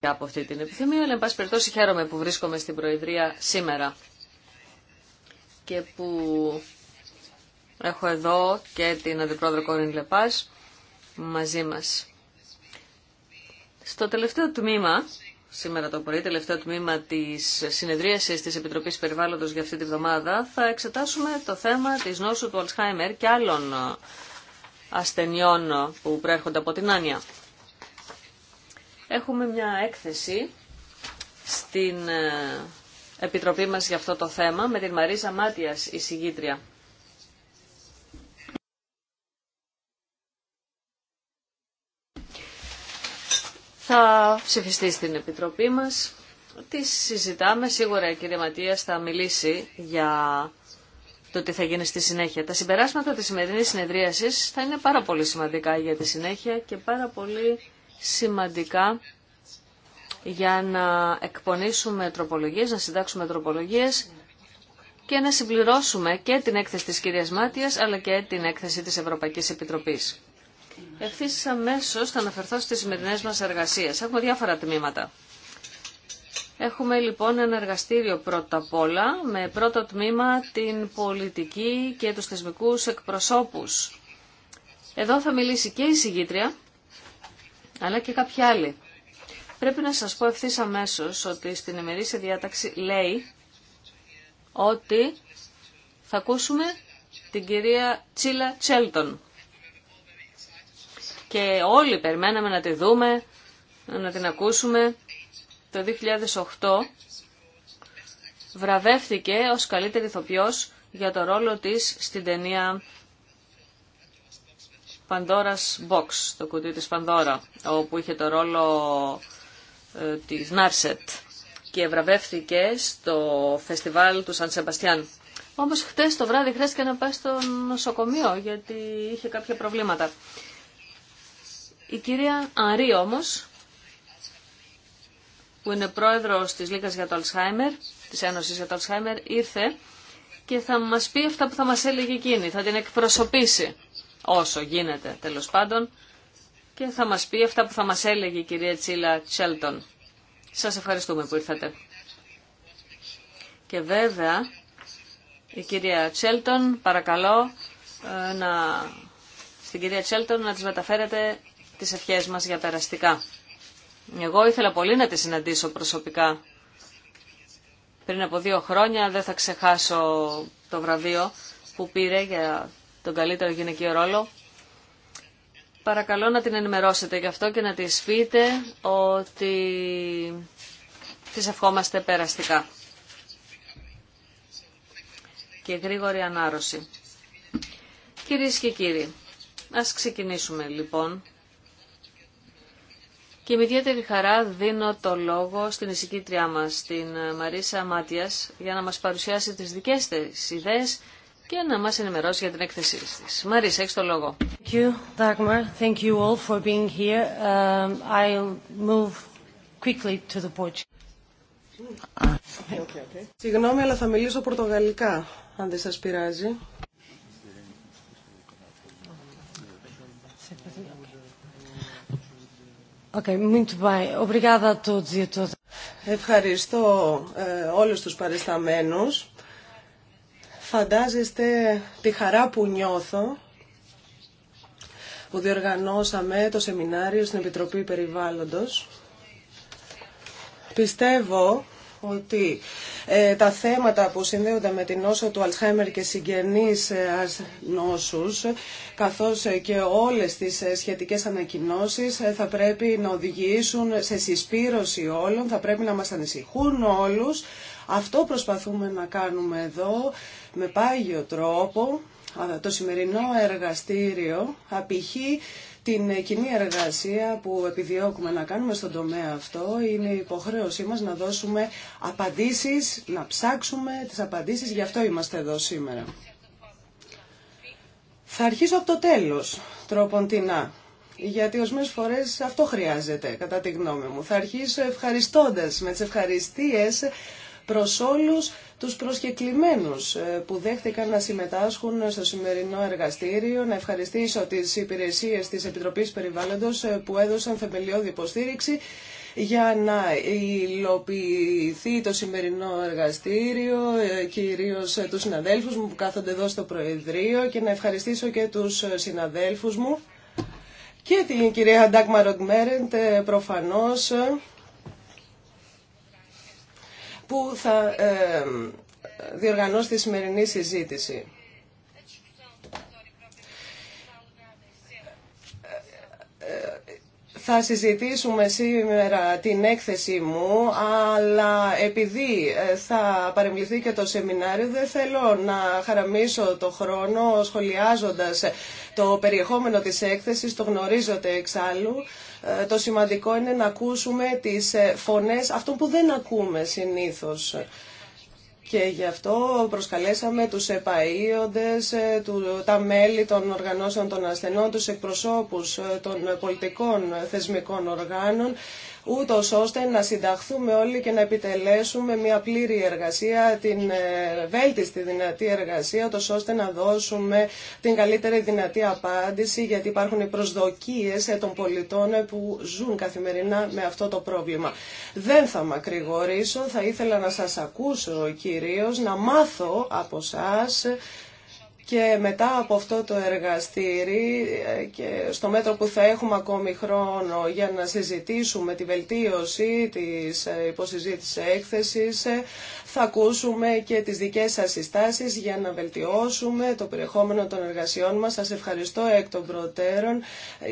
από αυτή την επιθυμία, αλλά εν πάση περιπτώσει χαίρομαι που βρίσκομαι στην Προεδρία σήμερα και που έχω εδώ και την Αντιπρόεδρο Κόριν Λεπάς μαζί μας. Στο τελευταίο τμήμα, σήμερα το πρωί, τελευταίο τμήμα της συνεδρίασης της Επιτροπής Περιβάλλοντος για αυτή τη βδομάδα, θα εξετάσουμε το θέμα της νόσου του Αλσχάιμερ και άλλων ε, ασθενειών που προέρχονται από την άνοια. Έχουμε μια έκθεση στην ε, Επιτροπή μας για αυτό το θέμα με την Μαρίζα Μάτιας, η συγγήτρια. Θα ψηφιστεί στην Επιτροπή μας. Τι συζητάμε, σίγουρα η κυρία Ματίας θα μιλήσει για το τι θα γίνει στη συνέχεια. Τα συμπεράσματα της σημερινής συνεδρίασης θα είναι πάρα πολύ σημαντικά για τη συνέχεια και πάρα πολύ σημαντικά για να εκπονήσουμε τροπολογίες, να συντάξουμε τροπολογίες και να συμπληρώσουμε και την έκθεση της κυρίας Μάτιας αλλά και την έκθεση της Ευρωπαϊκής Επιτροπής. Ευθύ αμέσω θα αναφερθώ στι σημερινέ μα εργασίε. Έχουμε διάφορα τμήματα. Έχουμε λοιπόν ένα εργαστήριο πρώτα απ' όλα, με πρώτο τμήμα την πολιτική και του θεσμικού εκπροσώπου. Εδώ θα μιλήσει και η συγγήτρια, αλλά και κάποιοι άλλοι. Πρέπει να σας πω ευθύ αμέσω ότι στην ημερήσια διάταξη λέει ότι θα ακούσουμε την κυρία Τσίλα Τσέλτον. Και όλοι περιμέναμε να τη δούμε, να την ακούσουμε. Το 2008 βραβεύτηκε ως καλύτερη ηθοποιός για το ρόλο της στην ταινία Pandora's Box, το κουτί της Πανδώρα, όπου είχε το ρόλο ε, της Νάρσετ και βραβεύτηκε στο φεστιβάλ του Σαν Σεμπαστιάν. Όμως χτες το βράδυ χρειάστηκε να πάει στο νοσοκομείο γιατί είχε κάποια προβλήματα. Η κυρία Αρή όμως, που είναι πρόεδρος της Λίγας για το Αλσχάιμερ, της Ένωσης για το Αλσχάιμερ, ήρθε και θα μας πει αυτά που θα μας έλεγε εκείνη, θα την εκπροσωπήσει όσο γίνεται τέλος πάντων και θα μας πει αυτά που θα μας έλεγε η κυρία Τσίλα Τσέλτον. Σας ευχαριστούμε που ήρθατε. Και βέβαια η κυρία Τσέλτον παρακαλώ ε, να, στην κυρία Τσέλτον να της μεταφέρετε τις ευχές μας για περαστικά. Εγώ ήθελα πολύ να τη συναντήσω προσωπικά. Πριν από δύο χρόνια δεν θα ξεχάσω το βραβείο που πήρε για τον καλύτερο γυναικείο ρόλο. Παρακαλώ να την ενημερώσετε γι' αυτό και να της πείτε ότι της ευχόμαστε περαστικά. Και γρήγορη ανάρρωση. Κυρίε και κύριοι, ας ξεκινήσουμε λοιπόν. Και με ιδιαίτερη χαρά δίνω το λόγο στην εισηγήτριά μας, την Μαρίσα Μάτιας, για να μας παρουσιάσει τις δικές της ιδέες και να μας ενημερώσει για την έκθεσή της. Μαρίς, έχεις το λόγο. Thank you, Dagmar. Thank you all for being here. Uh, I'll move quickly to the Portuguese. Okay, okay. Συγγνώμη, αλλά θα μιλήσω πορτογαλικά, αν δεν σας πειράζει. Okay, muito bem. Obrigada a todos e a todas. Ευχαριστώ ε, όλους τους παρισταμένους. Φαντάζεστε τη χαρά που νιώθω που διοργανώσαμε το σεμινάριο στην Επιτροπή Περιβάλλοντος. Πιστεύω ότι ε, τα θέματα που συνδέονται με την νόσο του Αλτσχάιμερ και συγγενείς ε, νόσους, καθώς ε, και όλες τις σχετικές ανακοινώσεις θα πρέπει να οδηγήσουν σε συσπήρωση όλων, θα πρέπει να μας ανησυχούν όλους. Αυτό προσπαθούμε να κάνουμε εδώ με πάγιο τρόπο. Το σημερινό εργαστήριο απηχεί την κοινή εργασία που επιδιώκουμε να κάνουμε στον τομέα αυτό είναι η υποχρέωσή μας να δώσουμε απαντήσεις, να ψάξουμε τις απαντήσεις, γι' αυτό είμαστε εδώ σήμερα. Θα αρχίσω από το τέλος, να. γιατί μες φορές αυτό χρειάζεται, κατά τη γνώμη μου. Θα αρχίσω ευχαριστώντας με τις ευχαριστίες προς όλους τους προσκεκλημένους ε, που δέχτηκαν να συμμετάσχουν στο σημερινό εργαστήριο. Να ευχαριστήσω τις υπηρεσίες της Επιτροπής Περιβάλλοντος ε, που έδωσαν θεμελιώδη υποστήριξη για να υλοποιηθεί το σημερινό εργαστήριο, ε, κυρίως τους συναδέλφους μου που κάθονται εδώ στο Προεδρείο και να ευχαριστήσω και τους συναδέλφους μου και την κυρία Ντάκμα Ρογκμέρεντ προφανώς που θα ε, διοργανώσει τη σημερινή συζήτηση. Θα συζητήσουμε σήμερα την έκθεση μου, αλλά επειδή ε, θα παρεμβληθεί και το σεμινάριο, δεν θέλω να χαραμίσω το χρόνο σχολιάζοντας ε, το περιεχόμενο της έκθεσης, το γνωρίζετε εξάλλου. Ε, το σημαντικό είναι να ακούσουμε τις φωνές αυτών που δεν ακούμε συνήθως. Και γι' αυτό προσκαλέσαμε τους επαΐοντες, ε, τα μέλη των οργανώσεων των ασθενών, τους εκπροσώπους ε, των πολιτικών θεσμικών οργάνων, ούτω ώστε να συνταχθούμε όλοι και να επιτελέσουμε μια πλήρη εργασία, την ε, βέλτιστη δυνατή εργασία, ούτω ώστε να δώσουμε την καλύτερη δυνατή απάντηση, γιατί υπάρχουν οι προσδοκίε ε, των πολιτών ε, που ζουν καθημερινά με αυτό το πρόβλημα. Δεν θα μακρηγορήσω, θα ήθελα να σας ακούσω κυρίως, να μάθω από σας και μετά από αυτό το εργαστήρι ε, και στο μέτρο που θα έχουμε ακόμη χρόνο για να συζητήσουμε τη βελτίωση της ε, υποσυζήτησης έκθεσης, ε, θα ακούσουμε και τις δικές σας συστάσεις για να βελτιώσουμε το περιεχόμενο των εργασιών μας. Σας ευχαριστώ εκ των προτέρων.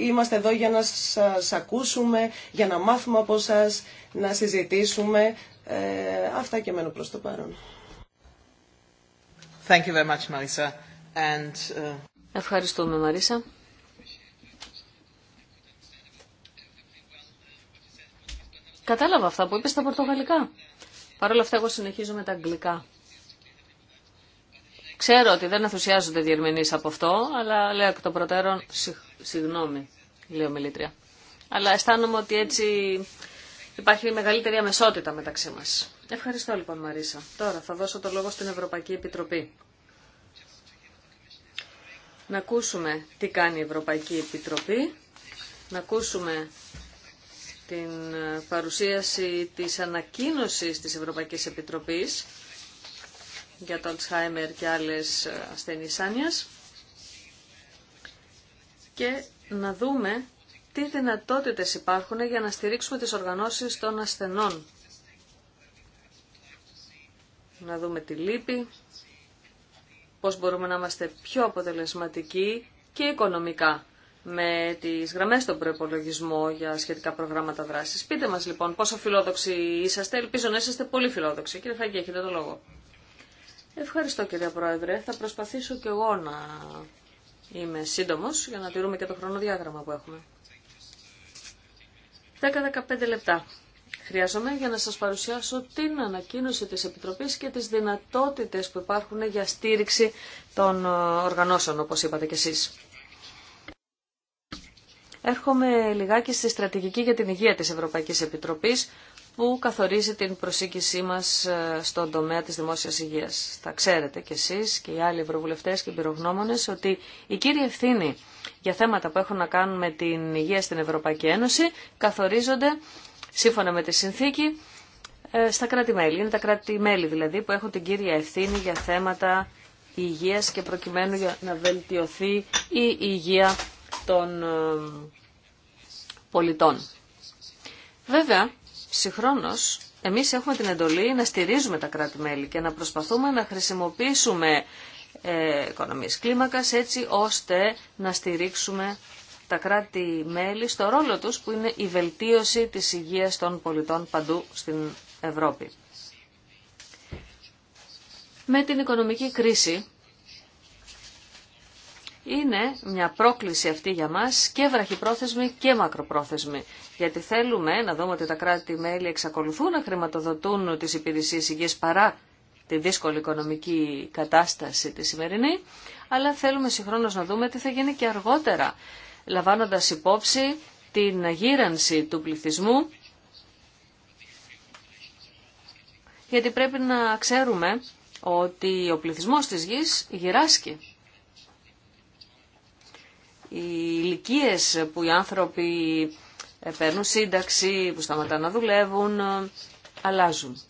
Είμαστε εδώ για να σας ακούσουμε, για να μάθουμε από σας, να συζητήσουμε. αυτά και μένω προς το παρόν. Thank you very Uh, Ευχαριστούμε Μαρίσα. Κατάλαβα αυτά που είπες στα πορτογαλικά. Παρ' όλα αυτά εγώ συνεχίζω με τα αγγλικά. Ξέρω ότι δεν ενθουσιάζονται διερμηνείς από αυτό, αλλά λέω εκ των προτέρων συγγνώμη, λέω μιλήτρια. Αλλά αισθάνομαι ότι έτσι υπάρχει μεγαλύτερη αμεσότητα μεταξύ μας. Ευχαριστώ λοιπόν Μαρίσα. Τώρα θα δώσω το λόγο στην Ευρωπαϊκή Επιτροπή να ακούσουμε τι κάνει η Ευρωπαϊκή Επιτροπή, να ακούσουμε την ε, παρουσίαση της ανακοίνωσης της Ευρωπαϊκής Επιτροπής για το Alzheimer και άλλες ε, ασθένειες και να δούμε τι δυνατότητες υπάρχουν για να στηρίξουμε τις οργανώσεις των ασθενών. Να δούμε τη λύπη, πώς μπορούμε να είμαστε πιο αποτελεσματικοί και οικονομικά με τις γραμμές των προπολογισμό για σχετικά προγράμματα δράσης. Πείτε μας λοιπόν πόσο φιλόδοξοι είσαστε. Ελπίζω να είσαστε πολύ φιλόδοξοι. Κύριε Φάγκη, έχετε το λόγο. Ευχαριστώ κύριε Πρόεδρε. Θα προσπαθήσω κι εγώ να είμαι σύντομος για να τηρούμε και το χρονοδιάγραμμα που έχουμε. 10-15 λεπτά χρειάζομαι για να σας παρουσιάσω την ανακοίνωση της Επιτροπής και τις δυνατότητες που υπάρχουν για στήριξη των ε, οργανώσεων, όπως είπατε κι εσείς. Έρχομαι λιγάκι στη στρατηγική για την υγεία της Ευρωπαϊκής Επιτροπής που καθορίζει την προσήκησή μας ε, στον τομέα της δημόσιας υγείας. Θα ξέρετε κι εσείς και οι άλλοι ευρωβουλευτές και πυρογνώμονες ότι η κύρια ευθύνη για θέματα που έχουν να κάνουν με την υγεία στην Ευρωπαϊκή Ένωση καθορίζονται σύμφωνα με τη συνθήκη ε, στα κράτη-μέλη. Είναι τα κράτη-μέλη δηλαδή που έχουν την κύρια ευθύνη για θέματα υγείας και προκειμένου για να βελτιωθεί η υγεία των ε, πολιτών. Βέβαια, συγχρόνως, εμείς έχουμε την εντολή να στηρίζουμε τα κράτη-μέλη και να προσπαθούμε να χρησιμοποιήσουμε ε, οικονομίες κλίμακας έτσι ώστε να στηρίξουμε τα κράτη-μέλη στο ρόλο τους που είναι η βελτίωση της υγείας των πολιτών παντού στην Ευρώπη. Με την οικονομική κρίση είναι μια πρόκληση αυτή για μας και βραχυπρόθεσμη και μακροπρόθεσμη. Γιατί θέλουμε να δούμε ότι τα κράτη-μέλη εξακολουθούν να χρηματοδοτούν τις υπηρεσίες υγείας παρά τη δύσκολη οικονομική κατάσταση τη σημερινή, αλλά θέλουμε συγχρόνως να δούμε τι θα γίνει και αργότερα λαμβάνοντας υπόψη την γύρανση του πληθυσμού, γιατί πρέπει να ξέρουμε ότι ο πληθυσμός της γης γυράσκει. Οι ηλικίε που οι άνθρωποι ε, παίρνουν σύνταξη, που σταματάνε να δουλεύουν, ε, αλλάζουν.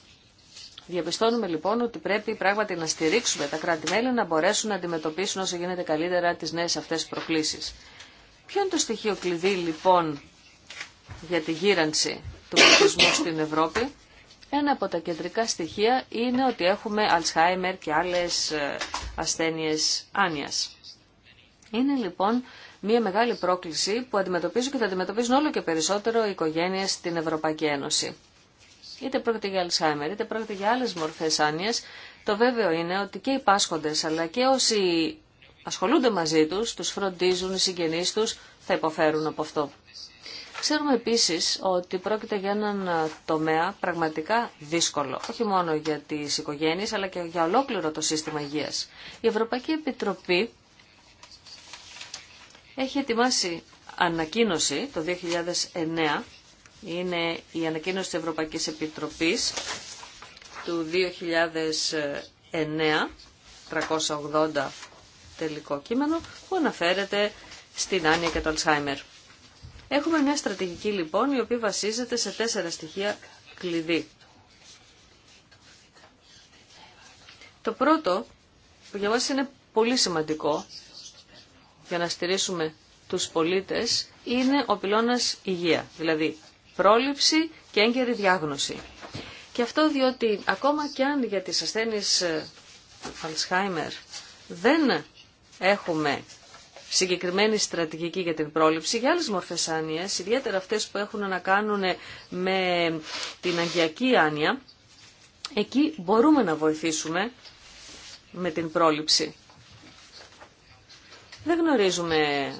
Διαπιστώνουμε λοιπόν ότι πρέπει πράγματι να στηρίξουμε τα κράτη-μέλη να μπορέσουν να αντιμετωπίσουν όσο γίνεται καλύτερα τις νέες αυτές προκλήσεις. Ποιο είναι το στοιχείο κλειδί λοιπόν για τη γύρανση του πληθυσμού στην Ευρώπη. Ένα από τα κεντρικά στοιχεία είναι ότι έχουμε Αλσχάιμερ και άλλες ε, ασθένειες άνοιας. Είναι λοιπόν μια μεγάλη πρόκληση που αντιμετωπίζουν και θα αντιμετωπίζουν όλο και περισσότερο οι οικογένειες στην Ευρωπαϊκή Ένωση. Είτε πρόκειται για Αλσχάιμερ, είτε πρόκειται για άλλες μορφές άνοιας, το βέβαιο είναι ότι και οι πάσχοντες αλλά και όσοι ασχολούνται μαζί τους, τους φροντίζουν οι συγγενείς τους, θα υποφέρουν από αυτό. Ξέρουμε επίσης ότι πρόκειται για έναν τομέα πραγματικά δύσκολο, όχι μόνο για τις οικογένειες, αλλά και για ολόκληρο το σύστημα υγείας. Η Ευρωπαϊκή Επιτροπή έχει ετοιμάσει ανακοίνωση το 2009, είναι η ανακοίνωση της Ευρωπαϊκής Επιτροπής του 2009, 380 τελικό κείμενο που αναφέρεται στην άνοια και το Αλσχάιμερ. Έχουμε μια στρατηγική λοιπόν η οποία βασίζεται σε τέσσερα στοιχεία κλειδί. Το πρώτο που για μας είναι πολύ σημαντικό για να στηρίσουμε τους πολίτες είναι ο πυλώνας υγεία, δηλαδή πρόληψη και έγκαιρη διάγνωση. Και αυτό διότι ακόμα και αν για τις ασθένειες Αλσχάιμερ δεν έχουμε συγκεκριμένη στρατηγική για την πρόληψη, για άλλες μορφές άνοιας, ιδιαίτερα αυτές που έχουν να κάνουν με την αγιακή άνοια, εκεί μπορούμε να βοηθήσουμε με την πρόληψη. Δεν γνωρίζουμε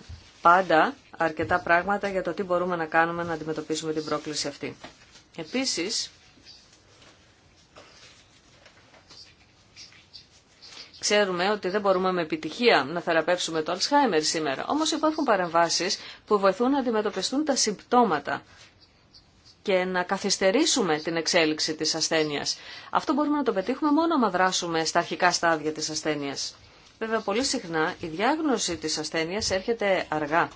πάντα αρκετά πράγματα για το τι μπορούμε να κάνουμε να αντιμετωπίσουμε την πρόκληση αυτή. Επίσης, Ξέρουμε ότι δεν μπορούμε με επιτυχία να θεραπεύσουμε το Alzheimer σήμερα. Όμως υπάρχουν παρεμβάσει που βοηθούν να αντιμετωπιστούν τα συμπτώματα και να καθυστερήσουμε την εξέλιξη της ασθένειας. Αυτό μπορούμε να το πετύχουμε μόνο άμα δράσουμε στα αρχικά στάδια της ασθένειας. Βέβαια, πολύ συχνά η διάγνωση της ασθένειας έρχεται αργά.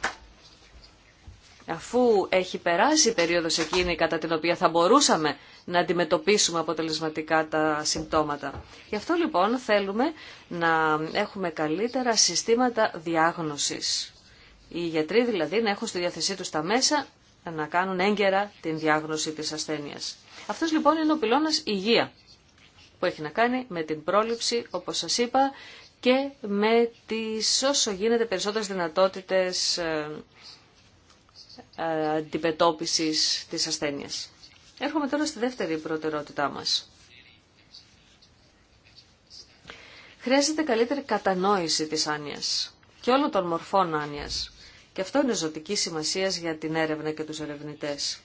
Αφού έχει περάσει η περίοδος εκείνη κατά την οποία θα μπορούσαμε να αντιμετωπίσουμε αποτελεσματικά τα συμπτώματα. Γι' αυτό λοιπόν θέλουμε να έχουμε καλύτερα συστήματα διάγνωσης. Οι γιατροί δηλαδή να έχουν στη διάθεσή τους τα μέσα να κάνουν έγκαιρα την διάγνωση της ασθένειας. Αυτός λοιπόν είναι ο πυλώνας υγεία που έχει να κάνει με την πρόληψη, όπως σας είπα, και με τις όσο γίνεται περισσότερες δυνατότητες ε, ε, αντιμετώπισης της ασθένειας. Έρχομαι τώρα στη δεύτερη προτεραιότητά μας. Χρειάζεται καλύτερη κατανόηση της άνοιας και όλων των μορφών άνοιας. Και αυτό είναι ζωτική σημασία για την έρευνα και τους ερευνητές.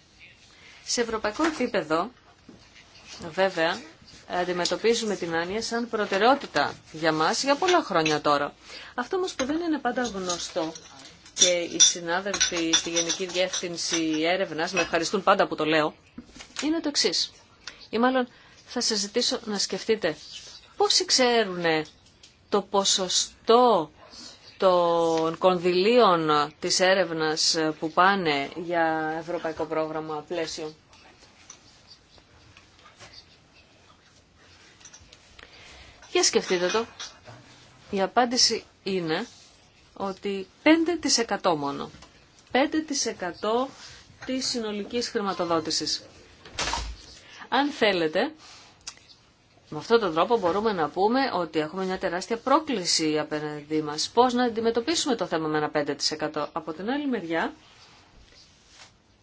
Σε ευρωπαϊκό επίπεδο, βέβαια, αντιμετωπίζουμε την άνοια σαν προτεραιότητα για μας για πολλά χρόνια τώρα. Αυτό όμως που δεν είναι πάντα γνωστό και οι συνάδελφοι στη Γενική Διεύθυνση Έρευνας με ευχαριστούν πάντα που το λέω, είναι το εξή. Ή μάλλον θα σας ζητήσω να σκεφτείτε πόσοι ξέρουν το ποσοστό των κονδυλίων της έρευνας που πάνε για ευρωπαϊκό πρόγραμμα πλαίσιο. Για σκεφτείτε το. Η απάντηση είναι ότι 5% μόνο. 5% της συνολικής χρηματοδότησης. Αν θέλετε, με αυτόν τον τρόπο μπορούμε να πούμε ότι έχουμε μια τεράστια πρόκληση απέναντι μας. Πώς να αντιμετωπίσουμε το θέμα με ένα 5%. Από την άλλη μεριά,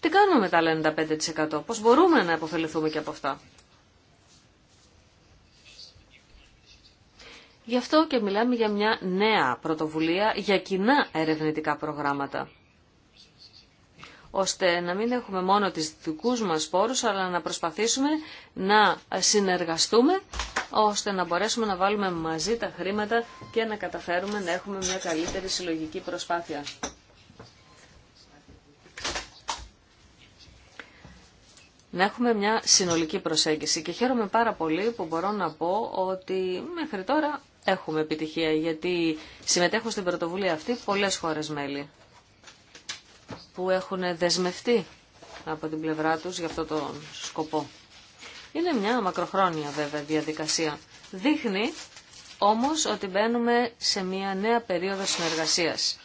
τι κάνουμε με τα άλλα 95%. Πώς μπορούμε να αποφεληθούμε και από αυτά. Γι' αυτό και μιλάμε για μια νέα πρωτοβουλία για κοινά ερευνητικά προγράμματα ώστε να μην έχουμε μόνο τις δικούς μας πόρους, αλλά να προσπαθήσουμε να συνεργαστούμε, ώστε να μπορέσουμε να βάλουμε μαζί τα χρήματα και να καταφέρουμε να έχουμε μια καλύτερη συλλογική προσπάθεια. να έχουμε μια συνολική προσέγγιση. Και χαίρομαι πάρα πολύ που μπορώ να πω ότι μέχρι τώρα έχουμε επιτυχία, γιατί συμμετέχω στην πρωτοβουλία αυτή πολλές χώρες μέλη που έχουν δεσμευτεί από την πλευρά τους για αυτό τον σκοπό. Είναι μια μακροχρόνια βέβαια διαδικασία. Δείχνει όμως ότι μπαίνουμε σε μια νέα περίοδο συνεργασίας.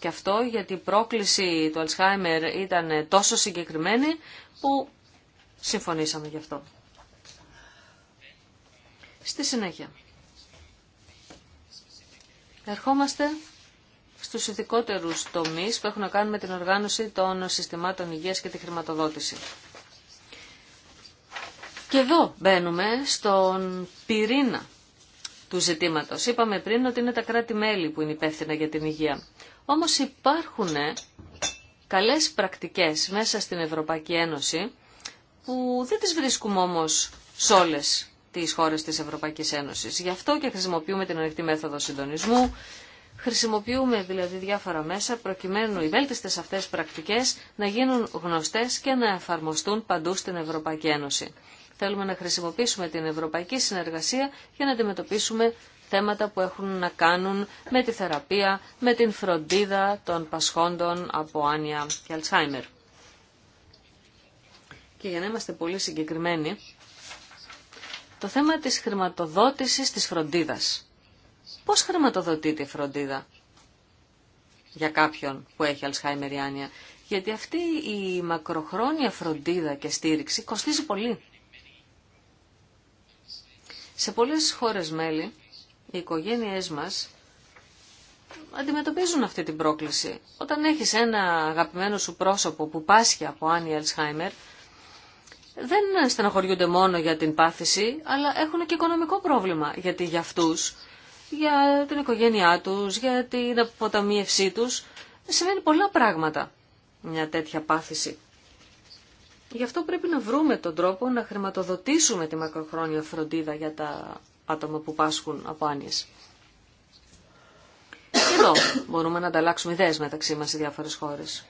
Και αυτό γιατί η πρόκληση του Αλσχάιμερ ήταν τόσο συγκεκριμένη που συμφωνήσαμε γι' αυτό. Στη συνέχεια. Ερχόμαστε στους ειδικότερου τομείς που έχουν να κάνουν με την οργάνωση των συστημάτων υγείας και τη χρηματοδότηση. Και εδώ μπαίνουμε στον πυρήνα του ζητήματος. Είπαμε πριν ότι είναι τα κράτη-μέλη που είναι υπεύθυνα για την υγεία. Όμως υπάρχουν καλές πρακτικές μέσα στην Ευρωπαϊκή Ένωση που δεν τις βρίσκουμε όμως σε όλες τις χώρες της Ευρωπαϊκής Ένωσης. Γι' αυτό και χρησιμοποιούμε την ανοιχτή μέθοδο συντονισμού, Χρησιμοποιούμε δηλαδή διάφορα μέσα προκειμένου οι βέλτιστες αυτές πρακτικές να γίνουν γνωστές και να εφαρμοστούν παντού στην Ευρωπαϊκή Ένωση. Θέλουμε να χρησιμοποιήσουμε την ευρωπαϊκή συνεργασία για να αντιμετωπίσουμε θέματα που έχουν να κάνουν με τη θεραπεία, με την φροντίδα των πασχόντων από άνια και Αλτσχάιμερ. Και για να είμαστε πολύ συγκεκριμένοι, το θέμα της χρηματοδότησης της φροντίδας. Πώς χρηματοδοτείται η φροντίδα για κάποιον που έχει άνοια. Γιατί αυτή η μακροχρόνια φροντίδα και στήριξη κοστίζει πολύ. Σε πολλές χώρες μέλη, οι οικογένειές μας αντιμετωπίζουν αυτή την πρόκληση. Όταν έχεις ένα αγαπημένο σου πρόσωπο που πάσχει από άνοια Αλσχάιμερ, δεν στεναχωριούνται μόνο για την πάθηση, αλλά έχουν και οικονομικό πρόβλημα, γιατί για αυτούς για την οικογένειά τους, για την αποταμίευσή τους. Σημαίνει πολλά πράγματα μια τέτοια πάθηση. Γι' αυτό πρέπει να βρούμε τον τρόπο να χρηματοδοτήσουμε τη μακροχρόνια φροντίδα για τα άτομα που πάσχουν από άνοιες. Και εδώ μπορούμε να ανταλλάξουμε ιδέες μεταξύ μας σε διάφορες χώρες.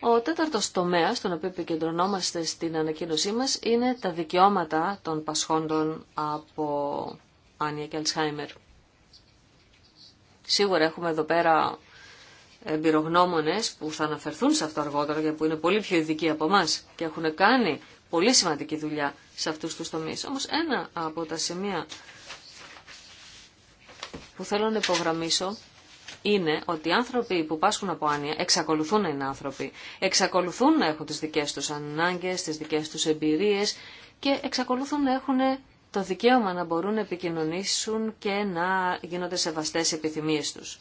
Ο τέταρτος τομέας, στον οποίο επικεντρωνόμαστε στην ανακοίνωσή μας, είναι τα δικαιώματα των πασχόντων από Άνια και Αλσχάιμερ. Σίγουρα έχουμε εδώ πέρα εμπειρογνώμονες που θα αναφερθούν σε αυτό αργότερα και που είναι πολύ πιο ειδικοί από εμά και έχουν κάνει πολύ σημαντική δουλειά σε αυτούς τους τομείς. Όμως ένα από τα σημεία που θέλω να υπογραμμίσω είναι ότι οι άνθρωποι που πάσχουν από Άνια εξακολουθούν να είναι άνθρωποι, εξακολουθούν να έχουν τις δικές τους ανάγκες, τις δικές τους εμπειρίες και εξακολουθούν να έχουν το δικαίωμα να μπορούν να επικοινωνήσουν και να γίνονται σεβαστές οι επιθυμίες τους.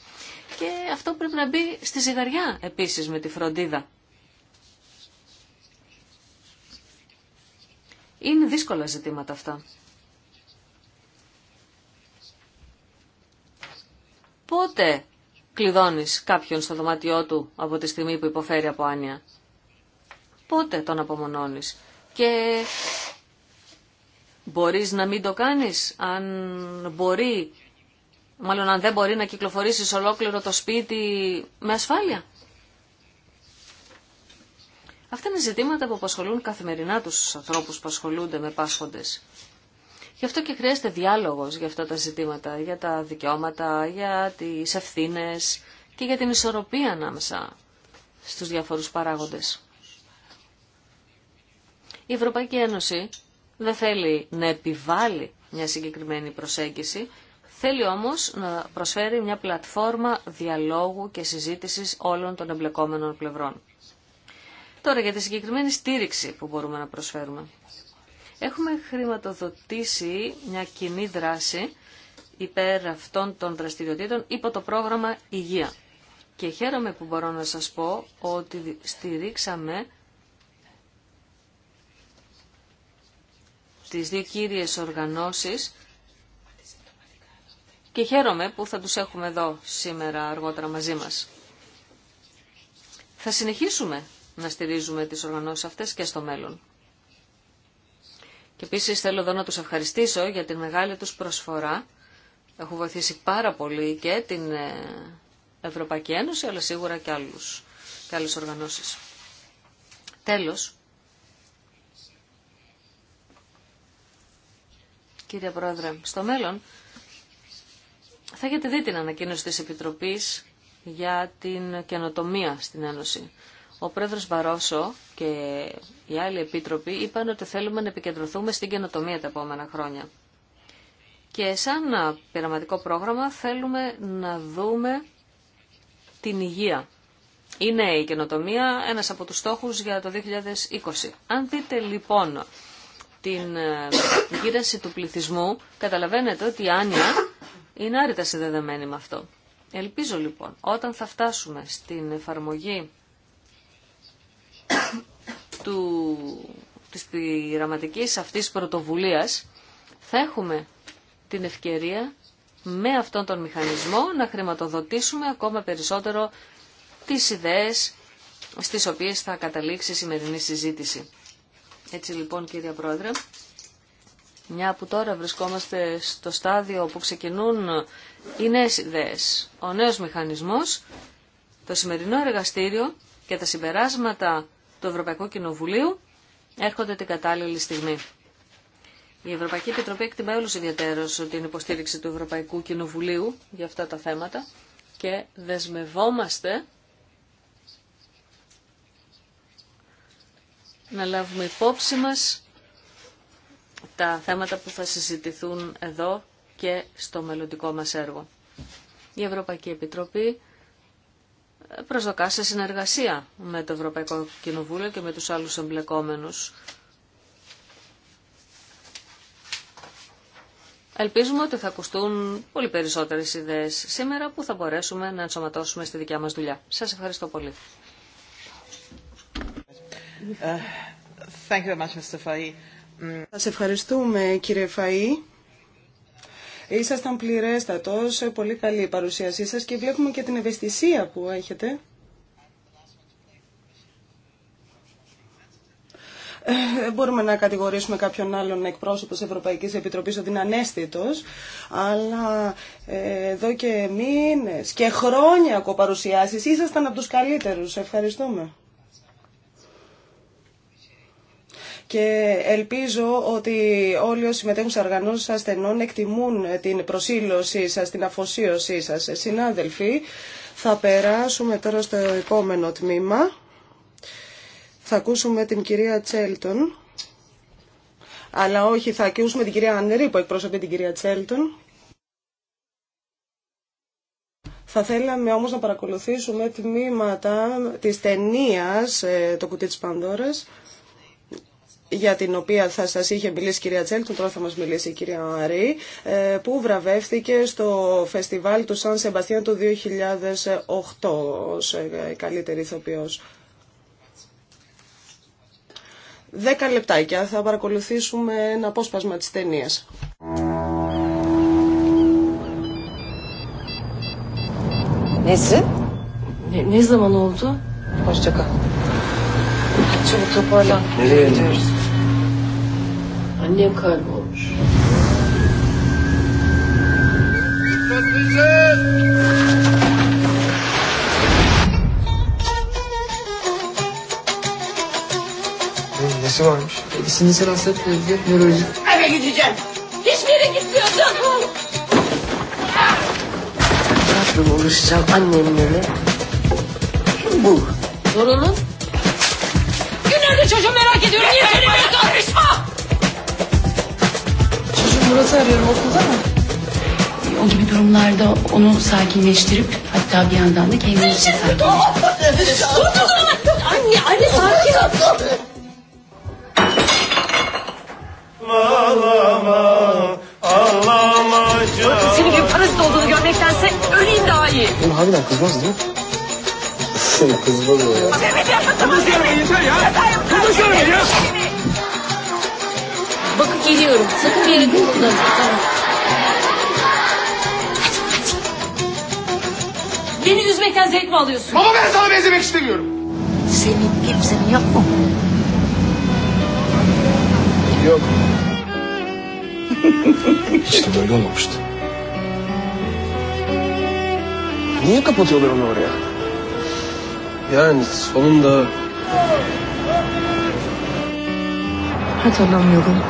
Και αυτό πρέπει να μπει στη ζυγαριά επίσης με τη φροντίδα. Είναι δύσκολα ζητήματα αυτά. Πότε κλειδώνεις κάποιον στο δωμάτιό του από τη στιγμή που υποφέρει από άνοια. Πότε τον απομονώνεις. Και Μπορείς να μην το κάνεις, αν μπορεί, μάλλον αν δεν μπορεί να κυκλοφορήσεις ολόκληρο το σπίτι με ασφάλεια. Αυτά είναι ζητήματα που απασχολούν καθημερινά τους ανθρώπους που ασχολούνται με πάσχοντες. Γι' αυτό και χρειάζεται διάλογος για αυτά τα ζητήματα, για τα δικαιώματα, για τις ευθύνε και για την ισορροπία ανάμεσα στους διαφορούς παράγοντες. Η Ευρωπαϊκή Ένωση δεν θέλει να επιβάλλει μια συγκεκριμένη προσέγγιση, θέλει όμως να προσφέρει μια πλατφόρμα διαλόγου και συζήτησης όλων των εμπλεκόμενων πλευρών. Τώρα για τη συγκεκριμένη στήριξη που μπορούμε να προσφέρουμε. Έχουμε χρηματοδοτήσει μια κοινή δράση υπέρ αυτών των δραστηριοτήτων υπό το πρόγραμμα Υγεία. Και χαίρομαι που μπορώ να σας πω ότι στηρίξαμε τις δύο κύριες οργανώσεις και χαίρομαι που θα τους έχουμε εδώ σήμερα αργότερα μαζί μας. Θα συνεχίσουμε να στηρίζουμε τις οργανώσεις αυτές και στο μέλλον. Και επίσης θέλω εδώ να τους ευχαριστήσω για την μεγάλη τους προσφορά. Έχουν βοηθήσει πάρα πολύ και την ε, Ευρωπαϊκή Ένωση, αλλά σίγουρα και, άλλους, και άλλες οργανώσεις. Τέλος, κύριε Πρόεδρε. Στο μέλλον θα έχετε δει την ανακοίνωση της Επιτροπής για την καινοτομία στην Ένωση. Ο πρόεδρος Μπαρόσο και οι άλλοι επίτροποι είπαν ότι θέλουμε να επικεντρωθούμε στην καινοτομία τα επόμενα χρόνια. Και σαν πειραματικό πρόγραμμα θέλουμε να δούμε την υγεία. Είναι η καινοτομία ένας από τους στόχους για το 2020. Αν δείτε λοιπόν την γύραση ε, του πληθυσμού, καταλαβαίνετε ότι η Άνια είναι άρρητα συνδεδεμένη με αυτό. Ελπίζω λοιπόν, όταν θα φτάσουμε στην εφαρμογή του, της πειραματικής αυτής πρωτοβουλίας, θα έχουμε την ευκαιρία με αυτόν τον μηχανισμό να χρηματοδοτήσουμε ακόμα περισσότερο τις ιδέες στις οποίες θα καταλήξει η σημερινή συζήτηση. Έτσι λοιπόν κύριε Πρόεδρε, μια που τώρα βρισκόμαστε στο στάδιο που ξεκινούν οι νέες ιδέες, ο νέος μηχανισμός, το σημερινό εργαστήριο και τα συμπεράσματα του Ευρωπαϊκού Κοινοβουλίου έρχονται την κατάλληλη στιγμή. Η Ευρωπαϊκή Επιτροπή εκτιμά όλους ιδιαίτερως την υποστήριξη του Ευρωπαϊκού Κοινοβουλίου για αυτά τα θέματα και δεσμευόμαστε να λάβουμε υπόψη μας τα θέματα που θα συζητηθούν εδώ και στο μελλοντικό μας έργο. Η Ευρωπαϊκή Επιτροπή προσδοκά σε συνεργασία με το Ευρωπαϊκό Κοινοβούλιο και με τους άλλους εμπλεκόμενους. Ελπίζουμε ότι θα ακουστούν πολύ περισσότερες ιδέες σήμερα που θα μπορέσουμε να ενσωματώσουμε στη δικιά μας δουλειά. Σας ευχαριστώ πολύ. Thank mm. Σας ευχαριστούμε κύριε Φαΐ. Ήσασταν πληρέστατος, πολύ καλή η παρουσίασή σας και βλέπουμε και την ευαισθησία που έχετε. Ε, μπορούμε να κατηγορήσουμε κάποιον άλλον εκπρόσωπο της Ευρωπαϊκής Επιτροπής ότι είναι ανέστητος, αλλά ε, εδώ και μήνες και χρόνια από παρουσιάσεις ήσασταν από τους καλύτερους. Ευχαριστούμε. και ελπίζω ότι όλοι όσοι συμμετέχουν σε οργανώσεις ασθενών εκτιμούν την προσήλωσή σας, την αφοσίωσή σας. Συνάδελφοι, θα περάσουμε τώρα στο επόμενο τμήμα. Θα ακούσουμε την κυρία Τσέλτον. Αλλά όχι, θα ακούσουμε την κυρία Ανερή που εκπροσωπεί την κυρία Τσέλτον. Θα θέλαμε όμως να παρακολουθήσουμε τμήματα της ταινία ε, «Το κουτί της Πανδώρας» για την οποία θα σας είχε μιλήσει η κυρία τον τώρα θα μας μιλήσει η κυρία Μαρή, ε, που βραβεύτηκε στο φεστιβάλ του Σαν Σεμπαστιάν του 2008 ως ε, καλύτερη ηθοποιός. Δέκα λεπτάκια θα παρακολουθήσουμε ένα απόσπασμα της ταινίας. Ne, zaman oldu? Çabuk toparlan. Nereye gidiyoruz? Annem kaybolmuş. Dikkatlice! Nesi varmış? E, sinirsel hastalık nöroloji. Eve gideceğim. Hiçbir yere gitmiyorsun. Tatlım uğraşacağım annemle. Bu. Sorunun nerede çocuğu merak ediyorum. Niye söylemiyorsun? Karışma! Çocuk burası arıyorum okulda mı? O gibi durumlarda onu sakinleştirip hatta bir yandan da kendimizi sakinleştirip. dur. Anne, anne sakin ol. Ağlama, ağlama canım. Senin gibi parazit olduğunu görmektense öleyim daha iyi. Oğlum harbiden kızmaz değil mi? Şey kızma bu ya. ya. geliyorum. Sakın Beni üzmekten zevk mi alıyorsun? Baba ben sana benzemek istemiyorum. Senin yok Yok. böyle olmamıştı. Niye kapatıyorlar onu oraya? Yani sonunda... Hatırlamıyorum.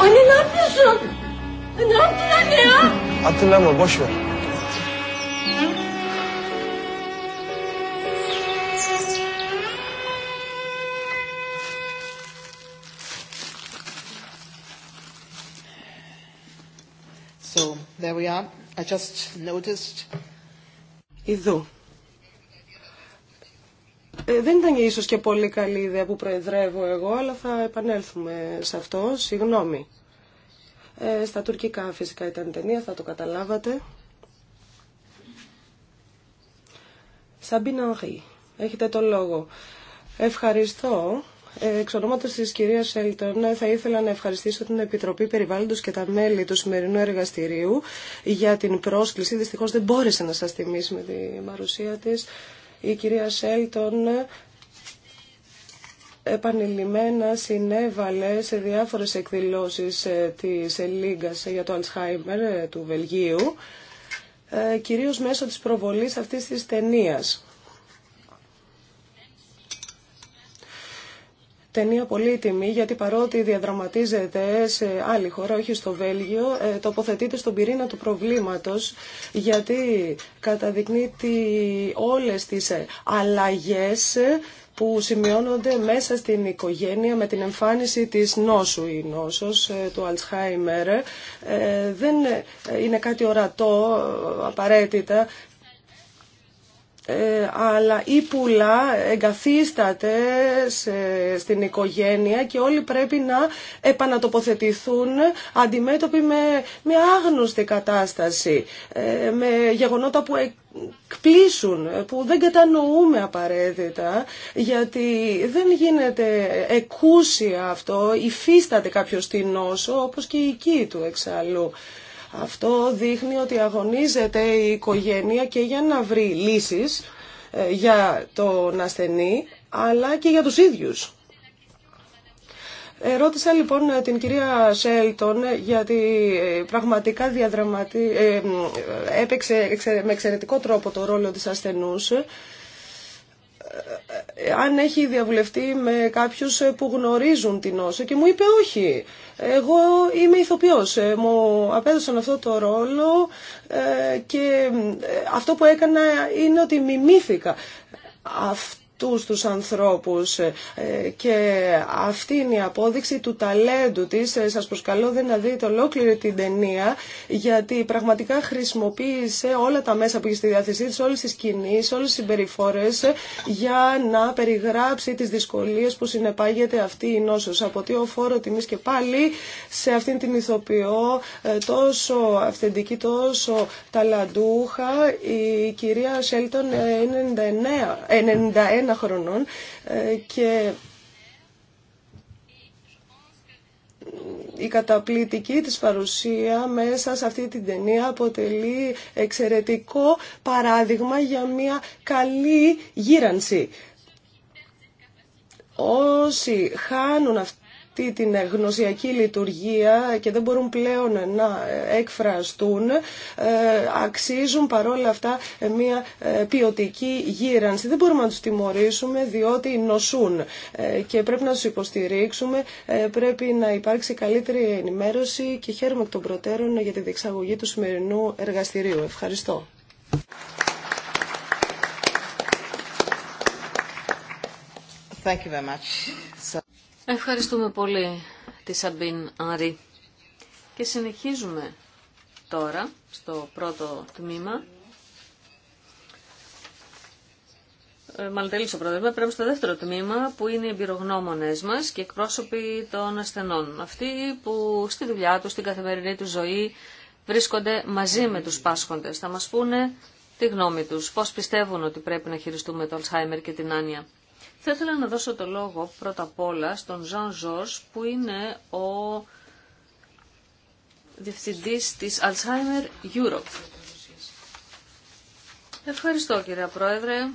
anne ne yapıyorsun? Ne yaptın anne ya? Hatırlama boş ver. So there we are. I just noticed. Izo. Ε, δεν ήταν ίσως και πολύ καλή ιδέα που προεδρεύω εγώ, αλλά θα επανέλθουμε σε αυτό, συγγνώμη. Ε, στα τουρκικά φυσικά ήταν ταινία, θα το καταλάβατε. Σαμπίνα Αγή, έχετε το λόγο. Ευχαριστώ. Ε, εξ ονόματο τη κυρία Σέλτον, ε, θα ήθελα να ευχαριστήσω την Επιτροπή Περιβάλλοντο και τα μέλη του σημερινού εργαστηρίου για την πρόσκληση. Δυστυχώ δεν μπόρεσε να σα θυμίσει με την παρουσία τη. Η κυρία Σέλτον επανειλημμένα συνέβαλε σε διάφορες εκδηλώσεις ε, της Λίγκας για το Αλτσχάιμερ του Βελγίου, ε, κυρίως μέσω της προβολής αυτής της ταινίας. ταινία πολύτιμη γιατί παρότι διαδραματίζεται σε άλλη χώρα, όχι στο Βέλγιο, ε, τοποθετείται στον πυρήνα του προβλήματος γιατί καταδεικνύει όλες τις ε, αλλαγές που σημειώνονται μέσα στην οικογένεια με την εμφάνιση της νόσου. Η νόσος ε, του Αλτσχάιμερ δεν είναι κάτι ορατό απαραίτητα ε, αλλά η πουλά εγκαθίσταται σε, στην οικογένεια και όλοι πρέπει να επανατοποθετηθούν αντιμέτωποι με, με άγνωστη κατάσταση, ε, με γεγονότα που εκπλήσουν, που δεν κατανοούμε απαραίτητα, γιατί δεν γίνεται εκούσια αυτό, υφίσταται κάποιος την νόσο, όπως και η οικοί του εξάλλου. Αυτό δείχνει ότι αγωνίζεται η οικογένεια και για να βρει λύσεις ε, για τον ασθενή, αλλά και για τους ίδιους. Ρώτησα λοιπόν ε, την κυρία Σέλτον ε, γιατί πραγματικά διαδραματι... έπαιξε με εξαιρετικό τρόπο το ρόλο της ασθενούς αν έχει διαβουλευτεί με κάποιους που γνωρίζουν την όσο και μου είπε όχι, εγώ είμαι ηθοποιός, ε, μου απέδωσαν αυτό το ρόλο ε, και ε, αυτό που έκανα είναι ότι μιμήθηκα. Αυτό αυτούς τους ανθρώπους ε, και αυτή είναι η απόδειξη του ταλέντου της. Ε, σας προσκαλώ δεν να δείτε ολόκληρη την ταινία γιατί πραγματικά χρησιμοποίησε όλα τα μέσα που είχε στη διάθεσή της, όλες τις σκηνές, όλες τις συμπεριφορές ε, για να περιγράψει τις δυσκολίες που συνεπάγεται αυτή η νόσος. Από τι οφόρο τιμής και πάλι σε αυτήν την ηθοποιό τόσο αυθεντική, τόσο ταλαντούχα η κυρία Σέλτον είναι 99, χρονών ε, και η καταπληκτική της παρουσία μέσα σε αυτή την ταινία αποτελεί εξαιρετικό παράδειγμα για μια καλή γύρανση. Όσοι χάνουν αυτή την γνωσιακή λειτουργία και δεν μπορούν πλέον να εκφραστούν, ε, αξίζουν παρόλα αυτά μια ε, ποιοτική γύρανση. Δεν μπορούμε να τους τιμωρήσουμε διότι νοσούν ε, και πρέπει να τους υποστηρίξουμε, πρέπει να υπάρξει καλύτερη ενημέρωση και χαίρομαι εκ των προτέρων για τη διεξαγωγή του σημερινού εργαστηρίου. Ευχαριστώ. Thank you Ευχαριστούμε πολύ τη Σαμπίν Άρη. Και συνεχίζουμε τώρα στο πρώτο τμήμα. Ε, μάλλον τελείωσε πρώτο πρέπει στο δεύτερο τμήμα που είναι οι εμπειρογνώμονε μας και εκπρόσωποι των ασθενών. Αυτοί που στη δουλειά τους, στην καθημερινή του ζωή βρίσκονται μαζί με τους πάσχοντες. Θα μας πούνε τη γνώμη τους, πώς πιστεύουν ότι πρέπει να χειριστούμε το Αλσχάιμερ και την άνοια. Θα ήθελα να δώσω το λόγο πρώτα απ' όλα στον Ζαν Ζορς που είναι ο διευθυντής της Alzheimer Europe. Ευχαριστώ κύριε Πρόεδρε.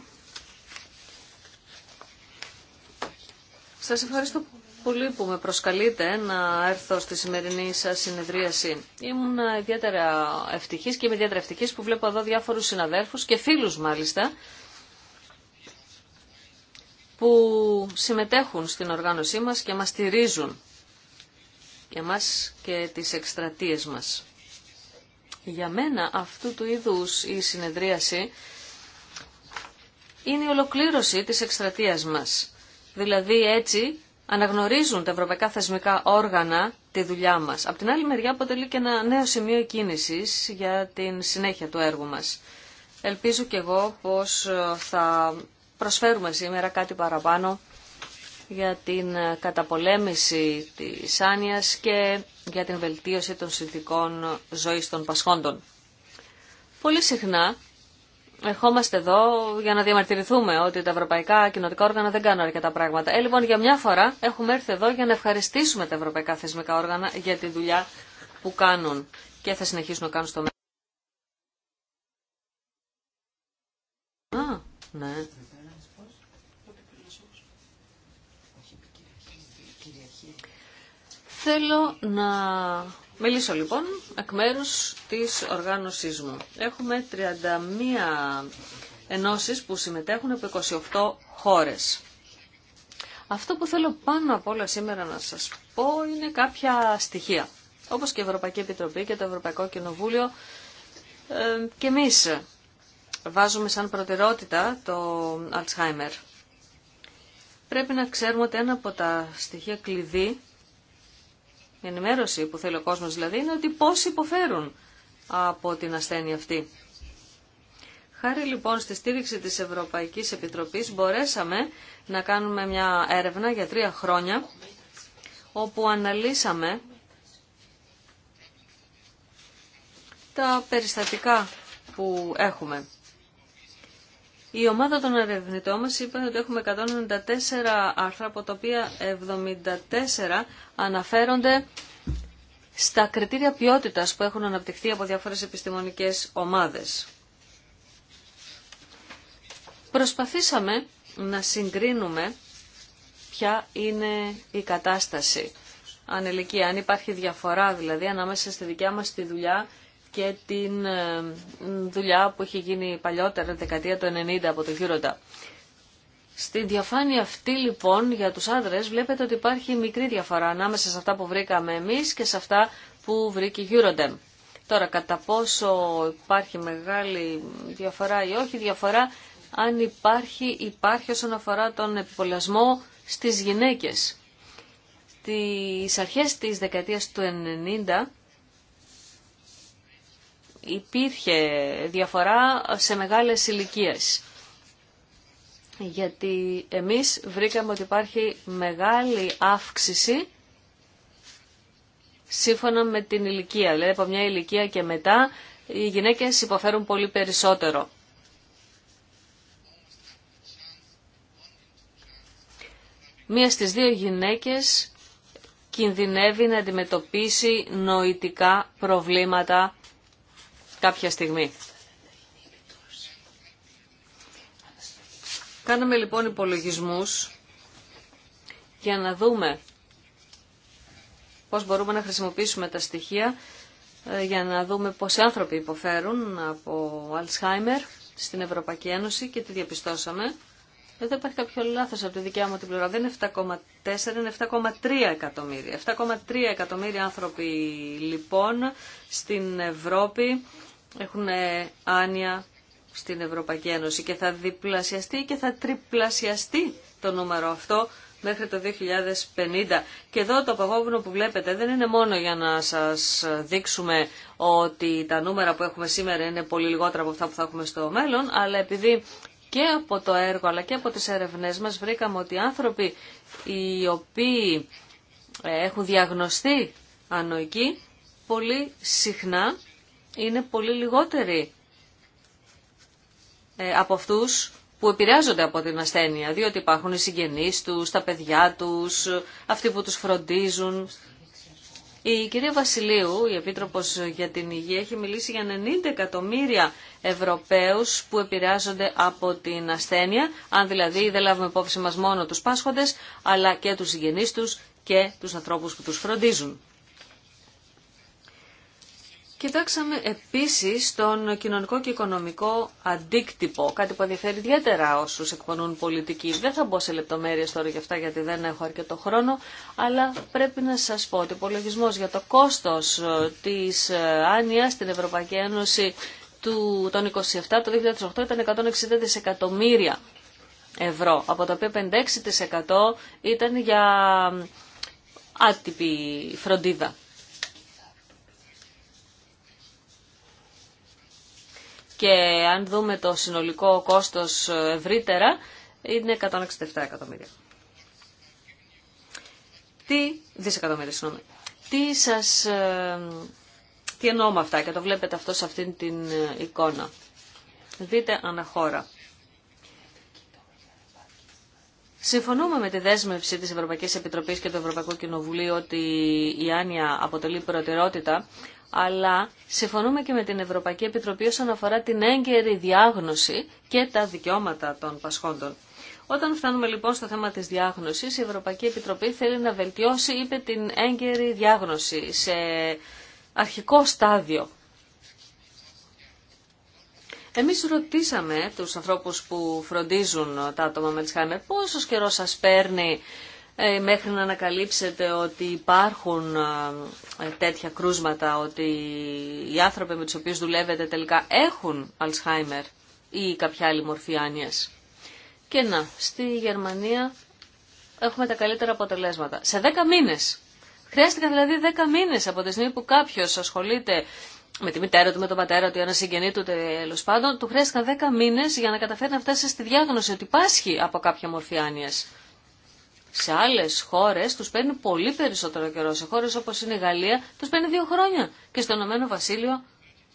Σας ευχαριστώ πολύ που με προσκαλείτε να έρθω στη σημερινή σας συνεδρίαση. Ήμουν ιδιαίτερα ευτυχής και είμαι ιδιαίτερα ευτυχής που βλέπω εδώ διάφορους συναδέλφους και φίλους μάλιστα που συμμετέχουν στην οργάνωσή μας και μας στηρίζουν για μας και τις εκστρατείες μας. Για μένα αυτού του είδους η συνεδρίαση είναι η ολοκλήρωση της εκστρατείας μας. Δηλαδή έτσι αναγνωρίζουν τα ευρωπαϊκά θεσμικά όργανα τη δουλειά μας. Απ' την άλλη μεριά αποτελεί και ένα νέο σημείο κίνησης για την συνέχεια του έργου μας. Ελπίζω και εγώ πως ε, θα προσφέρουμε σήμερα κάτι παραπάνω για την ε, καταπολέμηση της άνοιας και για την βελτίωση των συνθηκών ζωής των πασχόντων. Πολύ συχνά ερχόμαστε εδώ για να διαμαρτυρηθούμε ότι τα ευρωπαϊκά κοινοτικά όργανα δεν κάνουν αρκετά πράγματα. Ε, λοιπόν, για μια φορά έχουμε έρθει εδώ για να ευχαριστήσουμε τα ευρωπαϊκά θεσμικά όργανα για τη δουλειά που κάνουν και θα συνεχίσουν να κάνουν στο μέλλον. Ναι. Θέλω να μιλήσω λοιπόν εκ μέρους της οργάνωσής μου. Έχουμε 31 ενώσεις που συμμετέχουν από 28 χώρες. Αυτό που θέλω πάνω απ' όλα σήμερα να σας πω είναι κάποια στοιχεία. Όπως και η Ευρωπαϊκή Επιτροπή και το Ευρωπαϊκό Κοινοβούλιο ε, και εμείς βάζουμε σαν προτεραιότητα το Alzheimer. Πρέπει να ξέρουμε ότι ένα από τα στοιχεία κλειδί, η ενημέρωση που θέλει ο κόσμος δηλαδή, είναι ότι πόσοι υποφέρουν από την ασθένεια αυτή. Χάρη λοιπόν στη στήριξη της Ευρωπαϊκής Επιτροπής μπορέσαμε να κάνουμε μια έρευνα για τρία χρόνια όπου αναλύσαμε τα περιστατικά που έχουμε. Η ομάδα των ερευνητών μας είπε ότι έχουμε 194 άρθρα, από τα οποία 74 αναφέρονται στα κριτήρια ποιότητας που έχουν αναπτυχθεί από διάφορες επιστημονικές ομάδες. Προσπαθήσαμε να συγκρίνουμε ποια είναι η κατάσταση ανελικία, αν υπάρχει διαφορά δηλαδή ανάμεσα στη δικιά μας τη δουλειά και την ε, δουλειά που έχει γίνει παλιότερα, δεκαετία του 90 από το Γιούροντα. Στη διαφάνεια αυτή λοιπόν για τους άντρες βλέπετε ότι υπάρχει μικρή διαφορά ανάμεσα σε αυτά που βρήκαμε εμείς και σε αυτά που βρήκε η Eurodem. Τώρα κατά πόσο υπάρχει μεγάλη διαφορά ή όχι διαφορά, αν υπάρχει, υπάρχει όσον αφορά τον επιπολασμό στις γυναίκες. Στις αρχές της δεκαετίας του 90 υπήρχε διαφορά σε μεγάλες ηλικίε. Γιατί εμείς βρήκαμε ότι υπάρχει μεγάλη αύξηση σύμφωνα με την ηλικία. Δηλαδή από μια ηλικία και μετά οι γυναίκες υποφέρουν πολύ περισσότερο. Μία στις δύο γυναίκες κινδυνεύει να αντιμετωπίσει νοητικά προβλήματα κάποια στιγμή. Κάναμε λοιπόν υπολογισμούς για να δούμε πώς μπορούμε να χρησιμοποιήσουμε τα στοιχεία ε, για να δούμε πόσοι άνθρωποι υποφέρουν από Αλσχάιμερ στην Ευρωπαϊκή Ένωση και τι διαπιστώσαμε. Εδώ υπάρχει κάποιο λάθος από τη δικιά μου την πλευρά. είναι 7,4, είναι 7,3 εκατομμύρια. 7,3 εκατομμύρια άνθρωποι λοιπόν στην Ευρώπη έχουν ε, άνοια στην Ευρωπαϊκή Ένωση και θα διπλασιαστεί και θα τριπλασιαστεί το νούμερο αυτό μέχρι το 2050. Και εδώ το παγόβουνο που βλέπετε δεν είναι μόνο για να σας δείξουμε ότι τα νούμερα που έχουμε σήμερα είναι πολύ λιγότερα από αυτά που θα έχουμε στο μέλλον, αλλά επειδή και από το έργο αλλά και από τις ερευνές μας βρήκαμε ότι άνθρωποι οι οποίοι ε, έχουν διαγνωστεί ανοικοί πολύ συχνά είναι πολύ λιγότεροι ε, από αυτούς που επηρεάζονται από την ασθένεια, διότι υπάρχουν οι συγγενείς τους, τα παιδιά τους, αυτοί που τους φροντίζουν. Η κυρία Βασιλείου, η Επίτροπος για την Υγεία, έχει μιλήσει για 90 εκατομμύρια Ευρωπαίους που επηρεάζονται από την ασθένεια, αν δηλαδή δεν λάβουμε υπόψη μας μόνο τους πάσχοντες, αλλά και τους συγγενείς τους και τους ανθρώπους που τους φροντίζουν. Κοιτάξαμε επίσης τον κοινωνικό και οικονομικό αντίκτυπο, κάτι που ενδιαφέρει ιδιαίτερα όσους εκπονούν πολιτική. Δεν θα μπω σε λεπτομέρειες τώρα για αυτά γιατί δεν έχω αρκετό χρόνο, αλλά πρέπει να σας πω ότι ο υπολογισμό για το κόστος ε, της ε, άνοιας στην Ευρωπαϊκή Ένωση του, τον 27 το 2008 ήταν 160 δισεκατομμύρια ευρώ, από τα οποία 56% ήταν για άτυπη φροντίδα. και αν δούμε το συνολικό κόστος ευρύτερα, είναι 167 εκατομμύρια. Τι, δισεκατομμύρια, συγγνώμη. Τι σας, ε, τι εννοώ αυτά και το βλέπετε αυτό σε αυτήν την ε, εικόνα. Δείτε αναχώρα. Συμφωνούμε με τη δέσμευση της Ευρωπαϊκής Επιτροπής και του Ευρωπαϊκού Κοινοβουλίου ότι η άνοια αποτελεί προτεραιότητα αλλά συμφωνούμε και με την Ευρωπαϊκή Επιτροπή όσον αφορά την έγκαιρη διάγνωση και τα δικαιώματα των πασχόντων. Όταν φτάνουμε λοιπόν στο θέμα της διάγνωσης, η Ευρωπαϊκή Επιτροπή θέλει να βελτιώσει, είπε, την έγκαιρη διάγνωση σε αρχικό στάδιο. Εμείς ρωτήσαμε τους ανθρώπους που φροντίζουν τα άτομα με τις πόσο καιρό σας παίρνει ε, μέχρι να ανακαλύψετε ότι υπάρχουν ε, τέτοια κρούσματα, ότι οι άνθρωποι με τους οποίους δουλεύετε τελικά έχουν Αλσχάιμερ ή κάποια άλλη μορφή άνοιας. Και να, στη Γερμανία έχουμε τα καλύτερα αποτελέσματα. Σε 10 μήνες. Χρειάστηκαν δηλαδή 10 μήνες από τη στιγμή που κάποιος ασχολείται με τη μητέρα του, με τον πατέρα του, ένα συγγενή του τέλο πάντων, του χρειάστηκαν 10 μήνε για να καταφέρει να φτάσει στη διάγνωση ότι πάσχει από κάποια μορφή σε άλλε χώρε του παίρνει πολύ περισσότερο καιρό. Σε χώρε όπω είναι η Γαλλία του παίρνει δύο χρόνια και στο Ηνωμένο Βασίλειο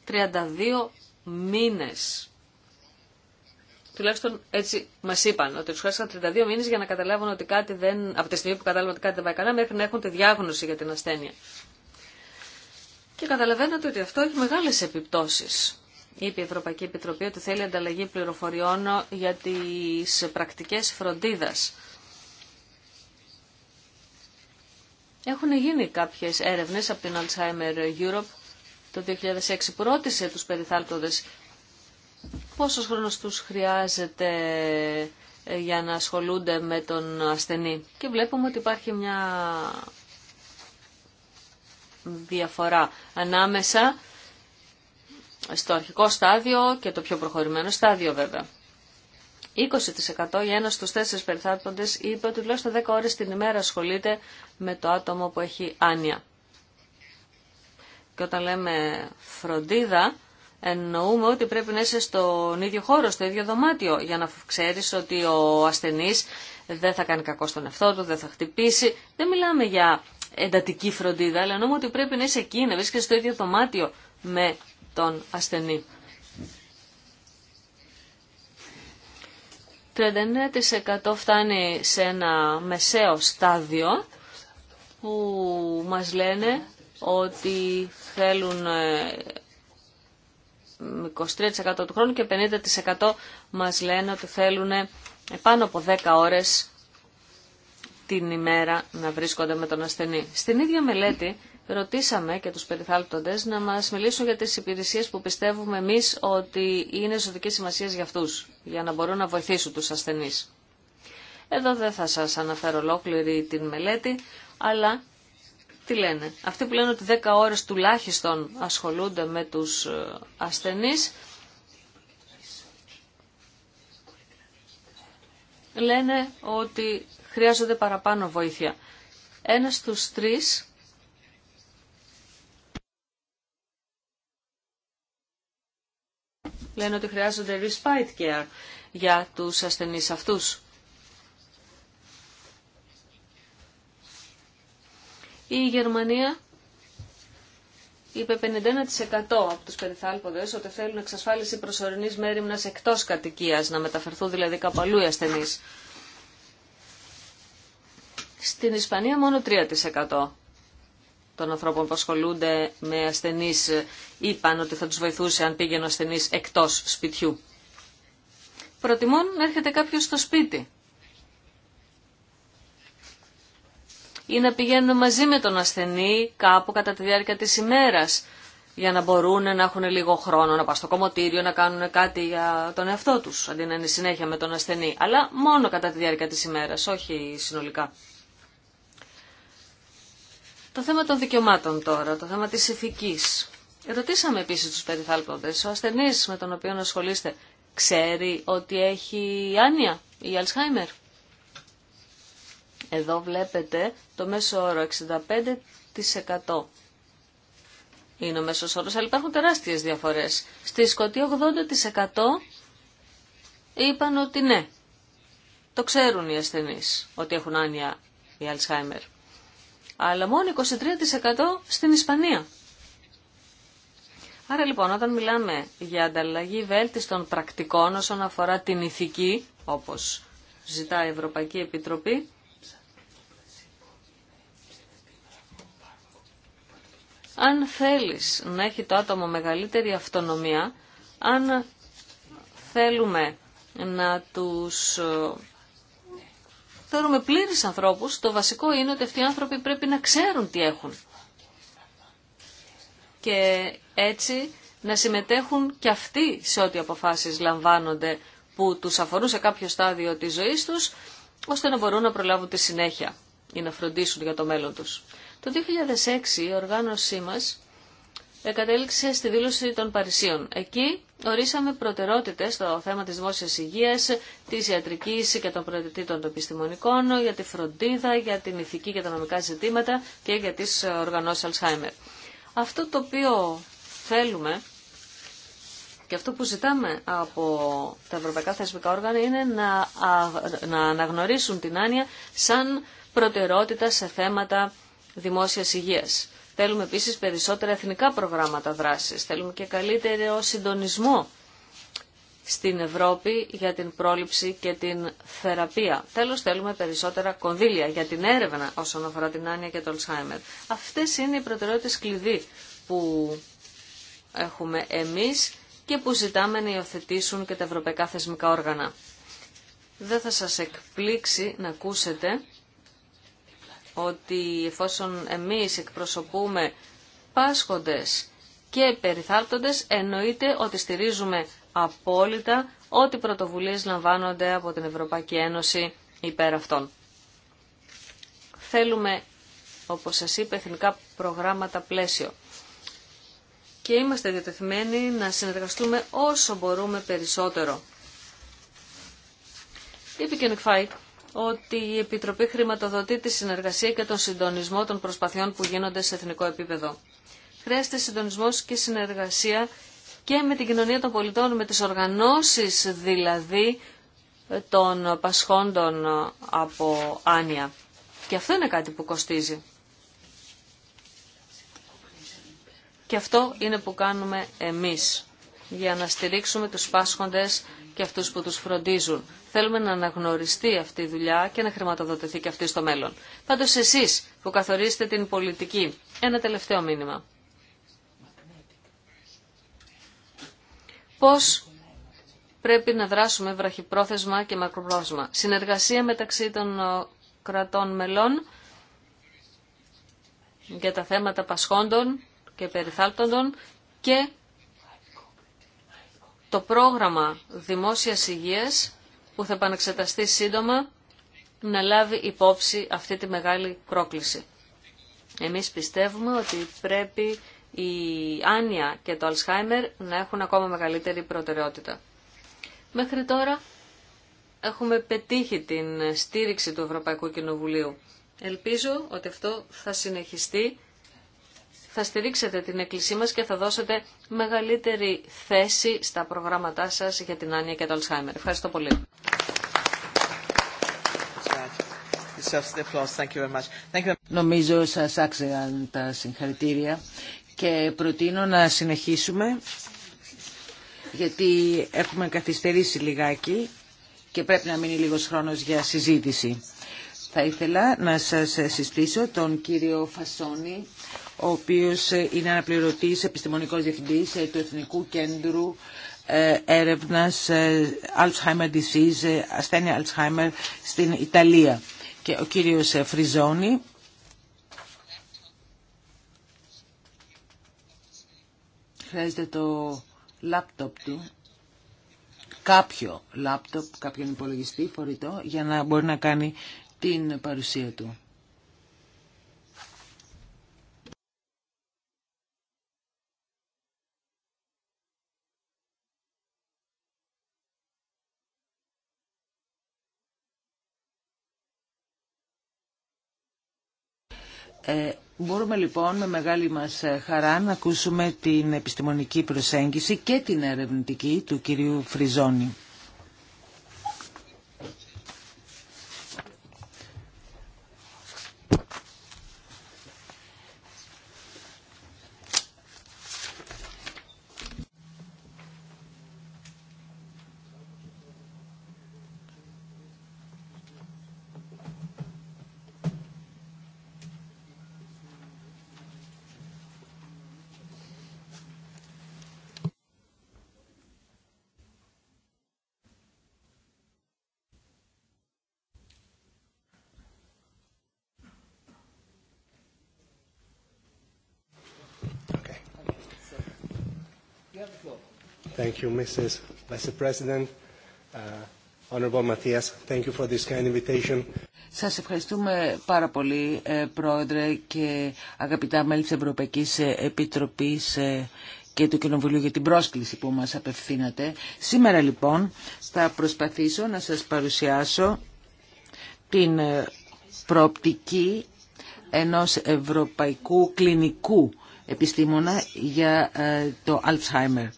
32 μήνε. Τουλάχιστον έτσι μα είπαν ότι του χρειάστηκαν 32 μήνε για να καταλάβουν ότι κάτι δεν. από τη στιγμή που κατάλαβαν ότι κάτι δεν πάει καλά, μέχρι να έχουν τη διάγνωση για την ασθένεια. Και καταλαβαίνετε ότι αυτό έχει μεγάλε επιπτώσει. Είπε η Ευρωπαϊκή Επιτροπή ότι θέλει ανταλλαγή πληροφοριών για τι πρακτικέ φροντίδα. Έχουν γίνει κάποιες έρευνες από την Alzheimer Europe το 2006 που ρώτησε τους περιθάλπτοδες πόσος χρόνος τους χρειάζεται ε, για να ασχολούνται με τον ασθενή. Και βλέπουμε ότι υπάρχει μια διαφορά ανάμεσα στο αρχικό στάδιο και το πιο προχωρημένο στάδιο βέβαια. 20% για ένα στου τέσσερι περιθάλποντε είπε ότι τουλάχιστον 10 ώρες την ημέρα ασχολείται με το άτομο που έχει άνοια. Και όταν λέμε φροντίδα, εννοούμε ότι πρέπει να είσαι στον ίδιο χώρο, στο ίδιο δωμάτιο, για να ξέρει ότι ο ασθενής δεν θα κάνει κακό στον εαυτό του, δεν θα χτυπήσει. Δεν μιλάμε για εντατική φροντίδα, αλλά εννοούμε ότι πρέπει να είσαι εκεί, να βρίσκεσαι στο ίδιο δωμάτιο με τον ασθενή. 39% φτάνει σε ένα μεσαίο στάδιο που μας λένε ότι θέλουν 23% ε, του χρόνου και 50% μας λένε ότι θέλουν πάνω από 10 ώρες την ημέρα να βρίσκονται με τον ασθενή. Στην ίδια μελέτη ρωτήσαμε και τους περιθάλπτοντες να μας μιλήσουν για τις υπηρεσίες που πιστεύουμε εμείς ότι είναι ζωτικές σημασίες για αυτούς, για να μπορούν να βοηθήσουν τους ασθενείς. Εδώ δεν θα σας αναφέρω ολόκληρη την μελέτη, αλλά τι λένε. Αυτοί που λένε ότι 10 ώρες τουλάχιστον ασχολούνται με τους ε, ασθενείς, λένε ότι χρειάζονται παραπάνω βοήθεια. Ένας στους τρεις λένε ότι χρειάζονται respite care για τους ασθενείς αυτούς. Η Γερμανία είπε 51% από τους περιθάλποδες ότι θέλουν εξασφάλιση προσωρινής μέρημνας εκτός κατοικίας, να μεταφερθούν δηλαδή κάπου αλλού οι ασθενείς. Στην Ισπανία μόνο 3% των ανθρώπων που ασχολούνται με ασθενεί είπαν ότι θα του βοηθούσε αν πήγαινε ο ασθενής εκτός σπιτιού. Προτιμών να έρχεται κάποιο στο σπίτι ή να πηγαίνουν μαζί με τον ασθενή κάπου κατά τη διάρκεια της ημέρας για να μπορούν να έχουν λίγο χρόνο να πάνε στο κομμωτήριο, να κάνουν κάτι για τον εαυτό τους, αντί να είναι συνέχεια με τον ασθενή. Αλλά μόνο κατά τη διάρκεια της ημέρας, όχι συνολικά. Το θέμα των δικαιωμάτων τώρα, το θέμα της ηθικής. Ρωτήσαμε επίσης τους περιθάλποντες, ο ασθενής με τον οποίο ασχολείστε ξέρει ότι έχει άνοια ή Αλσχάιμερ. Εδώ βλέπετε το μέσο όρο 65% είναι ο μέσος όρος, αλλά υπάρχουν τεράστιες διαφορές. Στη σκοτή 80% είπαν ότι ναι, το ξέρουν οι ασθενείς ότι έχουν άνοια η Αλσχάιμερ αλλά μόνο 23% στην Ισπανία. Άρα λοιπόν όταν μιλάμε για ανταλλαγή των πρακτικών όσον αφορά την ηθική, όπως ζητά η Ευρωπαϊκή Επιτροπή, αν θέλεις να έχει το άτομο μεγαλύτερη αυτονομία, αν θέλουμε να τους Θέλουμε πλήρης ανθρώπου, το βασικό είναι ότι αυτοί οι άνθρωποι πρέπει να ξέρουν τι έχουν. Και έτσι να συμμετέχουν και αυτοί σε ό,τι αποφάσεις λαμβάνονται που τους αφορούν σε κάποιο στάδιο της ζωής τους, ώστε να μπορούν να προλάβουν τη συνέχεια ή να φροντίσουν για το μέλλον τους. Το 2006 η οργάνωσή μας κατέληξε στη δήλωση των Παρισίων. Εκεί ορίσαμε προτερότητες στο θέμα της δημόσιας υγείας, της ιατρικής και των προτεραιοτήτων των επιστημονικών, για τη φροντίδα, για την ηθική και τα νομικά ζητήματα και για τις ε, οργανώσει Αλσχάιμερ. Αυτό το οποίο θέλουμε και αυτό που ζητάμε από τα ευρωπαϊκά θεσμικά όργανα είναι να, να αναγνωρίσουν την άνοια σαν προτερότητα σε θέματα δημόσιας υγείας. Θέλουμε επίσης περισσότερα εθνικά προγράμματα δράσης. Θέλουμε και καλύτερο συντονισμό στην Ευρώπη για την πρόληψη και την θεραπεία. Τέλος θέλουμε περισσότερα κονδύλια για την έρευνα όσον αφορά την άνοια και το Alzheimer. Αυτές είναι οι προτεραιότητες κλειδί που έχουμε εμείς και που ζητάμε να υιοθετήσουν και τα ευρωπαϊκά θεσμικά όργανα. Δεν θα σας εκπλήξει να ακούσετε ότι εφόσον εμείς εκπροσωπούμε πάσχοντες και περιθάλπτοντες, εννοείται ότι στηρίζουμε απόλυτα ό,τι πρωτοβουλίες λαμβάνονται από την Ευρωπαϊκή Ένωση υπέρ αυτών. Θέλουμε, όπως σας είπε, εθνικά προγράμματα πλαίσιο. Και είμαστε διατεθειμένοι να συνεργαστούμε όσο μπορούμε περισσότερο. Είπε και ο ότι η Επιτροπή χρηματοδοτεί τη συνεργασία και τον συντονισμό των προσπαθειών που γίνονται σε εθνικό επίπεδο. Χρειάζεται συντονισμό και συνεργασία και με την κοινωνία των πολιτών, με τις οργανώσεις δηλαδή των πασχόντων από Άνια. Και αυτό είναι κάτι που κοστίζει. Και αυτό είναι που κάνουμε εμείς για να στηρίξουμε τους πάσχοντες και αυτούς που τους φροντίζουν. Θέλουμε να αναγνωριστεί αυτή η δουλειά και να χρηματοδοτηθεί και αυτή στο μέλλον. Πάντως εσείς που καθορίζετε την πολιτική. Ένα τελευταίο μήνυμα. Πώς πρέπει να δράσουμε βραχυπρόθεσμα και μακροπρόθεσμα. Συνεργασία μεταξύ των ε, κρατών μελών για τα θέματα πασχόντων και περιθάλπτοντων και το πρόγραμμα δημόσιας υγείας που θα επαναξεταστεί σύντομα να λάβει υπόψη αυτή τη μεγάλη πρόκληση. Εμείς πιστεύουμε ότι πρέπει η Άνια και το Αλσχάιμερ να έχουν ακόμα μεγαλύτερη προτεραιότητα. Μέχρι τώρα έχουμε πετύχει την στήριξη του Ευρωπαϊκού Κοινοβουλίου. Ελπίζω ότι αυτό θα συνεχιστεί θα στηρίξετε την εκκλησία μας και θα δώσετε μεγαλύτερη θέση στα προγράμματά σας για την Άνια και το Αλσχάιμερ. Ευχαριστώ πολύ. Νομίζω σας άξεγαν τα συγχαρητήρια και προτείνω να συνεχίσουμε γιατί έχουμε καθυστερήσει λιγάκι και πρέπει να μείνει λίγος χρόνος για συζήτηση. Θα ήθελα να σας συστήσω τον κύριο Φασόνη, ο οποίος ε, είναι αναπληρωτής επιστημονικός διευθυντής ε, του Εθνικού Κέντρου ε, Έρευνας Alzheimer Disease, ασθένεια Alzheimer στην Ιταλία. Και ο κύριος Φριζόνη, χρειάζεται το λάπτοπ του, κάποιο λάπτοπ, κάποιον υπολογιστή φορητό, για να μπορεί να κάνει την παρουσία του. Ε, μπορούμε λοιπόν με μεγάλη μας ε, χαρά να ακούσουμε την επιστημονική προσέγγιση και την ερευνητική του κυρίου Φριζόνη. Thank you, Mrs. Vice President. Uh, Honorable Matthias, thank you for this Σας ευχαριστούμε πάρα πολύ, ε, Πρόεδρε και αγαπητά μέλη της Ευρωπαϊκής ε, Επιτροπής ε, και του Κοινοβουλίου για την πρόσκληση που μας απευθύνατε. Σήμερα λοιπόν θα προσπαθήσω να σας παρουσιάσω την προοπτική ενός ευρωπαϊκού κλινικού επιστήμονα για το Alzheimer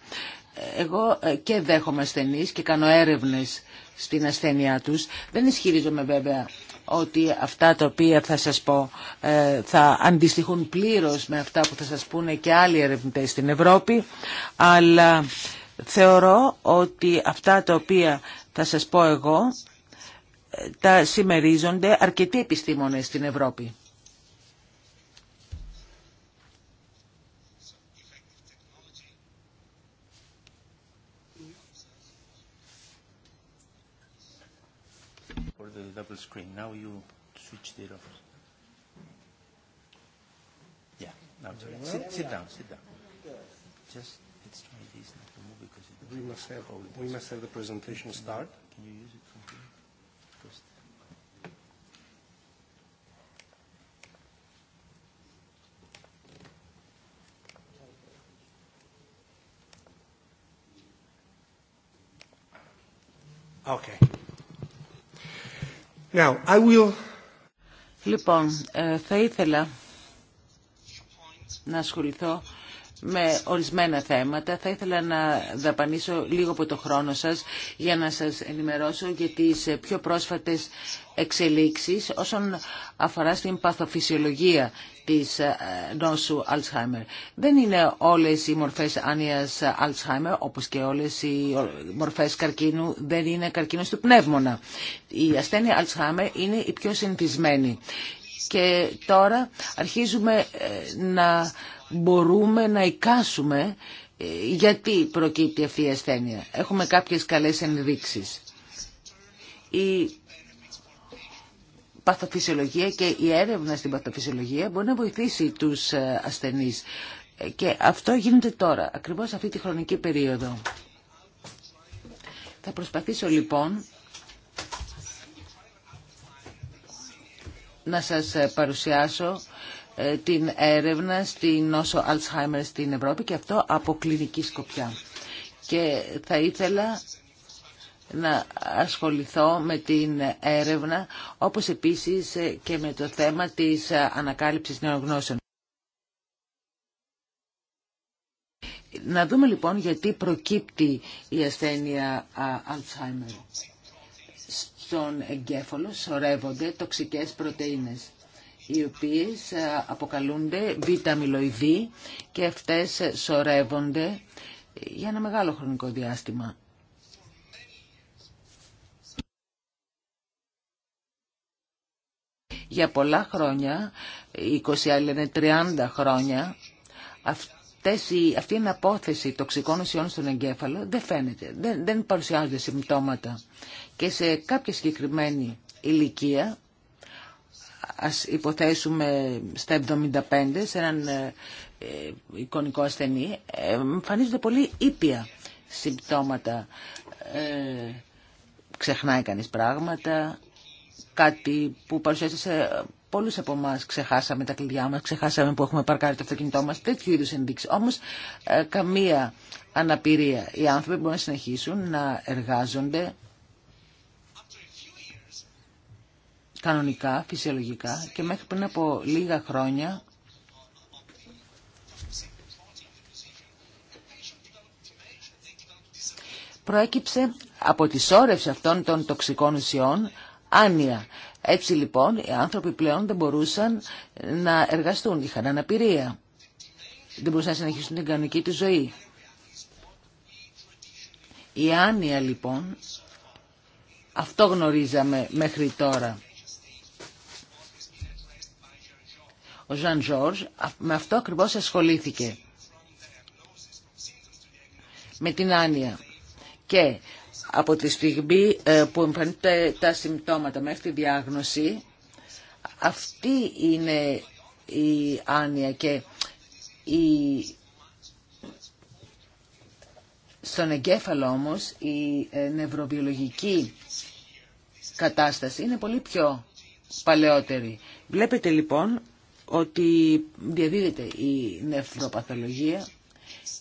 εγώ ε, και δέχομαι ασθενείς και κάνω έρευνες στην ασθένειά τους. Δεν ισχυρίζομαι βέβαια ότι αυτά τα οποία θα σας πω ε, θα αντιστοιχούν πλήρως με αυτά που θα σας πούνε και άλλοι ερευνητές στην Ευρώπη, αλλά θεωρώ ότι αυτά τα οποία θα σας πω εγώ ε, τα συμμερίζονται αρκετοί επιστήμονες στην Ευρώπη. double screen. Now you switched it off. Yeah, now sit, sit down, sit down. Just it's try this not to move because it we must have we must have the presentation start. You, Can you use it from here? First. Okay. Λοιπόν, ε, θα ήθελα να ασχοληθώ με ορισμένα θέματα. Θα ήθελα να δαπανίσω λίγο από το χρόνο σας για να σας ενημερώσω για τις πιο πρόσφατες εξελίξεις όσον αφορά στην παθοφυσιολογία της ε, νόσου Αλτσχάιμερ. Δεν είναι όλες οι μορφές άνοιας Αλτσχάιμερ, όπως και όλες οι μορφές καρκίνου, δεν είναι καρκίνος του πνεύμονα. Η ασθένεια Αλτσχάιμερ είναι η πιο συνηθισμένη. Και τώρα αρχίζουμε ε, να μπορούμε να εικάσουμε ε, γιατί προκύπτει αυτή η ασθένεια. Έχουμε κάποιες καλές ενδείξεις. Η παθοφυσιολογία και η έρευνα στην παθοφυσιολογία μπορεί να βοηθήσει τους ε, ασθενείς. Ε, και αυτό γίνεται τώρα, ακριβώς αυτή τη χρονική περίοδο. Θα προσπαθήσω λοιπόν να σας παρουσιάσω ε, την έρευνα στην νόσο Alzheimer στην Ευρώπη και αυτό από κλινική σκοπιά. Και θα ήθελα να ασχοληθώ με την έρευνα, όπως επίσης ε, και με το θέμα της ε, ανακάλυψης νέων γνώσεων. Να δούμε λοιπόν γιατί προκύπτει η ασθένεια Alzheimer. Στον εγκέφαλο σωρεύονται τοξικές πρωτεΐνες οι οποίες ε, βιταμιλοειδή και αυτές σωρεύονται για ένα μεγάλο χρονικό διάστημα. Για πολλά χρόνια, 20 άλλοι είναι 30 χρόνια, αυτή, αυτή η απόθεση τοξικών ουσιών στον εγκέφαλο δεν φαίνεται, δεν, δεν παρουσιάζονται συμπτώματα. Και σε κάποια συγκεκριμένη ηλικία ας υποθέσουμε στα 75 σε έναν ε, ε, εικονικό ασθενή ε, εμφανίζονται πολύ ήπια συμπτώματα ε, ξεχνάει κανείς πράγματα κάτι που παρουσιάζεται σε πολλούς από εμά ξεχάσαμε τα κλειδιά μας ξεχάσαμε που έχουμε παρκάρει το αυτοκίνητό μας τέτοιου είδους ενδείξεις όμως καμία αναπηρία οι άνθρωποι μπορούν να συνεχίσουν να εργάζονται κανονικά, φυσιολογικά και μέχρι πριν από λίγα χρόνια προέκυψε από τη σώρευση αυτών των τοξικών ουσιών άνοια. Έτσι λοιπόν οι άνθρωποι πλέον δεν μπορούσαν να εργαστούν, είχαν αναπηρία. Δεν μπορούσαν να συνεχίσουν την κανονική του ζωή. Η άνοια λοιπόν, αυτό γνωρίζαμε μέχρι τώρα. ο Ζαν Ζόρζ με αυτό ακριβώς ασχολήθηκε. Με την άνοια. Και από τη στιγμή ε, που εμφανίζονται τα συμπτώματα μέχρι τη διάγνωση, αυτή είναι η άνοια και η... στον εγκέφαλο όμως η ε, νευροβιολογική κατάσταση είναι πολύ πιο παλαιότερη. Βλέπετε λοιπόν ότι διαδίδεται η νευροπαθολογία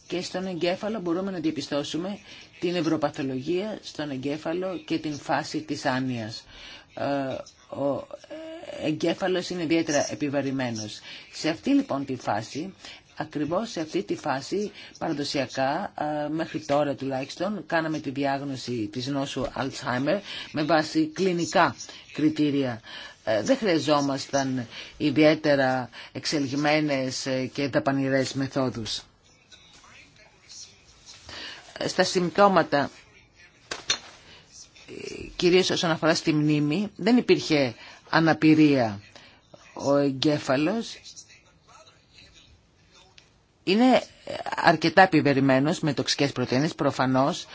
και στον εγκέφαλο μπορούμε να διαπιστώσουμε την νευροπαθολογία στον εγκέφαλο και την φάση της άνοιας. Ε, ο εγκέφαλος είναι ιδιαίτερα επιβαρημένος. Σε αυτή λοιπόν τη φάση Ακριβώς σε αυτή τη φάση, παραδοσιακά, ε, μέχρι τώρα τουλάχιστον, κάναμε τη διάγνωση της νόσου Alzheimer με βάση κλινικά κριτήρια. Ε, δεν χρειαζόμασταν ιδιαίτερα εξελιγμένες ε, και ταπανηρές μεθόδους. Ε, στα συμπτώματα, κυρίως όσον αφορά στη μνήμη, δεν υπήρχε αναπηρία. Ο εγκέφαλος είναι αρκετά επιβερημένος με τοξικές πρωτεΐνες, προφανώς,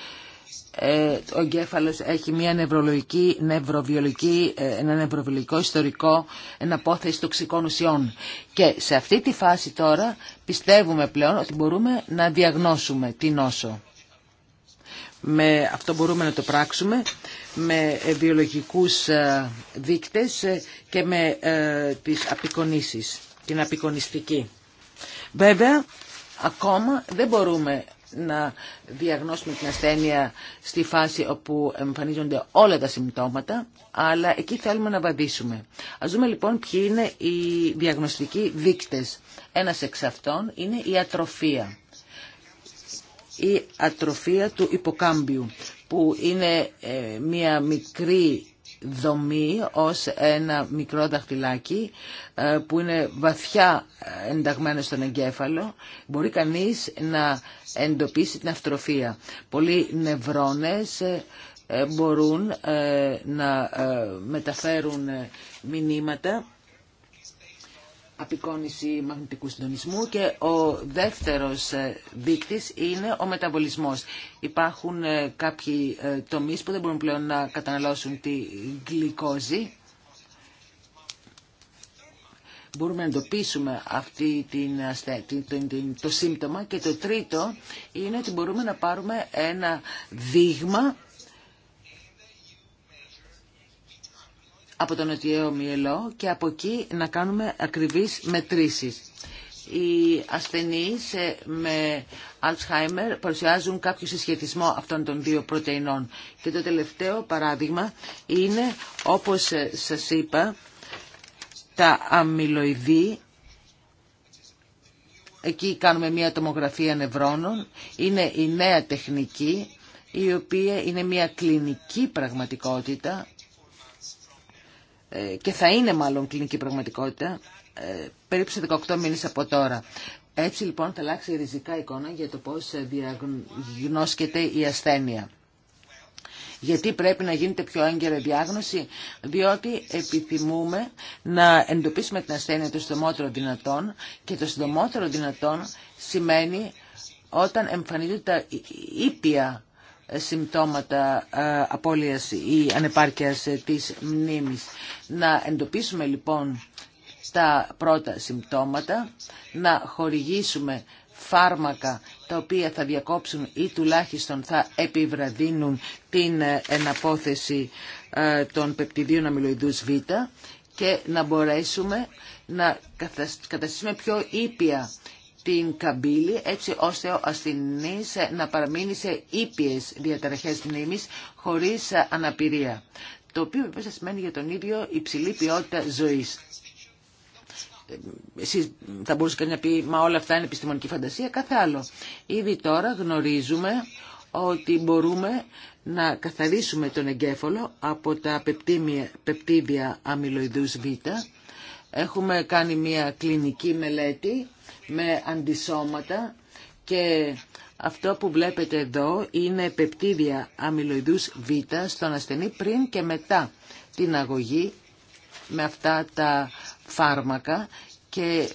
ε, ο εγκέφαλος έχει μια νευρολογική, νευροβιολογική, ε, ένα νευροβιολογικό ιστορικό εναπόθεση τοξικών ουσιών. Και σε αυτή τη φάση τώρα πιστεύουμε πλέον ότι μπορούμε να διαγνώσουμε την νόσο. Με αυτό μπορούμε να το πράξουμε με ε, βιολογικούς δείκτες και με τις απεικονίσεις, την απεικονιστική. Βέβαια, ακόμα δεν μπορούμε να διαγνώσουμε την ασθένεια στη φάση όπου εμφανίζονται όλα τα συμπτώματα, αλλά εκεί θέλουμε να βαδίσουμε. Ας δούμε λοιπόν ποιοι είναι οι διαγνωστικοί δείκτες. Ένας εξ αυτών είναι η ατροφία. Η ατροφία του υποκάμπιου, που είναι ε, μια μικρή δομή ως ένα μικρό δαχτυλάκι ε, που είναι βαθιά ενταγμένο στον εγκέφαλο μπορεί κανείς να εντοπίσει την αυτροφία. Πολλοί νευρώνες ε, μπορούν ε, να μεταφέρουν μηνύματα απεικόνηση μαγνητικού συντονισμού και ο δεύτερος ε, δείκτης είναι ο μεταβολισμός. Υπάρχουν ε, κάποιοι ε, τομείς που δεν μπορούν πλέον να καταναλώσουν τη γλυκόζη. Μπορούμε να εντοπίσουμε αυτή την, το σύμπτωμα. Και το τρίτο είναι ότι μπορούμε να πάρουμε ένα δείγμα από τον νοτιέο μυελό και από εκεί να κάνουμε ακριβείς μετρήσεις. Οι ασθενείς με Alzheimer παρουσιάζουν κάποιο συσχετισμό αυτών των δύο πρωτεϊνών. Και το τελευταίο παράδειγμα είναι, όπως ε, σας είπα, τα αμυλοειδή Εκεί κάνουμε μια τομογραφία νευρώνων. Είναι η νέα τεχνική, η οποία είναι μια κλινική πραγματικότητα ε, και θα είναι μάλλον κλινική πραγματικότητα ε, περίπου σε 18 μήνες από τώρα. Έτσι λοιπόν θα αλλάξει ριζικά εικόνα για το πώς ε, διαγνώσκεται η ασθένεια. Γιατί πρέπει να γίνεται πιο έγκαιρα διάγνωση, διότι επιθυμούμε να εντοπίσουμε την ασθένεια το συντομότερο δυνατόν και το συντομότερο δυνατόν σημαίνει όταν εμφανίζονται τα ήπια συμπτώματα ε, απώλειας ή ανεπάρκειας της μνήμης. Να εντοπίσουμε λοιπόν τα πρώτα συμπτώματα, να χορηγήσουμε φάρμακα τα οποία θα διακόψουν ή τουλάχιστον θα επιβραδύνουν την ε, εναπόθεση ε, των πεπτιδίων αμυλοειδούς β και να μπορέσουμε να καταστήσουμε πιο ήπια την καμπύλη έτσι ώστε ο ασθενής να παραμείνει σε ήπιες διαταραχές μνήμης χωρίς αναπηρία το οποίο βέβαια σημαίνει για τον ίδιο υψηλή ποιότητα ζωής. Εσείς θα μπορούσε να πει «Μα όλα αυτά είναι επιστημονική φαντασία» κάθε άλλο. Ήδη τώρα γνωρίζουμε ότι μπορούμε να καθαρίσουμε τον εγκέφαλο από τα πεπτίμια αμυλοειδούς β' Έχουμε κάνει μια κλινική μελέτη με αντισώματα και αυτό που βλέπετε εδώ είναι πεπτίδια αμυλοειδούς β στον ασθενή πριν και μετά την αγωγή με αυτά τα φάρμακα και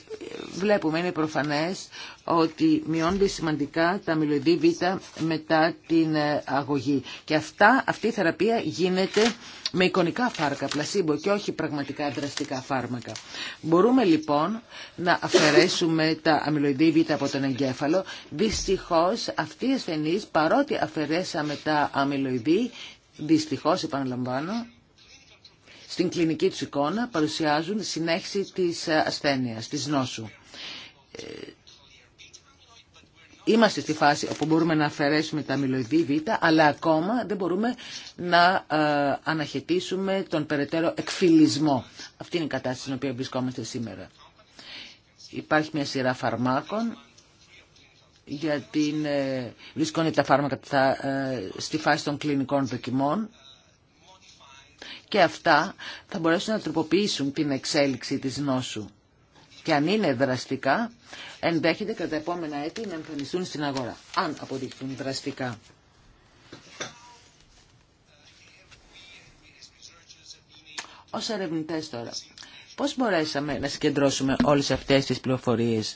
βλέπουμε, είναι προφανές, ότι μειώνται σημαντικά τα αμυλοειδή β μετά την ε, αγωγή. Και αυτά, αυτή η θεραπεία γίνεται με εικονικά φάρκα, πλασίμπο και όχι πραγματικά δραστικά φάρμακα. Μπορούμε λοιπόν να αφαιρέσουμε τα αμυλοειδή β από τον εγκέφαλο. Δυστυχώς αυτή οι ασθενείς, παρότι αφαιρέσαμε τα αμυλοειδή, δυστυχώς επαναλαμβάνω, στην κλινική του εικόνα παρουσιάζουν συνέχιση της ασθένειας, της νόσου. Ε, είμαστε στη φάση όπου μπορούμε να αφαιρέσουμε τα αμυλοειδή β, αλλά ακόμα δεν μπορούμε να ε, αναχαιτήσουμε τον περαιτέρω εκφυλισμό. Αυτή είναι η κατάσταση στην οποία βρισκόμαστε σήμερα. Υπάρχει μια σειρά φαρμάκων για την... Ε, βρίσκονται τα φάρμακα στη φάση των κλινικών δοκιμών και αυτά θα μπορέσουν να τροποποιήσουν την εξέλιξη της νόσου. Και αν είναι δραστικά, ενδέχεται κατά τα επόμενα έτη να εμφανιστούν στην αγορά, αν αποδειχθούν δραστικά. Ως ερευνητέ τώρα, πώς μπορέσαμε να συγκεντρώσουμε όλες αυτές τις πληροφορίες.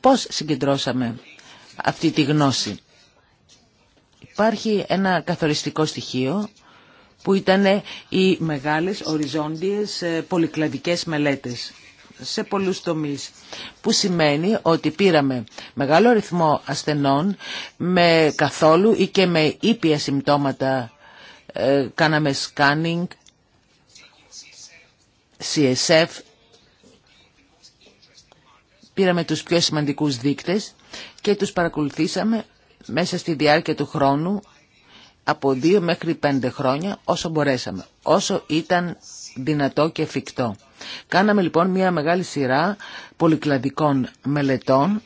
Πώς συγκεντρώσαμε αυτή τη γνώση. Υπάρχει ένα καθοριστικό στοιχείο που ήταν οι μεγάλες οριζόντιες ε, πολυκλαδικές μελέτες σε πολλούς τομείς που σημαίνει ότι πήραμε μεγάλο αριθμό ασθενών με καθόλου ή και με ήπια συμπτώματα ε, κάναμε σκάνινγκ CSF πήραμε τους πιο σημαντικούς δείκτες και τους παρακολουθήσαμε μέσα στη διάρκεια του χρόνου από δύο μέχρι πέντε χρόνια όσο μπορέσαμε, όσο ήταν δυνατό και εφικτό. Κάναμε λοιπόν μια μεγάλη σειρά πολυκλαδικών μελετών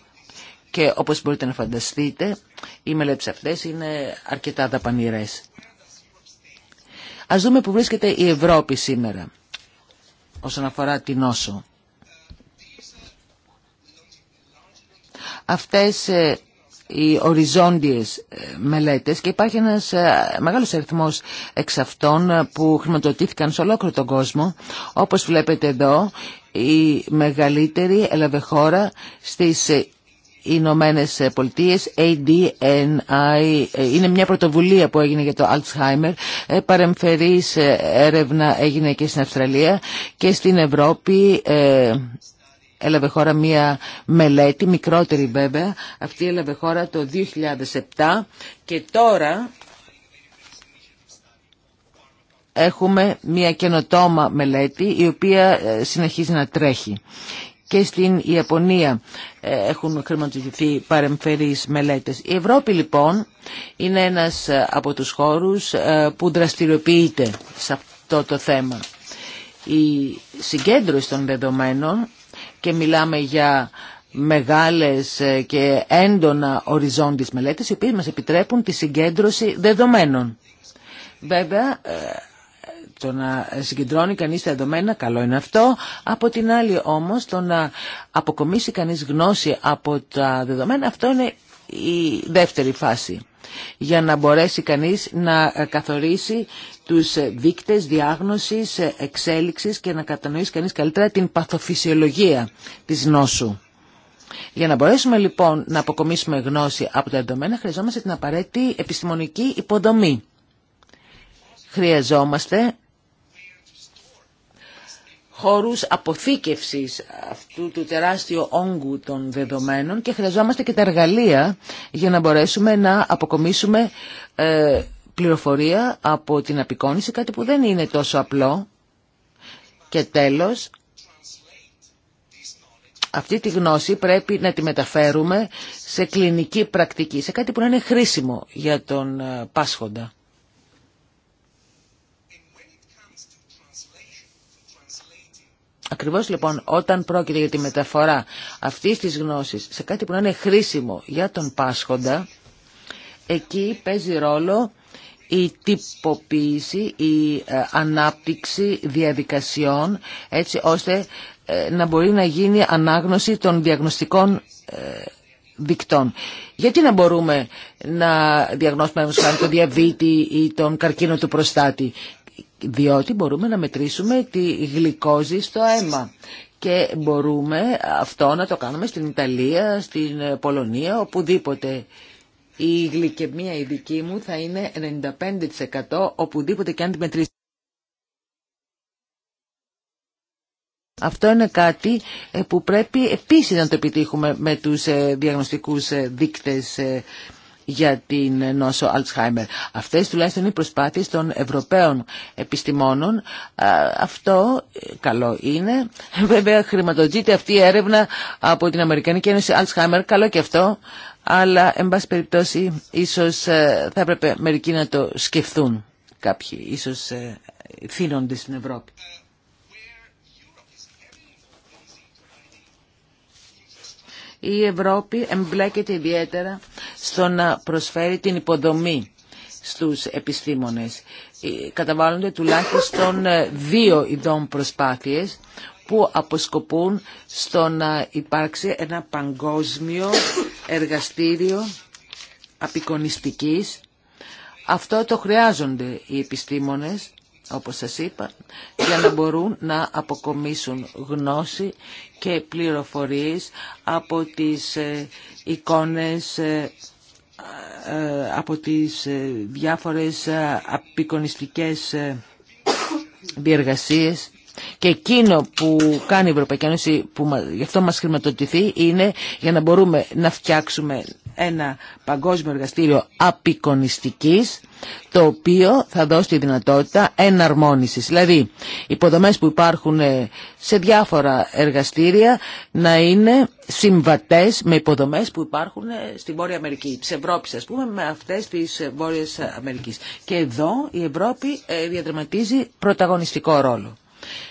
και όπως μπορείτε να φανταστείτε οι μελέτες αυτές είναι αρκετά δαπανηρές. Ας δούμε που βρίσκεται η Ευρώπη σήμερα όσον αφορά την όσο. Αυτές ε, οι οριζόντιες ε, μελέτες και υπάρχει ένας ε, μεγάλος αριθμός εξ αυτών ε, που χρηματοδοτήθηκαν σε ολόκληρο τον κόσμο. Όπως βλέπετε εδώ, η μεγαλύτερη έλαβε χώρα στις Ηνωμένε Πολιτείε, ADNI, είναι μια πρωτοβουλία που έγινε για το Alzheimer. Παρεμφερή έρευνα έγινε και στην Αυστραλία και στην Ευρώπη έλαβε χώρα μία μελέτη, μικρότερη βέβαια, αυτή έλαβε χώρα το 2007 και τώρα έχουμε μία καινοτόμα μελέτη η οποία ε, συνεχίζει να τρέχει. Και στην Ιαπωνία ε, έχουν χρηματοδοτηθεί παρεμφερείς μελέτες. Η Ευρώπη λοιπόν είναι ένας ε, από τους χώρους που δραστηριοποιείται σε αυτό το θέμα. Η συγκέντρωση των δεδομένων και μιλάμε για μεγάλες ε, και έντονα οριζόντιες μελέτες οι οποίες μας επιτρέπουν τη συγκέντρωση δεδομένων. Βέβαια, ε, το να συγκεντρώνει κανείς τα δεδομένα, καλό είναι αυτό. Από την άλλη όμως, το να αποκομίσει κανείς γνώση από τα δεδομένα, αυτό είναι η δεύτερη φάση για να μπορέσει κανείς να ε, καθορίσει τους ε, δείκτες διάγνωσης, ε, εξέλιξης και να κατανοήσει κανείς καλύτερα την παθοφυσιολογία της νόσου. Για να μπορέσουμε λοιπόν να αποκομίσουμε γνώση από τα δεδομένα χρειαζόμαστε την απαραίτητη επιστημονική υποδομή. Χρειαζόμαστε χώρους αποθήκευσης αυτού του τεράστιου όγκου των δεδομένων και χρειαζόμαστε και τα εργαλεία για να μπορέσουμε να αποκομίσουμε ε, πληροφορία από την απεικόνηση, κάτι που δεν είναι τόσο απλό. Και τέλος, αυτή τη γνώση πρέπει να τη μεταφέρουμε σε κλινική πρακτική, σε κάτι που να είναι χρήσιμο για τον ε, πάσχοντα. Ακριβώς λοιπόν όταν πρόκειται για τη μεταφορά αυτής της γνώσης σε κάτι που να είναι χρήσιμο για τον Πάσχοντα, εκεί παίζει ρόλο η τυποποίηση, η ε, ανάπτυξη διαδικασιών έτσι ώστε ε, να μπορεί να γίνει ανάγνωση των διαγνωστικών ε, δικτών. Γιατί να μπορούμε να διαγνώσουμε το διαβήτη ή τον καρκίνο του προστάτη διότι μπορούμε να μετρήσουμε τη γλυκόζη στο αίμα και μπορούμε αυτό να το κάνουμε στην Ιταλία, στην Πολωνία, οπουδήποτε. Η γλυκαιμία η δική μου θα είναι 95% οπουδήποτε και αν τη μετρήσουμε. Αυτό είναι κάτι ε, που πρέπει επίσης να το επιτύχουμε με τους ε, διαγνωστικούς ε, δείκτες για την νόσο Αλτσχάιμερ. Αυτές τουλάχιστον είναι οι προσπάθειες των Ευρωπαίων επιστημόνων. Αυτό ε, καλό είναι. Βέβαια χρηματοδοτείται αυτή η έρευνα από την Αμερικανική Ένωση Αλτσχάιμερ. Καλό και αυτό. Αλλά, εν πάση περιπτώσει, ίσως ε, θα έπρεπε μερικοί να το σκεφτούν κάποιοι, ίσως ε, θύνονται στην Ευρώπη. η Ευρώπη εμπλέκεται ιδιαίτερα στο να προσφέρει την υποδομή στους επιστήμονες. Ε, καταβάλλονται τουλάχιστον ε, δύο ειδών προσπάθειες που αποσκοπούν στο να υπάρξει ένα παγκόσμιο εργαστήριο απεικονιστικής. Αυτό το χρειάζονται οι επιστήμονες όπως σας είπα, για να μπορούν να αποκομίσουν γνώση και πληροφορίες από τις ε, εικόνες ε, ε, από τις διάφορες απεικονιστικές διεργασίες και εκείνο που κάνει η Ευρωπαϊκή Ένωση, που γι' αυτό μας χρηματοδοτηθεί, είναι για να μπορούμε να φτιάξουμε ένα παγκόσμιο εργαστήριο απεικονιστικής, το οποίο θα δώσει τη δυνατότητα εναρμόνισης. Δηλαδή, υποδομές που υπάρχουν ε, σε διάφορα εργαστήρια να είναι συμβατές με υποδομές που υπάρχουν ε, στην Βόρεια Αμερική, της Ευρώπης ας πούμε, με αυτές της ε, Βόρειας Αμερικής. Και εδώ η Ευρώπη διαδραματίζει πρωταγωνιστικό ρόλο.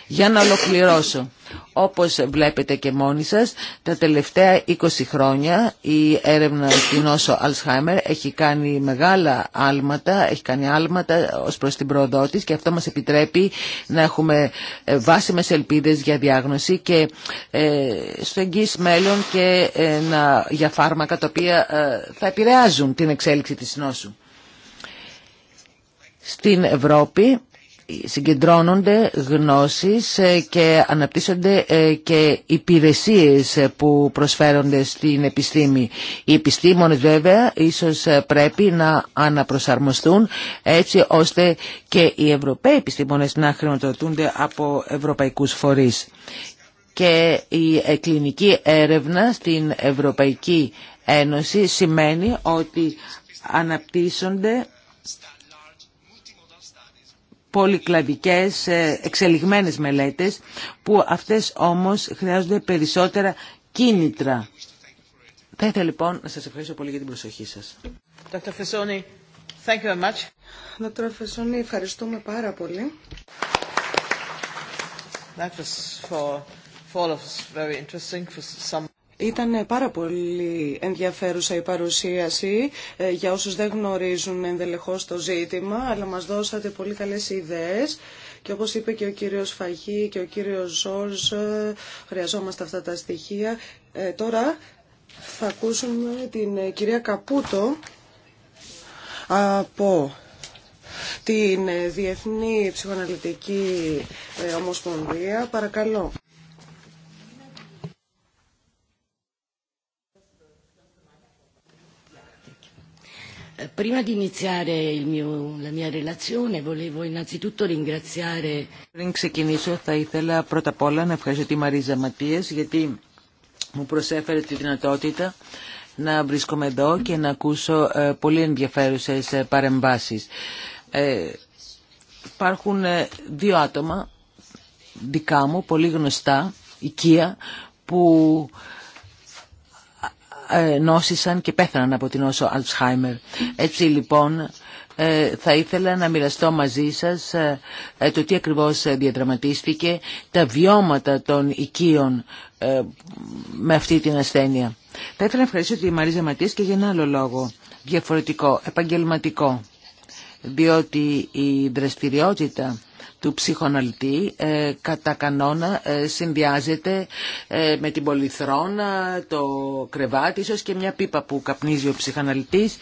Για να ολοκληρώσω, όπως βλέπετε και μόνοι σας, τα τελευταία 20 χρόνια η έρευνα του νόσο Αλσχάιμερ έχει κάνει μεγάλα άλματα, έχει κάνει άλματα ως προς την πρόοδό της και αυτό μας επιτρέπει να έχουμε ε, βάσιμες ελπίδες για διάγνωση και ε, στο εγγύς μέλλον και ε, να, για φάρμακα τα οποία θα επηρεάζουν την εξέλιξη της νόσου. Στην Ευρώπη συγκεντρώνονται γνώσεις ε, και αναπτύσσονται ε, και υπηρεσίες ε, που προσφέρονται στην επιστήμη. Οι επιστήμονες βέβαια ίσως πρέπει να αναπροσαρμοστούν έτσι ώστε και οι Ευρωπαίοι επιστήμονες να χρηματοδοτούνται από ευρωπαϊκούς φορείς. Και η κλινική έρευνα στην Ευρωπαϊκή Ένωση σημαίνει ότι αναπτύσσονται πολυκλαδικές ε, εξελιγμένες μελέτες που αυτές όμως χρειάζονται περισσότερα κίνητρα. Θα ήθελα λοιπόν να σας ευχαριστώ πολύ για την προσοχή σας. Dr. Fessoni, thank you very much. Dr. Fessoni, ευχαριστούμε πάρα πολύ. That was for, for all of us very interesting for some... Ήταν πάρα πολύ ενδιαφέρουσα η παρουσίαση ε, για όσους δεν γνωρίζουν ενδελεχώς το ζήτημα, αλλά μας δώσατε πολύ καλές ιδέες. Και όπως είπε και ο κύριος Φαγή και ο κύριος Ζόλς, ε, χρειαζόμαστε αυτά τα στοιχεία. Ε, τώρα θα ακούσουμε την κυρία Καπούτο από την Διεθνή Ψυχοαναλυτική Ομοσπονδία. Παρακαλώ. Prima di iniziare la mia Πριν ξεκινήσω θα ήθελα πρώτα απ' όλα να ευχαριστώ τη Μαρίζα Ματίες γιατί μου προσέφερε τη δυνατότητα να βρίσκομαι εδώ και να ακούσω ε, πολύ ενδιαφέρουσες ε, παρεμβάσεις. Ε, υπάρχουν ε, δύο άτομα δικά μου, πολύ γνωστά, οικία, που ε, νόσησαν και πέθαναν από την νόσο Αλτσχάιμερ. Έτσι λοιπόν ε, θα ήθελα να μοιραστώ μαζί σας ε, το τι ακριβώς διαδραματίστηκε, τα βιώματα των οικείων με αυτή την ασθένεια. Θα ήθελα να ευχαριστήσω τη Μαρίζα και για ένα άλλο λόγο, διαφορετικό, επαγγελματικό, διότι η δραστηριότητα του ψυχοαναλυτή ε, κατά κανόνα ε, συνδυάζεται ε, με την πολυθρόνα, το κρεβάτι, ίσως και μια πίπα που καπνίζει ο ψυχαναλυτής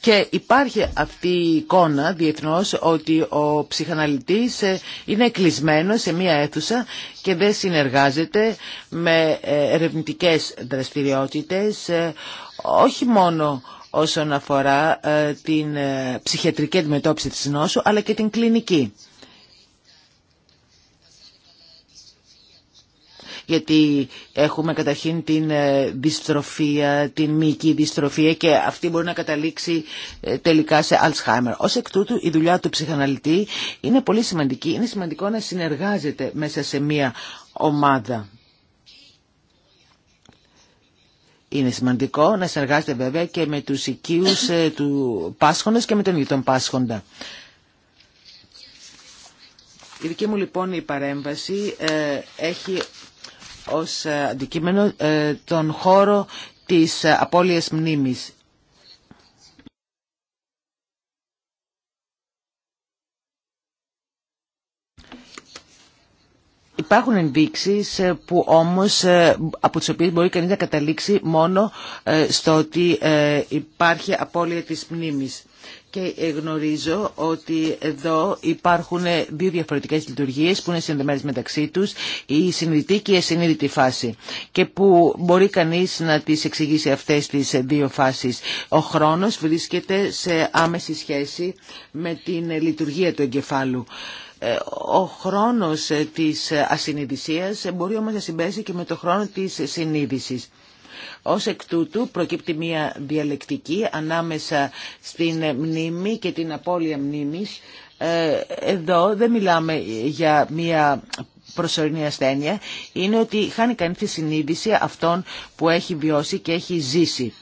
και υπάρχει αυτή η εικόνα διεθνώς ότι ο ψυχαναλυτής είναι κλεισμένος σε μία αίθουσα και δεν συνεργάζεται με ερευνητικές δραστηριότητες όχι μόνο όσον αφορά την ψυχιατρική αντιμετώπιση της νόσου αλλά και την κλινική. γιατί έχουμε καταρχήν την ε, δυστροφία, την μυϊκή δυστροφία και αυτή μπορεί να καταλήξει ε, τελικά σε Alzheimer. Ως εκ τούτου η δουλειά του ψυχαναλυτή είναι πολύ σημαντική. Είναι σημαντικό να συνεργάζεται μέσα σε μία ομάδα. Είναι σημαντικό να συνεργάζεται βέβαια και με τους οικείους ε, του Πάσχοντας και με τον ίδιο τον Πάσχοντα. Η δική μου λοιπόν η παρέμβαση έχει ως ε, αντικείμενο ε, τον χώρο της ε, απώλειας μνήμης. Υπάρχουν ενδείξεις που όμως από τις οποίες μπορεί κανείς να καταλήξει μόνο στο ότι υπάρχει απώλεια της μνήμης. Και ε, γνωρίζω ότι εδώ υπάρχουν ε, δύο διαφορετικές λειτουργίες που είναι συνδεμένες μεταξύ τους, η συνειδητή και η ασυνείδητη φάση και που μπορεί κανείς να τις εξηγήσει αυτές τις ε, δύο φάσεις. Ο χρόνος βρίσκεται σε άμεση σχέση με την λειτουργία του εγκεφάλου. Ο χρόνος της ασυνειδησίας μπορεί όμως να συμπέσει και με το χρόνο της συνείδησης. Ως εκ τούτου προκύπτει μια διαλεκτική ανάμεσα στην μνήμη και την απώλεια μνήμης. Ε, εδώ δεν μιλάμε για μια προσωρινή ασθένεια είναι ότι χάνει κανείς τη συνείδηση αυτών που έχει βιώσει και έχει ζήσει.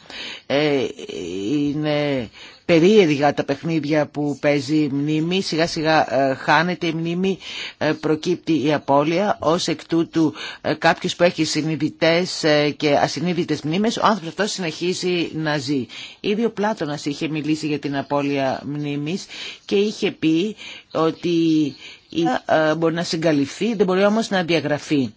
Ε, είναι περίεργα τα παιχνίδια που παίζει η μνήμη. Σιγά σιγά ε, χάνεται η μνήμη, ε, προκύπτει η απώλεια. Ως εκ τούτου ε, κάποιος που έχει συνειδητές και ασυνείδητες μνήμες, ο άνθρωπος αυτός συνεχίζει να ζει. Ήδη ο Πλάτωνας είχε μιλήσει για την απώλεια μνήμης και είχε πει ότι μπορεί να συγκαλυφθεί, δεν μπορεί όμως να διαγραφεί.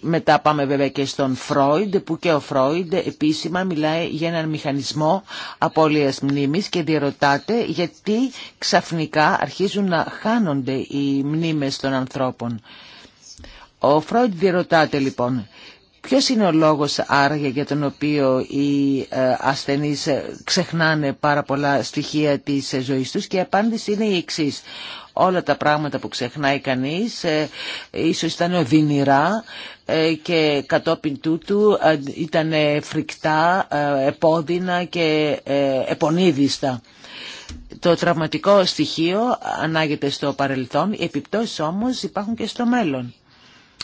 Μετά πάμε βέβαια και στον Φρόιντ που και ο Φρόιντ επίσημα μιλάει για έναν μηχανισμό απώλειας μνήμης και διερωτάται γιατί ξαφνικά αρχίζουν να χάνονται οι μνήμες των ανθρώπων. Ο Φρόιντ διερωτάται λοιπόν Ποιος είναι ο λόγος άραγε για τον οποίο οι ε, ασθενείς ξεχνάνε πάρα πολλά στοιχεία της ζωής τους και η απάντηση είναι η εξής. Όλα τα πράγματα που ξεχνάει κανείς ε, ίσως ήταν οδυνηρά ε, και κατόπιν τούτου ήταν φρικτά, επώδυνα και επονίδιστα. Το τραυματικό στοιχείο ανάγεται στο παρελθόν, οι επιπτώσεις όμως υπάρχουν και στο μέλλον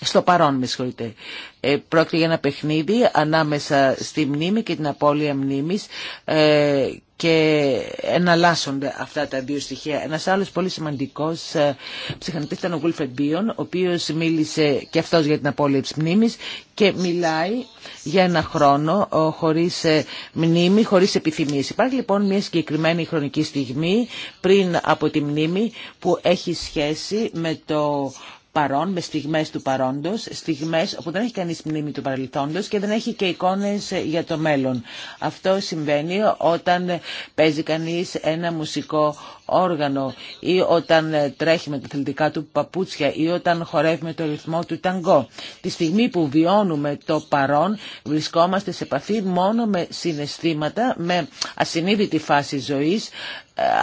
στο παρόν με συγχωρείτε. Ε, πρόκειται για ένα παιχνίδι ανάμεσα στη μνήμη και την απώλεια μνήμης ε, και εναλλάσσονται αυτά τα δύο στοιχεία. Ένας άλλος πολύ σημαντικός ε, ήταν ο Γουλφεν Μπίον, ο οποίος μίλησε και αυτός για την απώλεια της μνήμης και μιλάει για ένα χρόνο ο, χωρίς ε, μνήμη, χωρίς επιθυμίες. Υπάρχει λοιπόν μια συγκεκριμένη χρονική στιγμή πριν από τη μνήμη που έχει σχέση με το παρόν, με στιγμές του παρόντο, στιγμές όπου δεν έχει κανείς μνήμη του παρελθόντος και δεν έχει και εικόνες ε, για το μέλλον. Αυτό συμβαίνει όταν ε, παίζει κανείς ένα μουσικό όργανο ή όταν ε, τρέχει με τα θελτικά του παπούτσια ή όταν χορεύει με το ρυθμό του ταγκό. Τη στιγμή που βιώνουμε το παρόν βρισκόμαστε σε επαφή μόνο με συναισθήματα, με ασυνείδητη φάση ζωής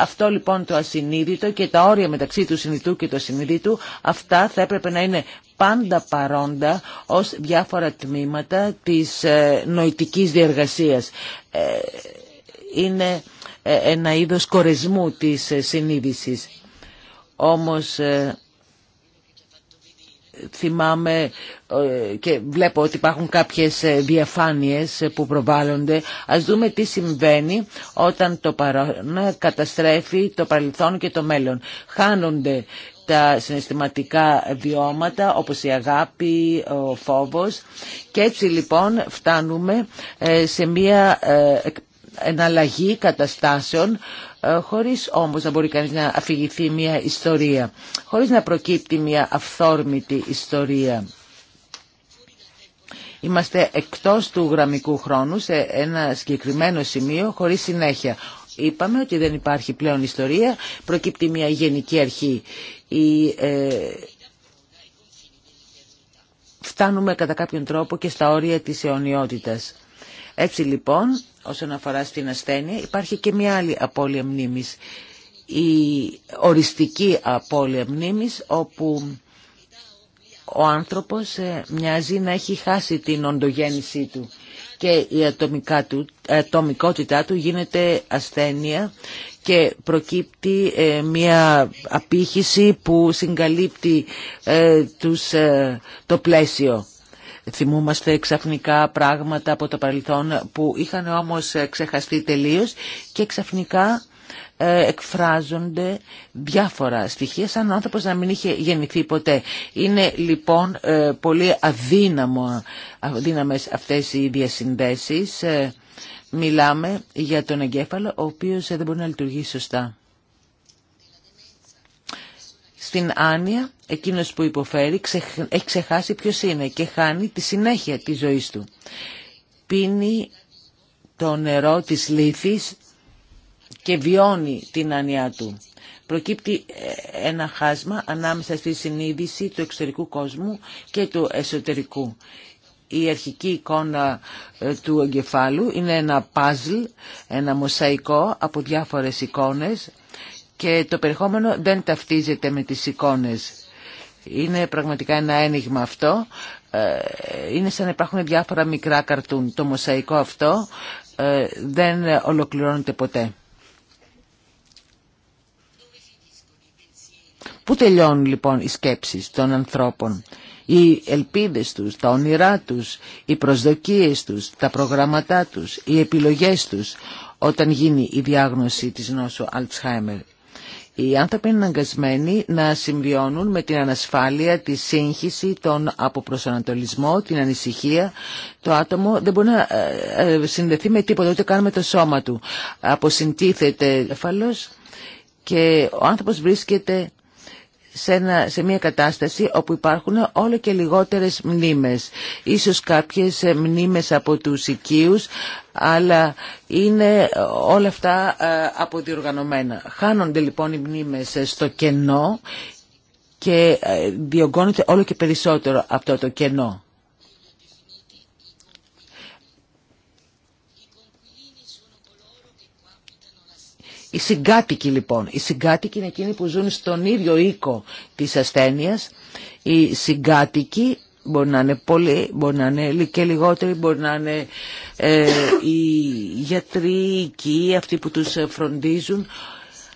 αυτό λοιπόν το ασυνείδητο και τα όρια μεταξύ του συνειδητού και του ασυνείδητου, αυτά θα έπρεπε να είναι πάντα παρόντα ως διάφορα τμήματα της ε, νοητικής διεργασίας. Ε, είναι ε, ένα είδος κορεσμού της συνείδησης. Όμως θυμάμαι ε, και βλέπω ότι υπάρχουν κάποιες ε, διαφάνειες ε, που προβάλλονται. Ας δούμε τι συμβαίνει όταν το παρόν καταστρέφει το παρελθόν και το μέλλον. Χάνονται τα συναισθηματικά βιώματα όπως η αγάπη, ο φόβος και έτσι λοιπόν φτάνουμε σε μια εναλλαγή καταστάσεων ε, χωρίς όμως να μπορεί κανείς να αφηγηθεί μια ιστορία, χωρίς να προκύπτει μια αυθόρμητη ιστορία. Είμαστε εκτός του γραμμικού χρόνου σε ένα συγκεκριμένο σημείο χωρίς συνέχεια. Είπαμε ότι δεν υπάρχει πλέον ιστορία, προκύπτει μια γενική αρχή. Ε, φτάνουμε κατά κάποιον τρόπο και στα όρια της αιωνιότητας. Έτσι λοιπόν, όσον αφορά στην ασθένεια, υπάρχει και μια άλλη απώλεια μνήμης. Η οριστική απώλεια μνήμης, όπου ο άνθρωπος ε, μοιάζει να έχει χάσει την οντογέννησή του και η ε, ατομικότητά του γίνεται ασθένεια και προκύπτει ε, μια απήχηση που συγκαλύπτει τους, το πλαίσιο. Θυμούμαστε ξαφνικά πράγματα από το παρελθόν που είχαν όμως ε, ξεχαστεί τελείως και ξαφνικά ε, εκφράζονται διάφορα στοιχεία σαν άνθρωπος να μην είχε γεννηθεί ποτέ. Είναι λοιπόν ε, πολύ αδύναμο, αδύναμες αυτές οι διασυνδέσεις. Μιλάμε για τον εγκέφαλο ο οποίος δεν μπορεί να λειτουργεί σωστά. Στην άνοια, εκείνος που υποφέρει ξεχ... έχει ξεχάσει ποιος είναι και χάνει τη συνέχεια της ζωής του. Πίνει το νερό της λύθης και βιώνει την άνοιά του. Προκύπτει ε, ένα χάσμα ανάμεσα στη συνείδηση του εξωτερικού κόσμου και του εσωτερικού. Η αρχική εικόνα ε, του εγκεφάλου είναι ένα παζλ, ένα μοσαϊκό από διάφορες εικόνες και το περιεχόμενο δεν ταυτίζεται με τις εικόνες. Είναι πραγματικά ένα ένιγμα αυτό. Ε, είναι σαν να υπάρχουν διάφορα μικρά καρτούν. Το μοσαϊκό αυτό ε, δεν ολοκληρώνεται ποτέ. Πού τελειώνουν λοιπόν οι σκέψεις των ανθρώπων, οι ελπίδες τους, τα όνειρά τους, οι προσδοκίες τους, τα προγραμματά τους, οι επιλογές τους όταν γίνει η διάγνωση της νόσου Αλτσχάιμερ. Οι άνθρωποι είναι αναγκασμένοι να συμβιώνουν με την ανασφάλεια, τη σύγχυση, τον αποπροσανατολισμό, την ανησυχία. Το άτομο δεν μπορεί να ε, ε, συνδεθεί με τίποτα, ούτε καν με το σώμα του. αποσυντίθεται, εφαλώς και ο άνθρωπος βρίσκεται σε, μια κατάσταση όπου υπάρχουν όλο και λιγότερες μνήμες. Ίσως κάποιες ε, μνήμες από τους οικείους, αλλά είναι ε, όλα αυτά ε, αποδιοργανωμένα. Χάνονται λοιπόν οι μνήμες στο κενό και διωγγώνεται όλο και περισσότερο αυτό το κενό. Οι συγκάτοικοι λοιπόν, οι συγκάτοικοι είναι εκείνοι που ζουν στον ίδιο οίκο της ασθένειας. Οι συγκάτοικοι μπορεί να είναι πολλοί, μπορεί να είναι και λιγότεροι, μπορεί να είναι ε, οι γιατροί, οι οικοί, αυτοί που τους ε, φροντίζουν.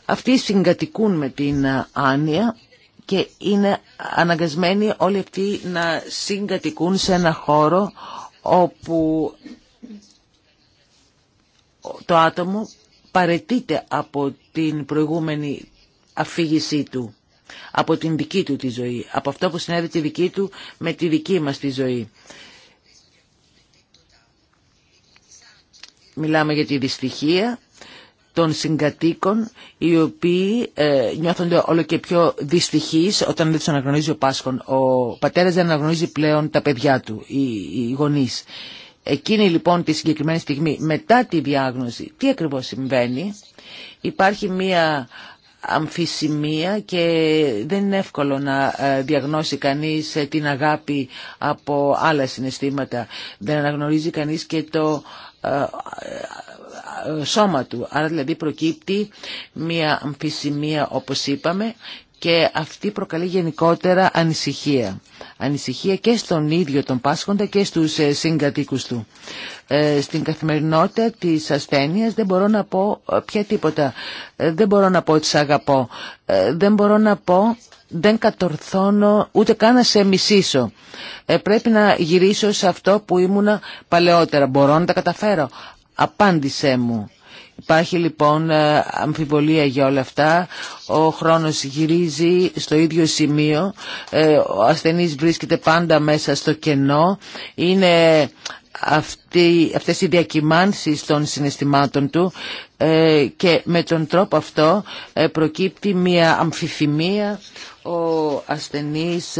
Αυτοί συγκατοικούν με την ε, άνοια και είναι αναγκασμένοι όλοι αυτοί να συγκατοικούν σε ένα χώρο όπου το άτομο παρετείται από την προηγούμενη αφήγησή του, από την δική του τη ζωή, από αυτό που συνέβη τη δική του με τη δική μας τη ζωή. Μιλάμε για τη δυστυχία των συγκατοίκων οι οποίοι ε, νιώθονται όλο και πιο δυστυχείς όταν δεν τους αναγνωρίζει ο Πάσχων. Ο πατέρας δεν αναγνωρίζει πλέον τα παιδιά του, οι, οι Εκείνη λοιπόν τη συγκεκριμένη στιγμή μετά τη διάγνωση τι ακριβώς συμβαίνει. Υπάρχει μία αμφισημία και δεν είναι εύκολο να ε, διαγνώσει κανείς ε, την αγάπη από άλλα συναισθήματα. Δεν αναγνωρίζει κανείς και το ε, σώμα του. Άρα δηλαδή προκύπτει μία αμφισημία όπως είπαμε και αυτή προκαλεί γενικότερα ανησυχία ανησυχία και στον ίδιο τον Πάσχοντα και στους ε, συγκατοίκους του. Ε, στην καθημερινότητα της ασθένειας δεν μπορώ να πω ε, πια τίποτα. Δεν μπορώ να πω ότι σ' αγαπώ. Δεν μπορώ να πω δεν κατορθώνω ούτε καν να σε μισήσω. πρέπει να γυρίσω σε αυτό που ήμουνα παλαιότερα. Μπορώ να τα καταφέρω. Απάντησέ μου. Υπάρχει λοιπόν ε, αμφιβολία για όλα αυτά. Ο χρόνος γυρίζει στο ίδιο σημείο. Ε, ο ασθενής βρίσκεται πάντα μέσα στο κενό. Είναι αυτή, αυτές οι διακυμάνσεις των συναισθημάτων του ε, και με τον τρόπο αυτό προκύπτει μια αμφιθυμία. Ο ασθενής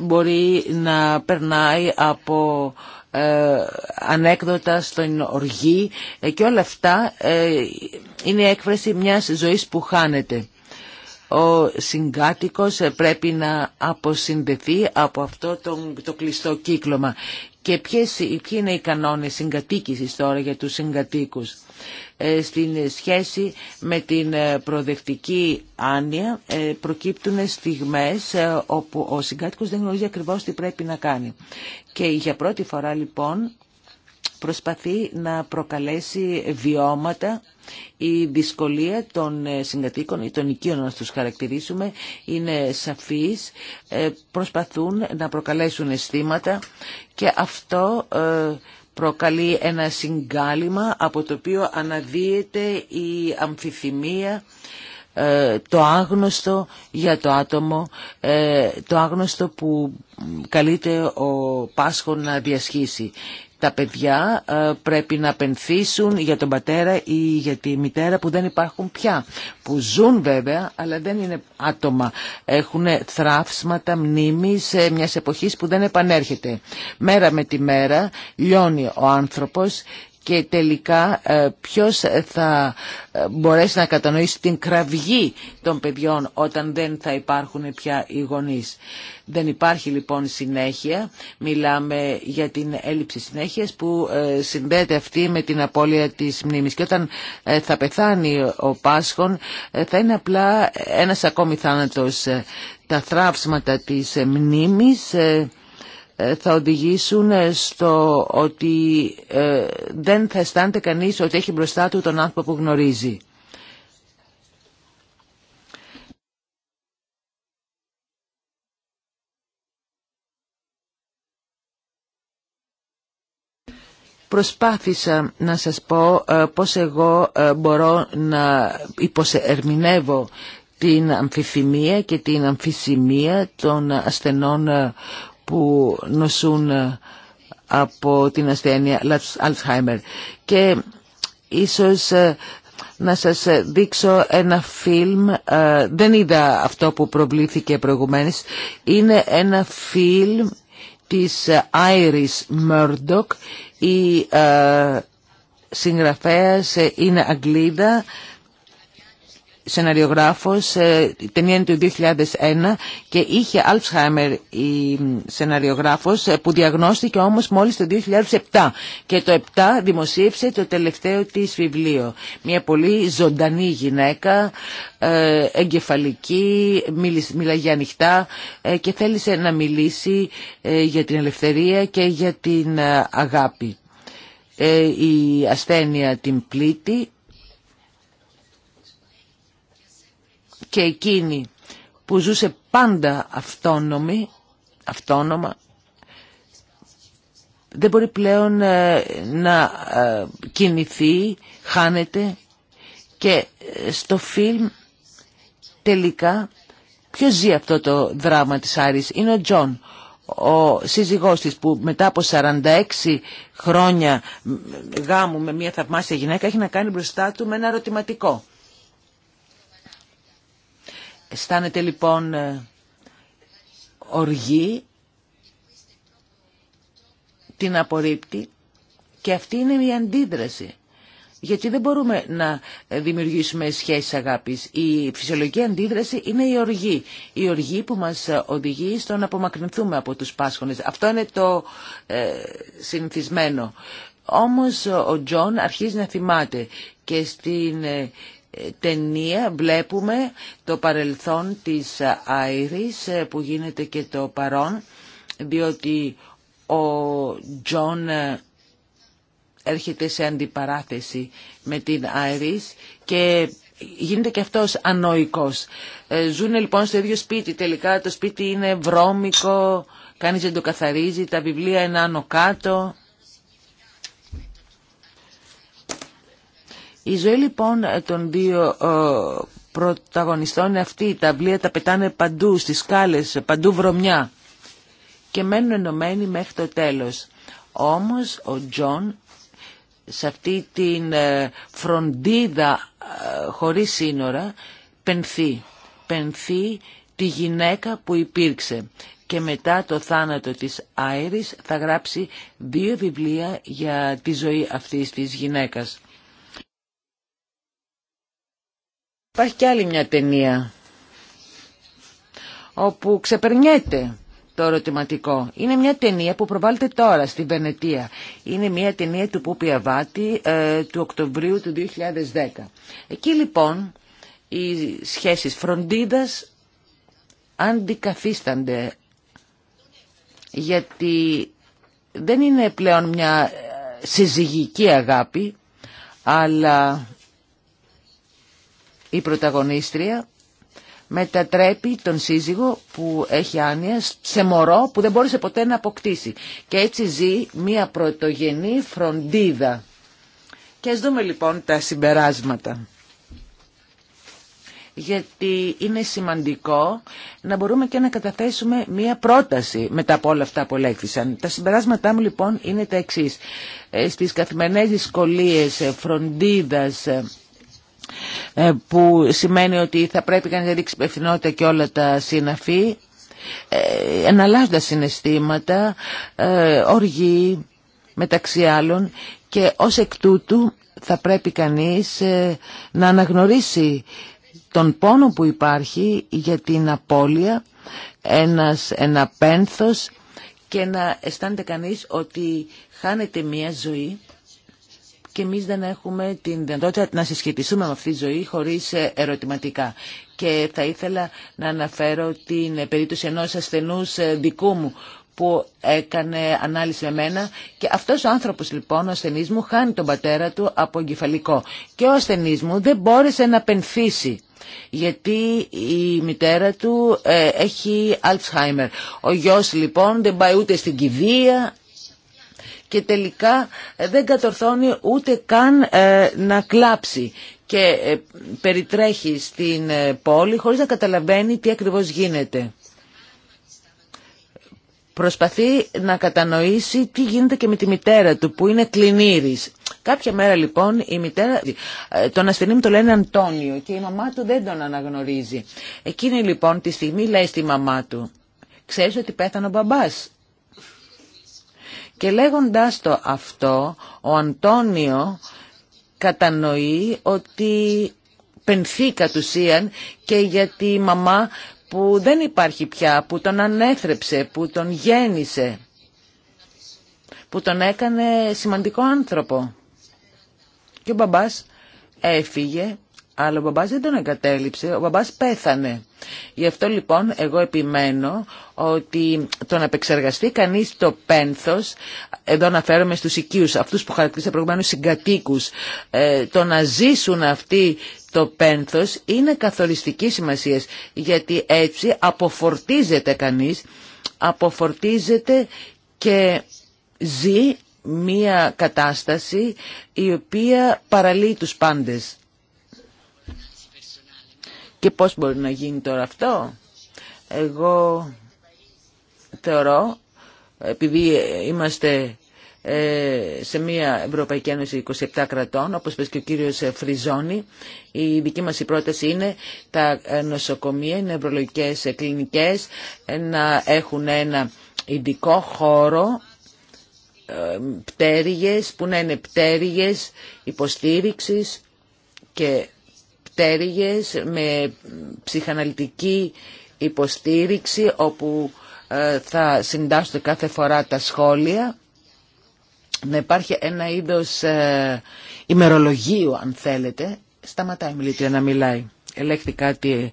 μπορεί να περνάει από ε, ανέκδοτα στον οργή ε, και όλα αυτά ε, είναι η έκφραση μιας ζωής που χάνεται. Ο συγκάτοικος πρέπει να αποσυνδεθεί από αυτό το, το κλειστό κύκλωμα. Και ποιες, ποιοι είναι οι κανόνες συγκατοίκησης τώρα για τους συγκατοίκους. Ε, στην σχέση με την ε, προοδευτική άνοια ε, προκύπτουν στιγμές όπου ο συγκάτοικος δεν γνωρίζει ακριβώς τι πρέπει να κάνει. Και για πρώτη φορά λοιπόν προσπαθεί να προκαλέσει βιώματα η δυσκολία των συγκατοίκων ή των οικείων να τους χαρακτηρίσουμε είναι σαφής, προσπαθούν να προκαλέσουν αισθήματα και αυτό προκαλεί ένα συγκάλυμα από το οποίο αναδύεται η αμφιθυμία ε, το άγνωστο για το άτομο, ε, το άγνωστο που καλείται ο Πάσχο να διασχίσει τα παιδιά ε, πρέπει να πενθήσουν για τον πατέρα ή για τη μητέρα που δεν υπάρχουν πια. Που ζουν βέβαια, αλλά δεν είναι άτομα. Έχουν θράψματα σε μιας εποχής που δεν επανέρχεται. Μέρα με τη μέρα λιώνει ο άνθρωπος και τελικά ε, ποιος θα ε, μπορέσει να κατανοήσει την κραυγή των παιδιών όταν δεν θα υπάρχουν πια οι γονείς. Δεν υπάρχει λοιπόν συνέχεια. Μιλάμε για την έλλειψη συνέχειας που ε, συνδέεται αυτή με την απώλεια της μνήμης. Και όταν θα πεθάνει ο Πάσχων θα είναι απλά ένας ακόμη θάνατος. Τα θράψματα της μνήμης θα οδηγήσουν στο ότι ε, δεν θα αισθάνεται κανείς ότι έχει μπροστά του τον άνθρωπο που γνωρίζει. Προσπάθησα να σας πω ε, πώς εγώ ε, μπορώ να υποσερμηνεύω την αμφιθυμία και την αμφισημία των ασθενών που νοσούν ε, από την ασθένεια Alzheimer. Και ίσως ε, να σας ε, δείξω ένα φιλμ, δεν είδα αυτό που προβλήθηκε προηγουμένως, είναι ένα φιλμ της Iris Murdoch, η συγγραφέας είναι Αγγλίδα, σεναριογράφος, ε, η ταινία είναι του 2001 και είχε Αλτσχάιμερ η σεναριογράφος ε, που διαγνώστηκε όμως μόλις το 2007 και το 2007 δημοσίευσε το τελευταίο της βιβλίο. Μια πολύ ζωντανή γυναίκα, ε, εγκεφαλική, για ανοιχτά και θέλησε να μιλήσει για την ελευθερία και για την αγάπη. Η ασθένεια την πλήττει και εκείνη που ζούσε πάντα αυτόνομη, αυτόνομα, δεν μπορεί πλέον ε, να ε, κινηθεί, χάνεται και ε, στο φιλμ τελικά ποιος ζει αυτό το δράμα της Άρης είναι ο Τζον ο σύζυγός της που μετά από 46 χρόνια γάμου με μια θαυμάσια γυναίκα έχει να κάνει μπροστά του με ένα ερωτηματικό Αισθάνεται λοιπόν ε, οργή, την απορρίπτει και αυτή είναι η αντίδραση. Γιατί δεν μπορούμε να δημιουργήσουμε σχέσεις αγάπης. Η φυσιολογική αντίδραση είναι η οργή. Η οργή που μας ε, οδηγεί στο να απομακρυνθούμε από τους πάσχονες. Αυτό είναι το ε, συνηθισμένο. Όμως ε, ο Τζον αρχίζει να θυμάται και στην ταινία βλέπουμε το παρελθόν της Άιρης ε, που γίνεται και το παρόν διότι ο Τζον ε, έρχεται σε αντιπαράθεση με την Άιρης και γίνεται και αυτός ανοϊκός. Ε, ζούνε λοιπόν στο ίδιο σπίτι, τελικά το σπίτι είναι βρώμικο, κανείς δεν το καθαρίζει, τα βιβλία είναι άνω κάτω. Η ζωή λοιπόν των δύο ε, πρωταγωνιστών είναι αυτή. Τα βλία τα πετάνε παντού, στις σκάλες, παντού βρωμιά και μένουν ενωμένοι μέχρι το τέλος. Όμως ο Τζον σε αυτή την ε, φροντίδα ε, χωρίς σύνορα πενθεί. Πενθεί τη γυναίκα που υπήρξε και μετά το θάνατο της Άιρης θα γράψει δύο βιβλία για τη ζωή αυτής της γυναίκας. Υπάρχει και άλλη μια ταινία όπου ξεπερνιέται το ερωτηματικό. Είναι μια ταινία που προβάλλεται τώρα στη Βενετία. Είναι μια ταινία του Πούπια Βάτη ε, του Οκτωβρίου του 2010. Εκεί λοιπόν οι σχέσεις φροντίδας αντικαθίστανται γιατί δεν είναι πλέον μια ε, συζυγική αγάπη αλλά η πρωταγωνίστρια μετατρέπει τον σύζυγο που έχει άνοια σε μωρό που δεν μπόρεσε ποτέ να αποκτήσει. Και έτσι ζει μια πρωτογενή φροντίδα. Και ας δούμε λοιπόν τα συμπεράσματα. Γιατί είναι σημαντικό να μπορούμε και να καταθέσουμε μία πρόταση μετά από όλα αυτά που ελέγχθησαν. Τα συμπεράσματά μου λοιπόν είναι τα εξής. Ε, στις καθημερινές δυσκολίε ε, φροντίδας ε, ε, που σημαίνει ότι θα πρέπει κανείς να δείξει υπευθυνότητα και όλα τα συναφή ε, εναλλάσσοντας συναισθήματα, ε, οργή μεταξύ άλλων και ως εκ τούτου θα πρέπει κανείς να αναγνωρίσει τον πόνο που υπάρχει για την απώλεια, ένας, ένα πένθος και να αισθάνεται κανείς ότι χάνεται μία ζωή και εμείς δεν έχουμε την δυνατότητα να συσχετιστούμε με αυτή τη ζωή χωρίς ε, ερωτηματικά. Και θα ήθελα να αναφέρω την περίπτωση ενός ασθενούς ε, δικού μου που έκανε ανάλυση με μένα και αυτός ο άνθρωπος λοιπόν, ο ασθενής μου, χάνει τον πατέρα του από εγκεφαλικό και ο ασθενής μου δεν μπόρεσε να πενθήσει γιατί η μητέρα του ε, έχει Αλτσχάιμερ. Ο γιος λοιπόν δεν πάει ούτε στην κηδεία και τελικά ε, δεν κατορθώνει ούτε καν ε, να κλάψει και ε, περιτρέχει στην πόλη χωρίς να καταλαβαίνει τι ακριβώς γίνεται. Προσπαθεί να κατανοήσει τι γίνεται και με τη μητέρα του που είναι κλινήρης. Κάποια μέρα λοιπόν η μητέρα, τον ασθενή μου το λένε Αντώνιο και η μαμά του δεν τον αναγνωρίζει. Εκείνη λοιπόν τη στιγμή λέει στη μαμά του, ξέρεις ότι πέθανε ο μπαμπάς. Και λέγοντας το αυτό, ο Αντώνιο κατανοεί ότι πενθεί κατ' ουσίαν και γιατί τη μαμά που δεν υπάρχει πια, που τον ανέθρεψε, που τον γέννησε, που τον έκανε σημαντικό άνθρωπο. Και ο μπαμπάς έφυγε αλλά ο μπαμπάς δεν τον εγκατέλειψε, ο μπαμπάς πέθανε. Γι' αυτό λοιπόν εγώ επιμένω ότι το να επεξεργαστεί κανείς το πένθος, εδώ αναφέρομαι στους οικείους, αυτούς που χαρακτηρίζονται προηγουμένως συγκατοίκους, ε, το να ζήσουν αυτοί το πένθος είναι καθοριστική σημασία γιατί έτσι αποφορτίζεται κανείς, αποφορτίζεται και ζει μία κατάσταση η οποία παραλύει τους πάντες. Και πώς μπορεί να γίνει τώρα αυτό. Εγώ θεωρώ, επειδή είμαστε ε, σε μια Ευρωπαϊκή Ένωση 27 κρατών, όπως πες και ο κύριος Φριζόνη. Η δική μας η πρόταση είναι τα ε, νοσοκομεία, οι νευρολογικές κλινικές ε, να έχουν ένα ειδικό χώρο πτέρυγες, που να είναι πτέρυγες υποστήριξης και με ψυχαναλυτική υποστήριξη όπου ε, θα συντάσσονται κάθε φορά τα σχόλια να υπάρχει ένα είδος ε, ημερολογίου αν θέλετε σταματάει η να μιλάει ελέγχθη κάτι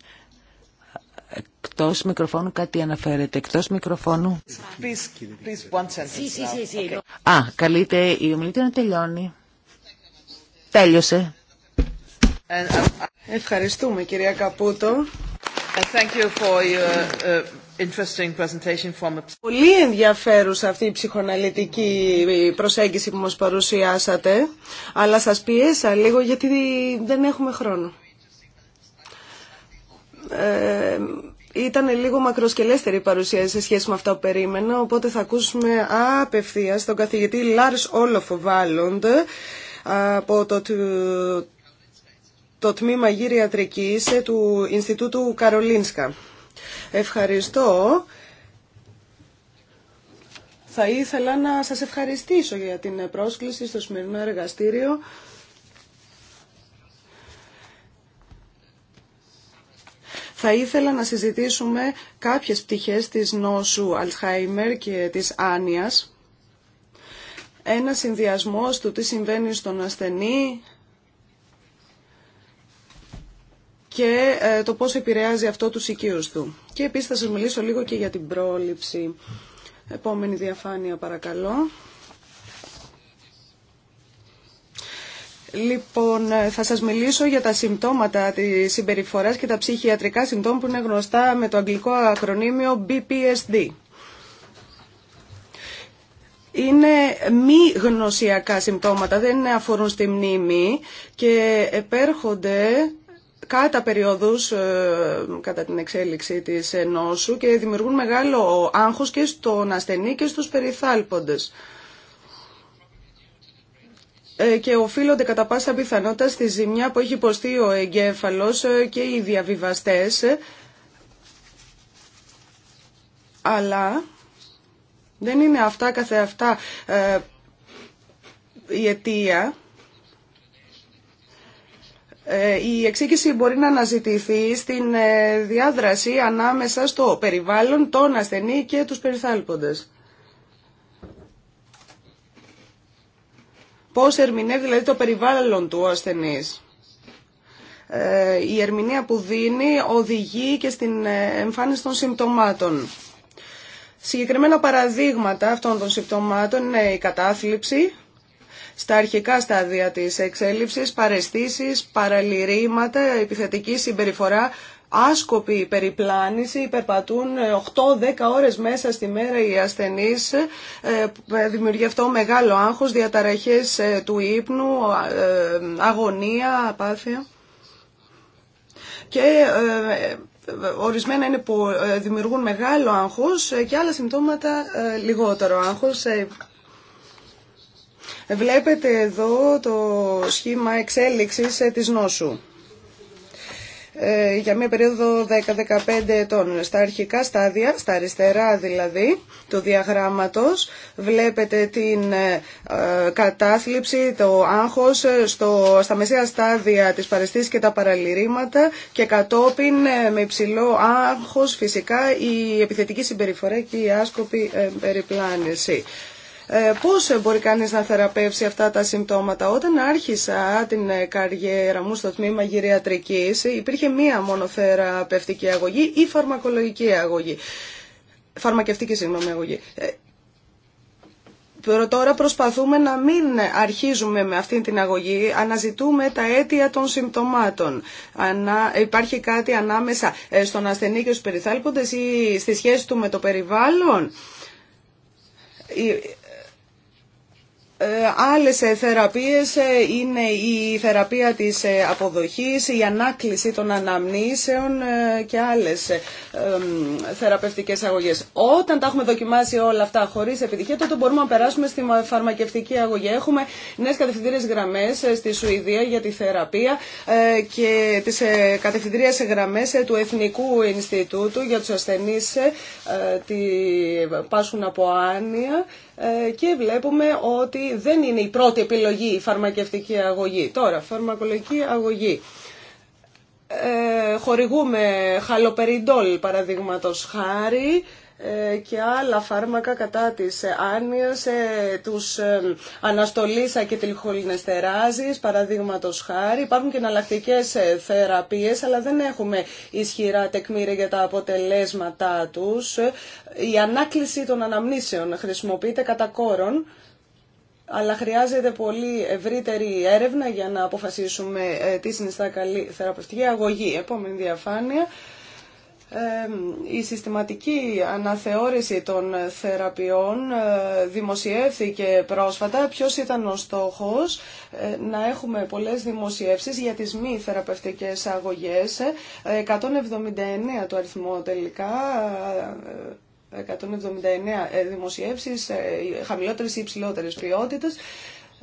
εκτός μικροφώνου κάτι αναφέρεται εκτός μικροφώνου Α, καλείται η ομιλήτρια να τελειώνει τέλειωσε Ευχαριστούμε κυρία Καπούτο. Thank you for your uh, interesting presentation from... Πολύ ενδιαφέρουσα αυτή η ψυχοναλυτική προσέγγιση που μας παρουσιάσατε, αλλά σας πιέσα λίγο γιατί δεν έχουμε χρόνο. Ε, ήταν λίγο μακροσκελέστερη η παρουσίαση σε σχέση με αυτά που περίμενα, οπότε θα ακούσουμε απευθείας τον καθηγητή Lars Όλοφο Βάλλοντ από το το τμήμα γυριατρικής ε, του Ινστιτούτου Καρολίνσκα. Ευχαριστώ. Θα ήθελα να σας ευχαριστήσω για την πρόσκληση στο σημερινό εργαστήριο. θα ήθελα να συζητήσουμε κάποιες πτυχές της νόσου Αλτχάιμερ και της άνιας. Ένα συνδυασμός του τι συμβαίνει στον ασθενή, και ε, το πώς επηρεάζει αυτό τους οικείους του. Και επίσης θα σας μιλήσω λίγο και για την πρόληψη. Επόμενη διαφάνεια παρακαλώ. Λοιπόν, ε, θα σας μιλήσω για τα συμπτώματα της συμπεριφοράς και τα ψυχιατρικά συμπτώματα που είναι γνωστά με το αγγλικό ακρονίμιο BPSD. Είναι μη γνωσιακά συμπτώματα, δεν αφορούν στη μνήμη και επέρχονται κατά περιόδους ε, κατά την εξέλιξη της νόσου και δημιουργούν μεγάλο άγχος και στον ασθενή και στους περιθάλποντες ε, και οφείλονται κατά πάσα πιθανότητα στη ζημιά που έχει υποστεί ο εγκέφαλος ε, και οι διαβιβαστές. Αλλά δεν είναι αυτά καθεαυτά η αιτία ε, η εξήγηση μπορεί να αναζητηθεί στην ε, διάδραση ανάμεσα στο περιβάλλον, τον ασθενή και τους περιθάλποντες. Πώς ερμηνεύει δηλαδή το περιβάλλον του ο ασθενής. Ε, η ερμηνεία που δίνει οδηγεί και στην εμφάνιση των συμπτωμάτων. Συγκεκριμένα παραδείγματα αυτών των συμπτωμάτων είναι η κατάθλιψη, στα αρχικά στάδια της εξέλιξης, παρεστήσεις, παραλυρήματα, επιθετική συμπεριφορά, άσκοπη υπερυπλάνηση, υπερπατούν 8-10 ε, ώρες μέσα στη μέρα οι ασθενείς, ε, ε, δημιουργεί αυτό μεγάλο άγχος, διαταραχές του ύπνου, αγωνία, απάθεια. Και ορισμένα είναι που δημιουργούν μεγάλο άγχος και άλλα συμπτώματα λιγότερο άγχος, Βλέπετε εδώ το σχήμα εξέλιξης ε, της νόσου ε, για μια περίοδο 10-15 ετών. Στα αρχικά στάδια, στα αριστερά δηλαδή του διαγράμματος, βλέπετε την ε, κατάθλιψη, το άγχος στο, στα μεσαία στάδια της παρεστής και τα παραλυρήματα και κατόπιν με υψηλό άγχος φυσικά η επιθετική συμπεριφορά και η άσκοπη περιπλάνηση. Ε, πώς μπορεί κανείς να θεραπεύσει αυτά τα συμπτώματα. Όταν άρχισα την ε, καριέρα μου στο τμήμα γυριατρικής υπήρχε μία μόνο θεραπευτική αγωγή ή φαρμακολογική αγωγή. Φαρμακευτική συγγνώμη αγωγή. Ε, τώρα προσπαθούμε να μην αρχίζουμε με αυτή την αγωγή, αναζητούμε τα αίτια των συμπτωμάτων. Ανά, υπάρχει κάτι ανάμεσα στον ασθενή και στους περιθάλποντες ή στη σχέση του με το περιβάλλον. Ε, άλλες ε, θεραπείες ε, είναι η θεραπεία της αποδοχής, η ανάκληση των αναμνήσεων και άλλες θεραπευτικές αγωγές. Όταν τα έχουμε δοκιμάσει όλα αυτά χωρίς επιτυχία, τότε μπορούμε να περάσουμε στη φαρμακευτική αγωγή. Έχουμε νέες κατευθυντήριες γραμμές στη Σουηδία για τη θεραπεία και τις κατευθυντήριες γραμμές του Εθνικού Ινστιτούτου για τους ασθενείς που πάσχουν από άνοια. Ε, και βλέπουμε ότι δεν είναι η πρώτη επιλογή η φαρμακευτική αγωγή. Τώρα, φαρμακολογική αγωγή. Ε, χορηγούμε χαλοπεριντόλ παραδείγματος χάρη ε, και άλλα φάρμακα κατά της άνοιας, ε, τους ε, αναστολίσα και τυλχολινεστεράζεις, παραδείγματος χάρη. Υπάρχουν και εναλλακτικέ θεραπείες, αλλά δεν έχουμε ισχυρά τεκμήρια για τα αποτελέσματά τους. Η ανάκληση των αναμνήσεων χρησιμοποιείται κατά κόρον αλλά χρειάζεται πολύ ευρύτερη έρευνα για να αποφασίσουμε τι συνιστά καλή θεραπευτική αγωγή. Επόμενη διαφάνεια η συστηματική αναθεώρηση των θεραπείων ε, δημοσιεύθηκε πρόσφατα. Ποιος ήταν ο στόχος ε, να έχουμε πολλές δημοσιεύσεις για τις μη θεραπευτικές αγωγές. 179 ε, το αριθμό τελικά. 179 δημοσιεύσεις, χαμηλότερες ή υψηλότερες ποιότητες.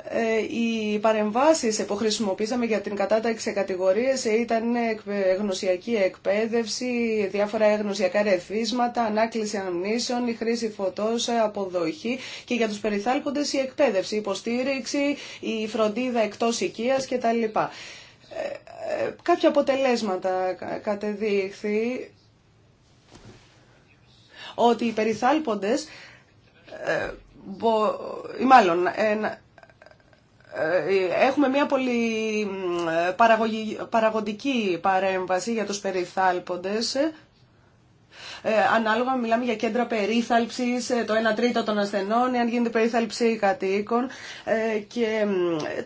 Ε, οι παρεμβάσεις που χρησιμοποίησαμε για την κατάταξη σε ήταν γνωσιακή εκπαίδευση, διάφορα γνωσιακά ρεθίσματα, ανάκληση αμνήσεων, η χρήση φωτός, αποδοχή και για τους περιθάλποντες η εκπαίδευση, η υποστήριξη, η φροντίδα εκτός οικίας κτλ. Ε, ε, κάποια αποτελέσματα κατεδείχθη ότι οι περιθάλποντες, μάλλον ε, έχουμε μια πολύ ε, παραγωγική παρέμβαση για τους περιθάλποντες. Ε, ανάλογα μιλάμε για κέντρα περίθαλψης, το 1 τρίτο των ασθενών, αν γίνεται περίθαλψη κατοίκων. και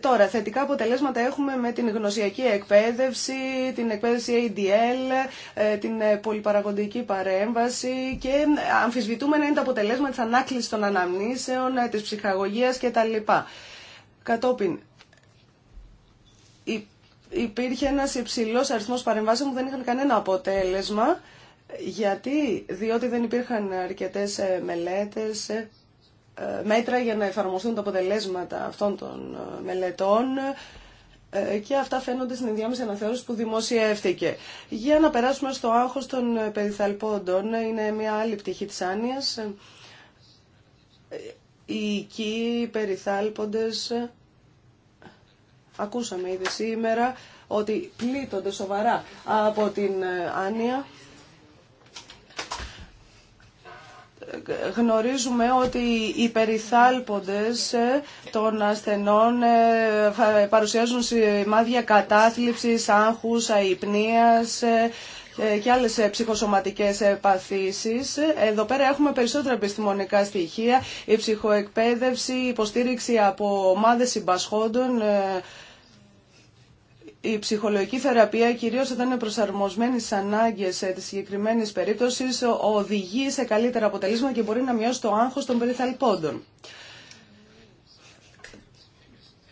τώρα, θετικά αποτελέσματα έχουμε με την γνωσιακή εκπαίδευση, την εκπαίδευση ADL, την πολυπαραγοντική παρέμβαση και αμφισβητούμενα είναι τα αποτελέσματα της ανάκλησης των αναμνήσεων, της ψυχαγωγίας κτλ. Κατόπιν, υπήρχε ένας υψηλός αριθμός παρεμβάσεων που δεν είχαν κανένα αποτέλεσμα. Γιατί, διότι δεν υπήρχαν αρκετές ε, μελέτες, ε, ε, μέτρα για να εφαρμοστούν τα αποτελέσματα αυτών των μελετών και αυτά φαίνονται στην ενδιάμεση αναθεώρηση που δημοσιεύθηκε. Για να περάσουμε στο άγχος των περιθαλπώντων, είναι μια άλλη πτυχή της άνοιας. Οι οικοί περιθάλποντες Ακούσαμε ήδη σήμερα ότι πλήττονται σοβαρά από την ε, άνοια. Γνωρίζουμε ότι οι περιθάλποντες ε, των ασθενών ε, παρουσιάζουν σημάδια κατάθλιψης, άγχους, αϊπνίας, και άλλες ψυχοσωματικές παθήσεις. Εδώ πέρα έχουμε περισσότερα επιστημονικά στοιχεία, η ψυχοεκπαίδευση, υποστήριξη από ομάδες συμπασχόντων, η ψυχολογική θεραπεία, κυρίως όταν είναι προσαρμοσμένη στις ανάγκες ε, της συγκεκριμένης περίπτωσης, οδηγεί σε καλύτερα αποτελέσματα και μπορεί να μειώσει το άγχος των περιθαλπόντων.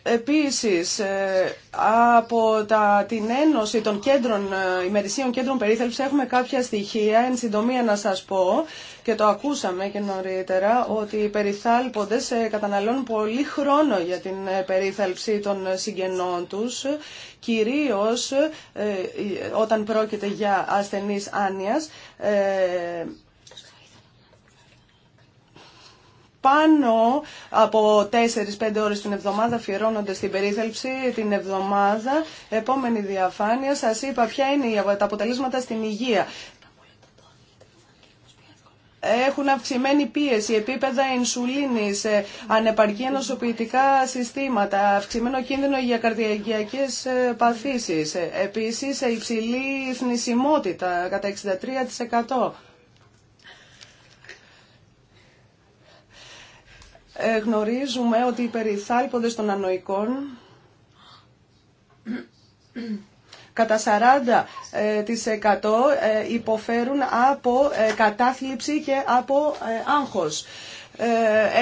Επίσης, ε, από τα, την Ένωση των κέντρων, ε, ημερησίων κέντρων περίθαλψης έχουμε κάποια στοιχεία, εν συντομία να σας πω, και το ακούσαμε και νωρίτερα, ότι οι περιθάλποντες ε, καταναλώνουν πολύ χρόνο για την περίθαλψη των συγγενών τους, κυρίως όταν πρόκειται για ασθενείς άνοιας, πάνω από 4-5 ώρες την εβδομάδα αφιερώνονται στην περίθαλψη την εβδομάδα. Επόμενη διαφάνεια σας είπα ποια είναι τα αποτελέσματα στην υγεία. Έχουν αυξημένη πίεση, επίπεδα ενσουλίνης, ε, ανεπαρκή νοσοποιητικά συστήματα, αυξημένο κίνδυνο για καρδιακιακές ε, παθήσεις. Ε, επίσης, υψηλή θνησιμότητα, κατά 63%. Ε, γνωρίζουμε ότι οι περιθάλποντες των ανοικών κατά 40% ε, ε, υποφέρουν από κατάθλιψη και από άγχος.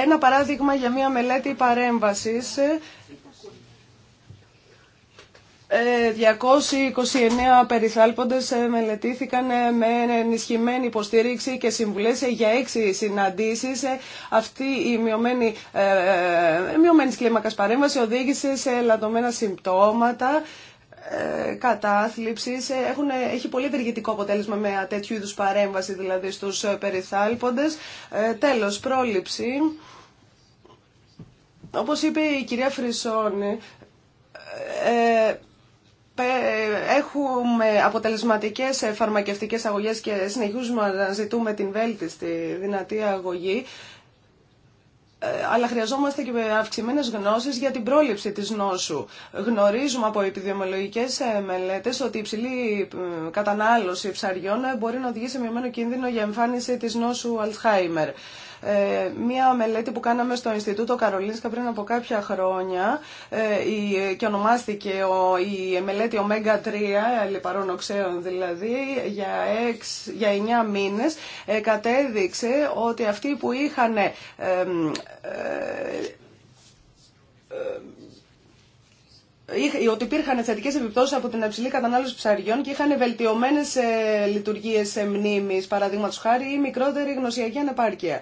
Ένα παράδειγμα για μια μελέτη παρέμβασης 229 ε, περιθάλποντες ε, μελετήθηκαν ε, με ενισχυμένη υποστήριξη και συμβουλές για έξι συναντήσεις. Αυτή η μειωμένη, μειωμένη κλίμακας παρέμβαση οδήγησε σε λαντωμένα συμπτώματα κατάθλιψης. Έχουν, έχει πολύ ευεργετικό αποτέλεσμα με τέτοιου είδους παρέμβαση δηλαδή στους περιθάλποντες. Τέλος, πρόληψη. Όπως είπε η κυρία Φρυσόνη, ε, έχουμε αποτελεσματικές φαρμακευτικές αγωγές και συνεχίζουμε να ζητούμε την βέλτιστη δυνατή αγωγή ε, αλλά χρειαζόμαστε και αυξημένε γνώσει για την πρόληψη τη νόσου. Γνωρίζουμε από επιδημιολογικέ ε, μελέτε ότι η υψηλή ε, κατανάλωση ψαριών μπορεί να οδηγήσει σε μειωμένο κίνδυνο για εμφάνιση τη νόσου Αλτσχάιμερ. Ε, μία μελέτη που κάναμε στο Ινστιτούτο Καρολίνσκα πριν από κάποια χρόνια ε, και ονομάστηκε η μελέτη ωμεγα 3, λιπαρών οξέων δηλαδή, για, 6, για 9 μήνες ε, κατέδειξε ότι αυτοί που είχαν ότι υπήρχαν θετικέ επιπτώσεις από την υψηλή κατανάλωση ψαριών και είχαν βελτιωμένες ε, λειτουργίες ε, μνήμης, παραδείγματος χάρη, ή μνήμη, παραδείγματο χάρη, μικρότερη γνοσία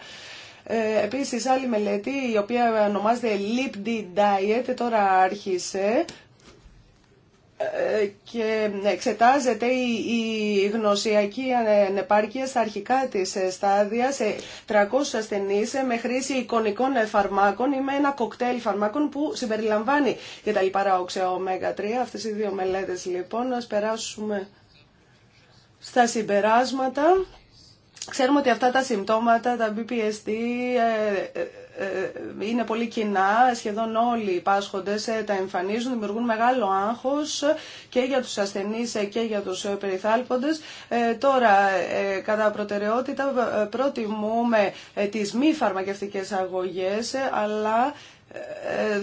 ε, επίσης άλλη μελέτη η οποία ονομάζεται Lipd Diet τώρα άρχισε και εξετάζεται η γνωσιακή ανεπάρκεια στα αρχικά της στάδια σε 300 ασθενείς με χρήση εικονικών φαρμάκων ή με ένα κοκτέιλ φαρμάκων που συμπεριλαμβάνει και τα λιπαρά οξέα ωμέγα 3. Αυτές οι δύο μελέτες λοιπόν, να περάσουμε στα συμπεράσματα. Ξέρουμε ότι αυτά τα συμπτώματα, τα BPSD, ε, είναι πολύ κοινά, σχεδόν όλοι οι πάσχοντες ε, τα εμφανίζουν, δημιουργούν μεγάλο άγχος και για τους ασθενείς ε, και για τους περιθάλποντες. Τώρα, κατά προτεραιότητα προτιμούμε τις μη φαρμακευτικές αγωγές, αλλά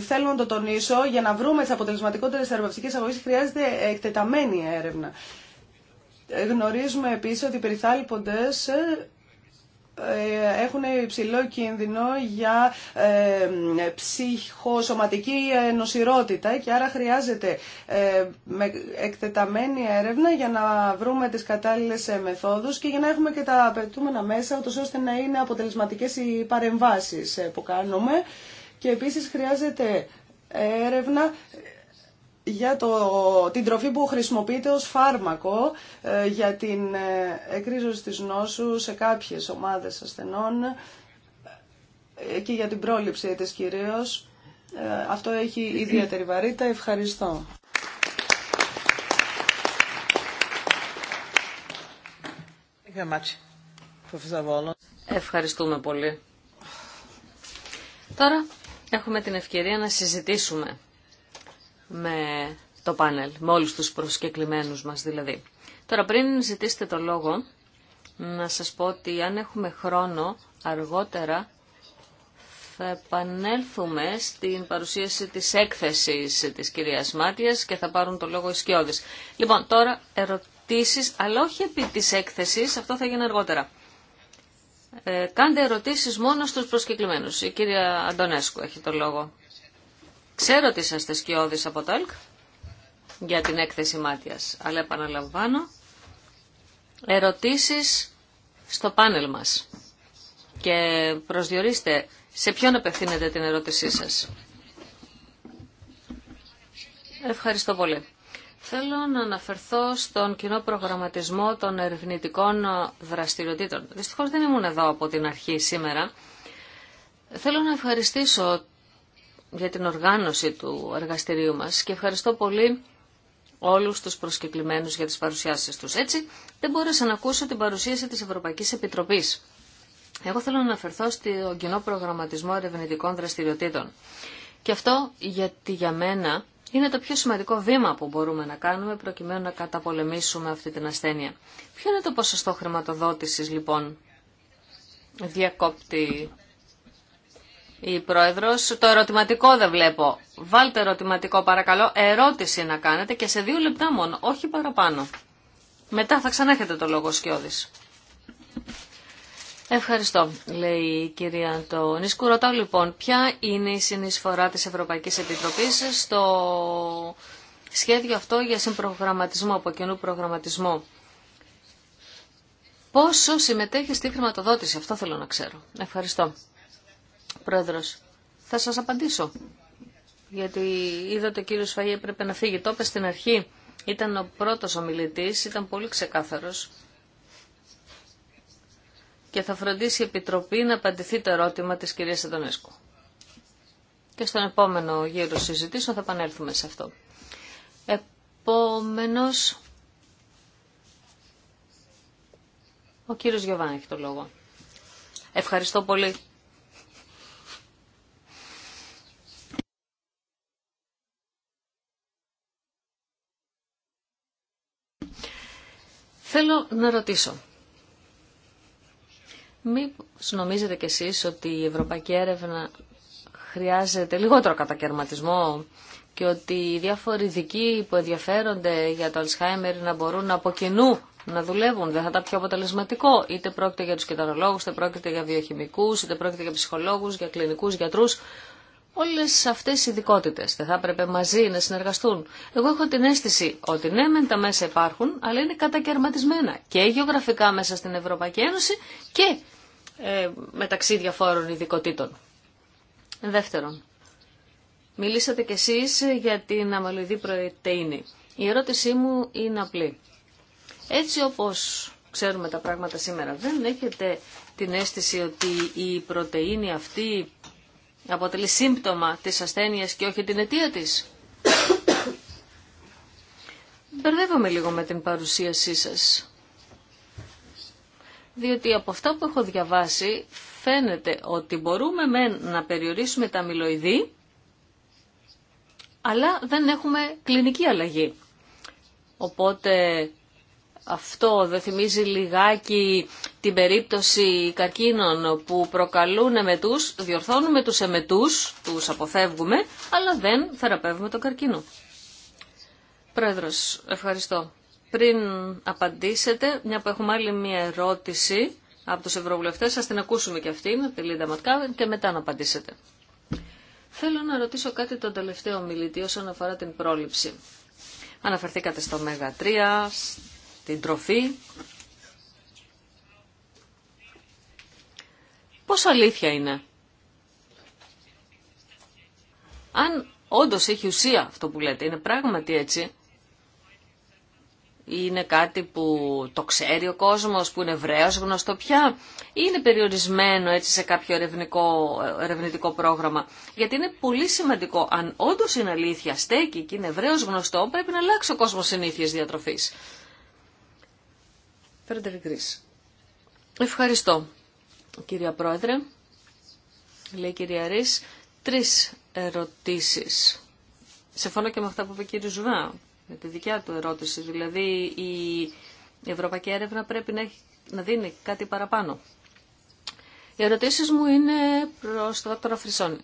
θέλω να το τονίσω, για να βρούμε τι αποτελεσματικότερες θεραπευτικές αγωγές χρειάζεται εκτεταμένη έρευνα. Γνωρίζουμε επίσης ότι οι περιθάλποντες ε, έχουν υψηλό κίνδυνο για ε, ψυχοσωματική νοσηρότητα και άρα χρειάζεται ε, εκτεταμένη έρευνα για να βρούμε τις κατάλληλες μεθόδους και για να έχουμε και τα απαιτούμενα μέσα ώστε να είναι αποτελεσματικές οι παρεμβάσεις που κάνουμε και επίσης χρειάζεται έρευνα για το, την τροφή που χρησιμοποιείται ως φάρμακο ε, για την ε, εκρίζωση της νόσου σε κάποιες ομάδες ασθενών ε, και για την πρόληψη της κυρίως. Ε, αυτό έχει ιδιαίτερη βαρύτητα. Ευχαριστώ. Ευχαριστούμε πολύ. Τώρα έχουμε την ευκαιρία να συζητήσουμε με το πάνελ, με όλους τους προσκεκλημένους μας δηλαδή. Τώρα πριν ζητήσετε το λόγο, να σας πω ότι αν έχουμε χρόνο αργότερα θα επανέλθουμε στην παρουσίαση της έκθεσης της κυρίας Μάτιας και θα πάρουν το λόγο οι σκιώδες. Λοιπόν, τώρα ερωτήσεις, αλλά όχι επί της έκθεσης, αυτό θα γίνει αργότερα. Ε, κάντε ερωτήσεις μόνο στους προσκεκλημένους. Η κυρία Αντωνέσκου έχει το λόγο. Ξέρω ότι είσαστε σκιώδης από το για την έκθεση μάτιας, αλλά επαναλαμβάνω ερωτήσεις στο πάνελ μας και προσδιορίστε σε ποιον απευθύνεται την ερώτησή σας. Ευχαριστώ πολύ. Θέλω να αναφερθώ στον κοινό προγραμματισμό των ερευνητικών δραστηριοτήτων. Δυστυχώς δεν ήμουν εδώ από την αρχή σήμερα. Θέλω να ευχαριστήσω για την οργάνωση του εργαστηρίου μας και ευχαριστώ πολύ όλους τους προσκεκλημένους για τις παρουσιάσεις τους. Έτσι, δεν μπορούσα να ακούσω την παρουσίαση της Ευρωπαϊκής Επιτροπής. Εγώ θέλω να αναφερθώ στο κοινό προγραμματισμό ερευνητικών δραστηριοτήτων. Και αυτό γιατί για μένα είναι το πιο σημαντικό βήμα που μπορούμε να κάνουμε προκειμένου να καταπολεμήσουμε αυτή την ασθένεια. Ποιο είναι το ποσοστό χρηματοδότησης λοιπόν διακόπτη η Πρόεδρος. Το ερωτηματικό δεν βλέπω. Βάλτε ερωτηματικό παρακαλώ. Ερώτηση να κάνετε και σε δύο λεπτά μόνο, όχι παραπάνω. Μετά θα ξανέχετε το λόγο Σκιώδης. Ευχαριστώ, λέει η κυρία Αντωνίσκου. Ρωτάω λοιπόν, ποια είναι η συνεισφορά της Ευρωπαϊκής Επιτροπής στο σχέδιο αυτό για συμπρογραμματισμό, από κοινού προγραμματισμό. Πόσο συμμετέχει στη χρηματοδότηση, αυτό θέλω να ξέρω. Ευχαριστώ. Πρόεδρος, θα σας απαντήσω. Γιατί είδατε ο κύριος Φαί έπρεπε να φύγει. Το στην αρχή. Ήταν ο πρώτος ομιλητής, ήταν πολύ ξεκάθαρος. Και θα φροντίσει η Επιτροπή να απαντηθεί το ερώτημα της κυρίας Αντωνέσκου. Και στον επόμενο γύρο συζητήσεων θα επανέλθουμε σε αυτό. Επόμενος, ο κύριος Γιωβάνη έχει το λόγο. Ευχαριστώ πολύ. Θέλω να ρωτήσω. Μήπως νομίζετε κι εσείς ότι η ευρωπαϊκή έρευνα χρειάζεται λιγότερο κατακαιρματισμό και ότι οι διάφοροι ειδικοί που ενδιαφέρονται για το Αλσχάιμερ να μπορούν από κοινού να δουλεύουν. Δεν θα ήταν πιο αποτελεσματικό. Είτε πρόκειται για τους κεταρολόγους είτε πρόκειται για βιοχημικούς, είτε πρόκειται για ψυχολόγους, για κλινικούς γιατρούς όλες αυτές οι ειδικότητε. Δεν θα έπρεπε μαζί να συνεργαστούν. Εγώ έχω την αίσθηση ότι ναι, μεν τα μέσα υπάρχουν, αλλά είναι κατακαιρματισμένα και γεωγραφικά μέσα στην Ευρωπαϊκή Ένωση και ε, μεταξύ διαφόρων ειδικοτήτων. Δεύτερον, μιλήσατε κι εσείς για την αμαλουδή πρωτεΐνη. Η ερώτησή μου είναι απλή. Έτσι όπως ξέρουμε τα πράγματα σήμερα, δεν έχετε την αίσθηση ότι η πρωτεΐνη αυτή αποτελεί σύμπτωμα της ασθένειας και όχι την αιτία της. Μπερδεύομαι λίγο με την παρουσίασή σας. Διότι από αυτά που έχω διαβάσει φαίνεται ότι μπορούμε με να περιορίσουμε τα αμυλοειδή, αλλά δεν έχουμε κλινική αλλαγή. Οπότε αυτό δεν θυμίζει λιγάκι την περίπτωση καρκίνων που προκαλούν εμετούς, διορθώνουμε τους εμετούς, τους αποφεύγουμε, αλλά δεν θεραπεύουμε τον καρκίνο. Πρόεδρος, ευχαριστώ. Πριν απαντήσετε, μια που έχουμε άλλη μια ερώτηση από τους ευρωβουλευτές, σας την ακούσουμε και αυτήν, τη Λίντα Ματκάβεν, και μετά να απαντήσετε. Θέλω να ρωτήσω κάτι τον τελευταίο μιλητή όσον αφορά την πρόληψη. Αναφερθήκατε στο Μέγα 3, την τροφή. Πόσο αλήθεια είναι. Αν όντως έχει ουσία αυτό που λέτε, είναι πράγματι έτσι, είναι κάτι που το ξέρει ο κόσμος, που είναι ευραίος γνωστό πια, ή είναι περιορισμένο έτσι σε κάποιο ερευνητικό, πρόγραμμα. Γιατί είναι πολύ σημαντικό, αν όντως είναι αλήθεια, στέκει και είναι ευραίος γνωστό, πρέπει να αλλάξει ο κόσμος συνήθειες διατροφής. Ευχαριστώ, κυρία Πρόεδρε. Λέει η κυρία τρει τρεις ερωτήσεις. Συμφωνώ και με αυτά που είπε ο κύριο Ζουβά, με τη δικιά του ερώτηση. Δηλαδή, η ευρωπαϊκή έρευνα πρέπει να, έχει, να δίνει κάτι παραπάνω. Οι ερωτήσεις μου είναι προς τον δόκτωρα Φρυσόνη.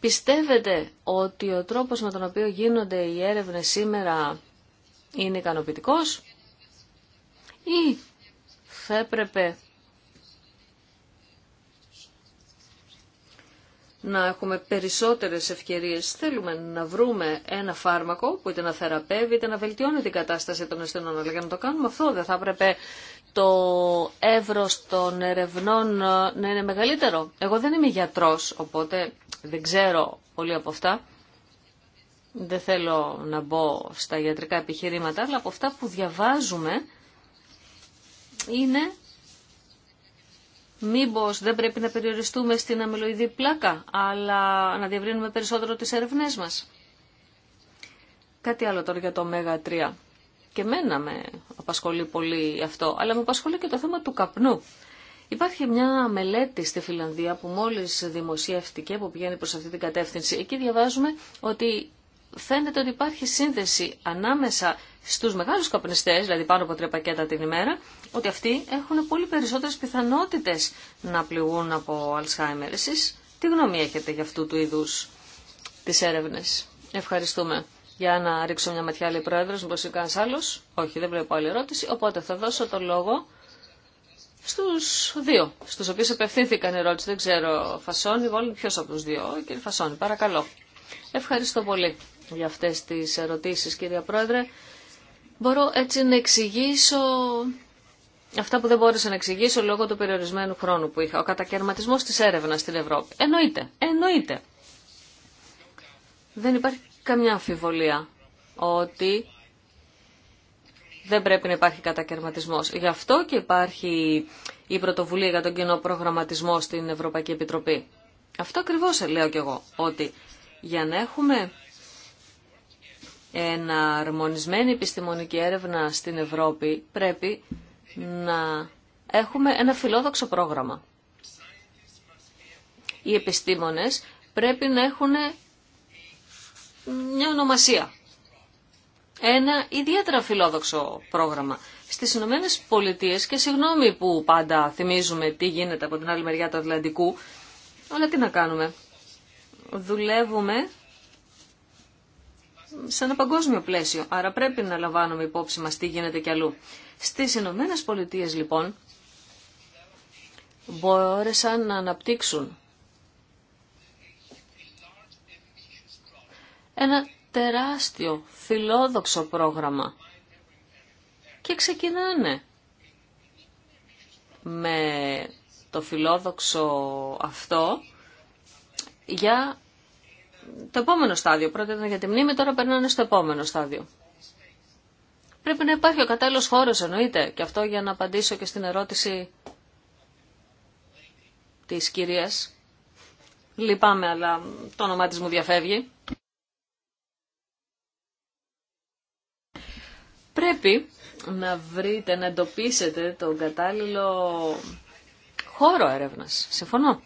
Πιστεύετε ότι ο τρόπος με τον οποίο γίνονται οι έρευνε σήμερα είναι ικανοποιητικό ή θα έπρεπε να έχουμε περισσότερες ευκαιρίες. Θέλουμε να βρούμε ένα φάρμακο που είτε να θεραπεύει είτε να βελτιώνει την κατάσταση των ασθενών. Αλλά για να το κάνουμε αυτό δεν θα έπρεπε το εύρος των ερευνών να είναι μεγαλύτερο. Εγώ δεν είμαι γιατρός, οπότε δεν ξέρω πολύ από αυτά. Δεν θέλω να μπω στα ιατρικά επιχειρήματα, αλλά από αυτά που διαβάζουμε είναι μήπως δεν πρέπει να περιοριστούμε στην αμυλοειδή πλάκα, αλλά να διευρύνουμε περισσότερο τις έρευνές μας. Κάτι άλλο τώρα για το ωμέγα 3. Και μένα με απασχολεί πολύ αυτό, αλλά με απασχολεί και το θέμα του καπνού. Υπάρχει μια μελέτη στη Φιλανδία που μόλις δημοσιεύτηκε, που πηγαίνει προς αυτή την κατεύθυνση. Εκεί διαβάζουμε ότι φαίνεται ότι υπάρχει σύνδεση ανάμεσα στους μεγάλους καπνιστές, δηλαδή πάνω από τρία πακέτα την ημέρα, ότι αυτοί έχουν πολύ περισσότερες πιθανότητες να πληγούν από Αλσχάιμερ. Εσείς τι γνώμη έχετε για αυτού του είδους τις έρευνες. Ευχαριστούμε. Για να ρίξω μια ματιά, λέει πρόεδρο, μήπω είναι κανένα άλλο. Όχι, δεν βλέπω άλλη ερώτηση. Οπότε θα δώσω το λόγο στου δύο, στου οποίου απευθύνθηκαν ερώτηση. Δεν ξέρω, Φασόνη, Βόλιν, ποιο από του δύο. Κύριε Φασόνη, παρακαλώ. Ευχαριστώ πολύ για αυτές τις ερωτήσεις κυρία Πρόεδρε. Μπορώ έτσι να εξηγήσω αυτά που δεν μπόρεσα να εξηγήσω λόγω του περιορισμένου χρόνου που είχα. Ο κατακαιρματισμός της έρευνας στην Ευρώπη. Εννοείται, εννοείται. Δεν υπάρχει καμιά αμφιβολία ότι δεν πρέπει να υπάρχει κατακαιρματισμός. Γι' αυτό και υπάρχει η πρωτοβουλία για τον κοινό προγραμματισμό στην Ευρωπαϊκή Επιτροπή. Αυτό ακριβώς λέω κι εγώ, ότι για να έχουμε ένα αρμονισμένη επιστημονική έρευνα στην Ευρώπη πρέπει να έχουμε ένα φιλόδοξο πρόγραμμα. Οι επιστήμονες πρέπει να έχουν μια ονομασία. Ένα ιδιαίτερα φιλόδοξο πρόγραμμα. Στις Ηνωμένε Πολιτείε και συγγνώμη που πάντα θυμίζουμε τι γίνεται από την άλλη μεριά του Ατλαντικού, αλλά τι να κάνουμε. Δουλεύουμε σε ένα παγκόσμιο πλαίσιο. Άρα πρέπει να λαμβάνουμε υπόψη μας τι γίνεται κι αλλού. Στις Ηνωμένε Πολιτείε λοιπόν μπόρεσαν να αναπτύξουν ένα τεράστιο, φιλόδοξο πρόγραμμα και ξεκινάνε με το φιλόδοξο αυτό για το επόμενο στάδιο. Πρώτα ήταν για τη μνήμη, τώρα περνάνε στο επόμενο στάδιο. Πρέπει να υπάρχει ο κατάλληλος χώρος εννοείται. Και αυτό για να απαντήσω και στην ερώτηση της κυρίας. Λυπάμαι, αλλά το όνομά της μου διαφεύγει. Πρέπει να βρείτε, να εντοπίσετε τον κατάλληλο χώρο έρευνας. Συμφωνώ.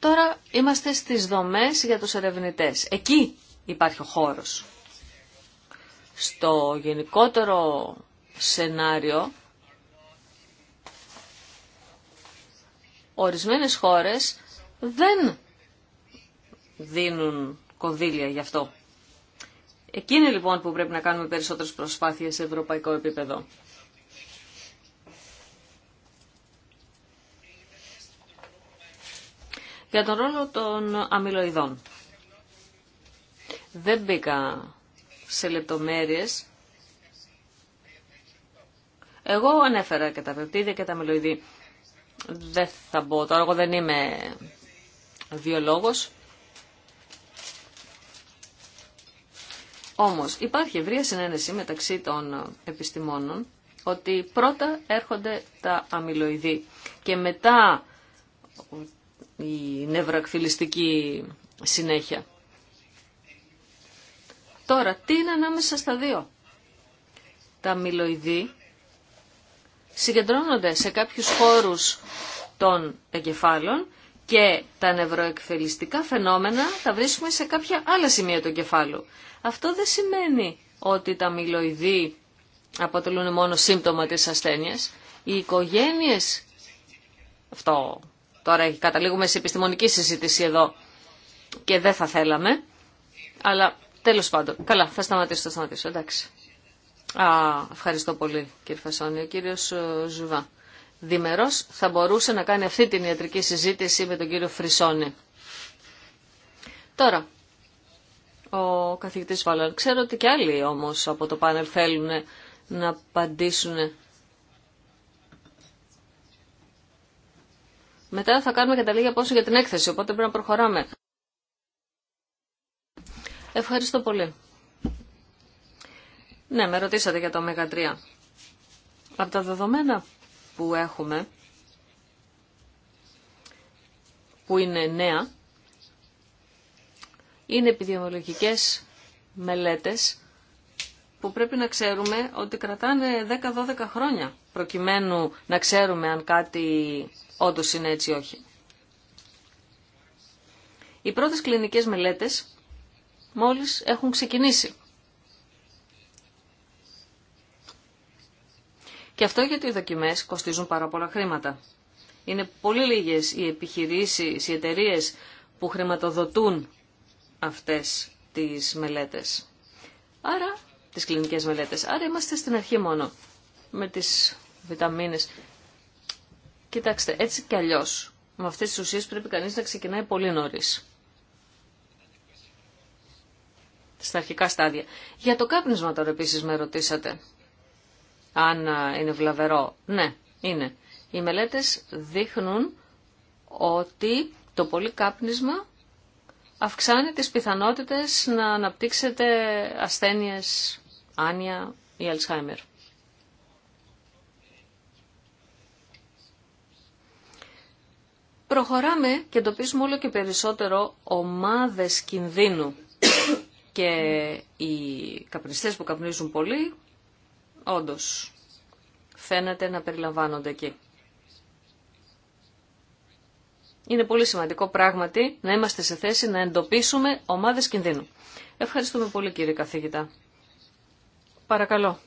Τώρα είμαστε στις δομές για τους ερευνητές. Εκεί υπάρχει ο χώρος. Στο γενικότερο σενάριο, ορισμένες χώρες δεν δίνουν κονδύλια γι' αυτό. Εκείνη λοιπόν που πρέπει να κάνουμε περισσότερες προσπάθειες σε ευρωπαϊκό επίπεδο. για τον ρόλο των αμυλοειδών. Δεν μπήκα σε λεπτομέρειες. Εγώ ανέφερα και τα πεπτίδια και τα αμυλοειδή. Δεν θα μπω τώρα, εγώ δεν είμαι βιολόγος. Όμως υπάρχει ευρία συνένεση μεταξύ των επιστημόνων ότι πρώτα έρχονται τα αμυλοειδή και μετά η νευροεκφυλιστική συνέχεια. Τώρα, τι είναι ανάμεσα στα δύο. Τα αμυλοειδή συγκεντρώνονται σε κάποιους χώρους των εγκεφάλων και τα νευροεκφυλιστικά φαινόμενα τα βρίσκουμε σε κάποια άλλα σημεία του εγκεφάλου. Αυτό δεν σημαίνει ότι τα αμυλοειδή αποτελούν μόνο σύμπτωμα της ασθένειας. Οι οικογένειες, αυτό Τώρα καταλήγουμε σε επιστημονική συζήτηση εδώ και δεν θα θέλαμε. Αλλά τέλος πάντων. Καλά, θα σταματήσω, θα σταματήσω. Εντάξει. Α, ευχαριστώ πολύ κύριε Φασόνη. Ο κύριος Ζουβά. Διμερός θα μπορούσε να κάνει αυτή την ιατρική συζήτηση με τον κύριο Φρυσόνη. Τώρα, ο καθηγητής Βαλάν. Ξέρω ότι και άλλοι όμως από το πάνελ θέλουν να απαντήσουν Μετά θα κάνουμε και τα λίγα πόσο για την έκθεση, οπότε πρέπει να προχωράμε. Ευχαριστώ πολύ. Ναι, με ρωτήσατε για το ω3. Από τα δεδομένα που έχουμε, που είναι νέα, είναι επιδημιολογικές μελέτες που πρέπει να ξέρουμε ότι κρατάνε 10-12 χρόνια προκειμένου να ξέρουμε αν κάτι Όντω είναι έτσι όχι. Οι πρώτες κλινικές μελέτες μόλις έχουν ξεκινήσει. Και αυτό γιατί οι δοκιμές κοστίζουν πάρα πολλά χρήματα. Είναι πολύ λίγες οι επιχειρήσεις, οι εταιρείε που χρηματοδοτούν αυτές τις μελέτες. Άρα, τις κλινικές μελέτες. Άρα είμαστε στην αρχή μόνο με τις βιταμίνες. Κοιτάξτε, έτσι κι αλλιώ. με αυτές τις ουσίες πρέπει κανείς να ξεκινάει πολύ νωρίς. Στα αρχικά στάδια. Για το κάπνισμα τώρα επίση με ρωτήσατε. Αν είναι βλαβερό. Ναι, είναι. Οι μελέτες δείχνουν ότι το πολύ κάπνισμα αυξάνει τις πιθανότητες να αναπτύξετε ασθένειες, άνοια ή αλσχάιμερ. Προχωράμε και εντοπίζουμε όλο και περισσότερο ομάδες κινδύνου και οι καπνιστές που καπνίζουν πολύ, όντως, φαίνεται να περιλαμβάνονται εκεί. Είναι πολύ σημαντικό πράγματι να είμαστε σε θέση να εντοπίσουμε ομάδες κινδύνου. Ευχαριστούμε πολύ κύριε καθηγητά. Παρακαλώ.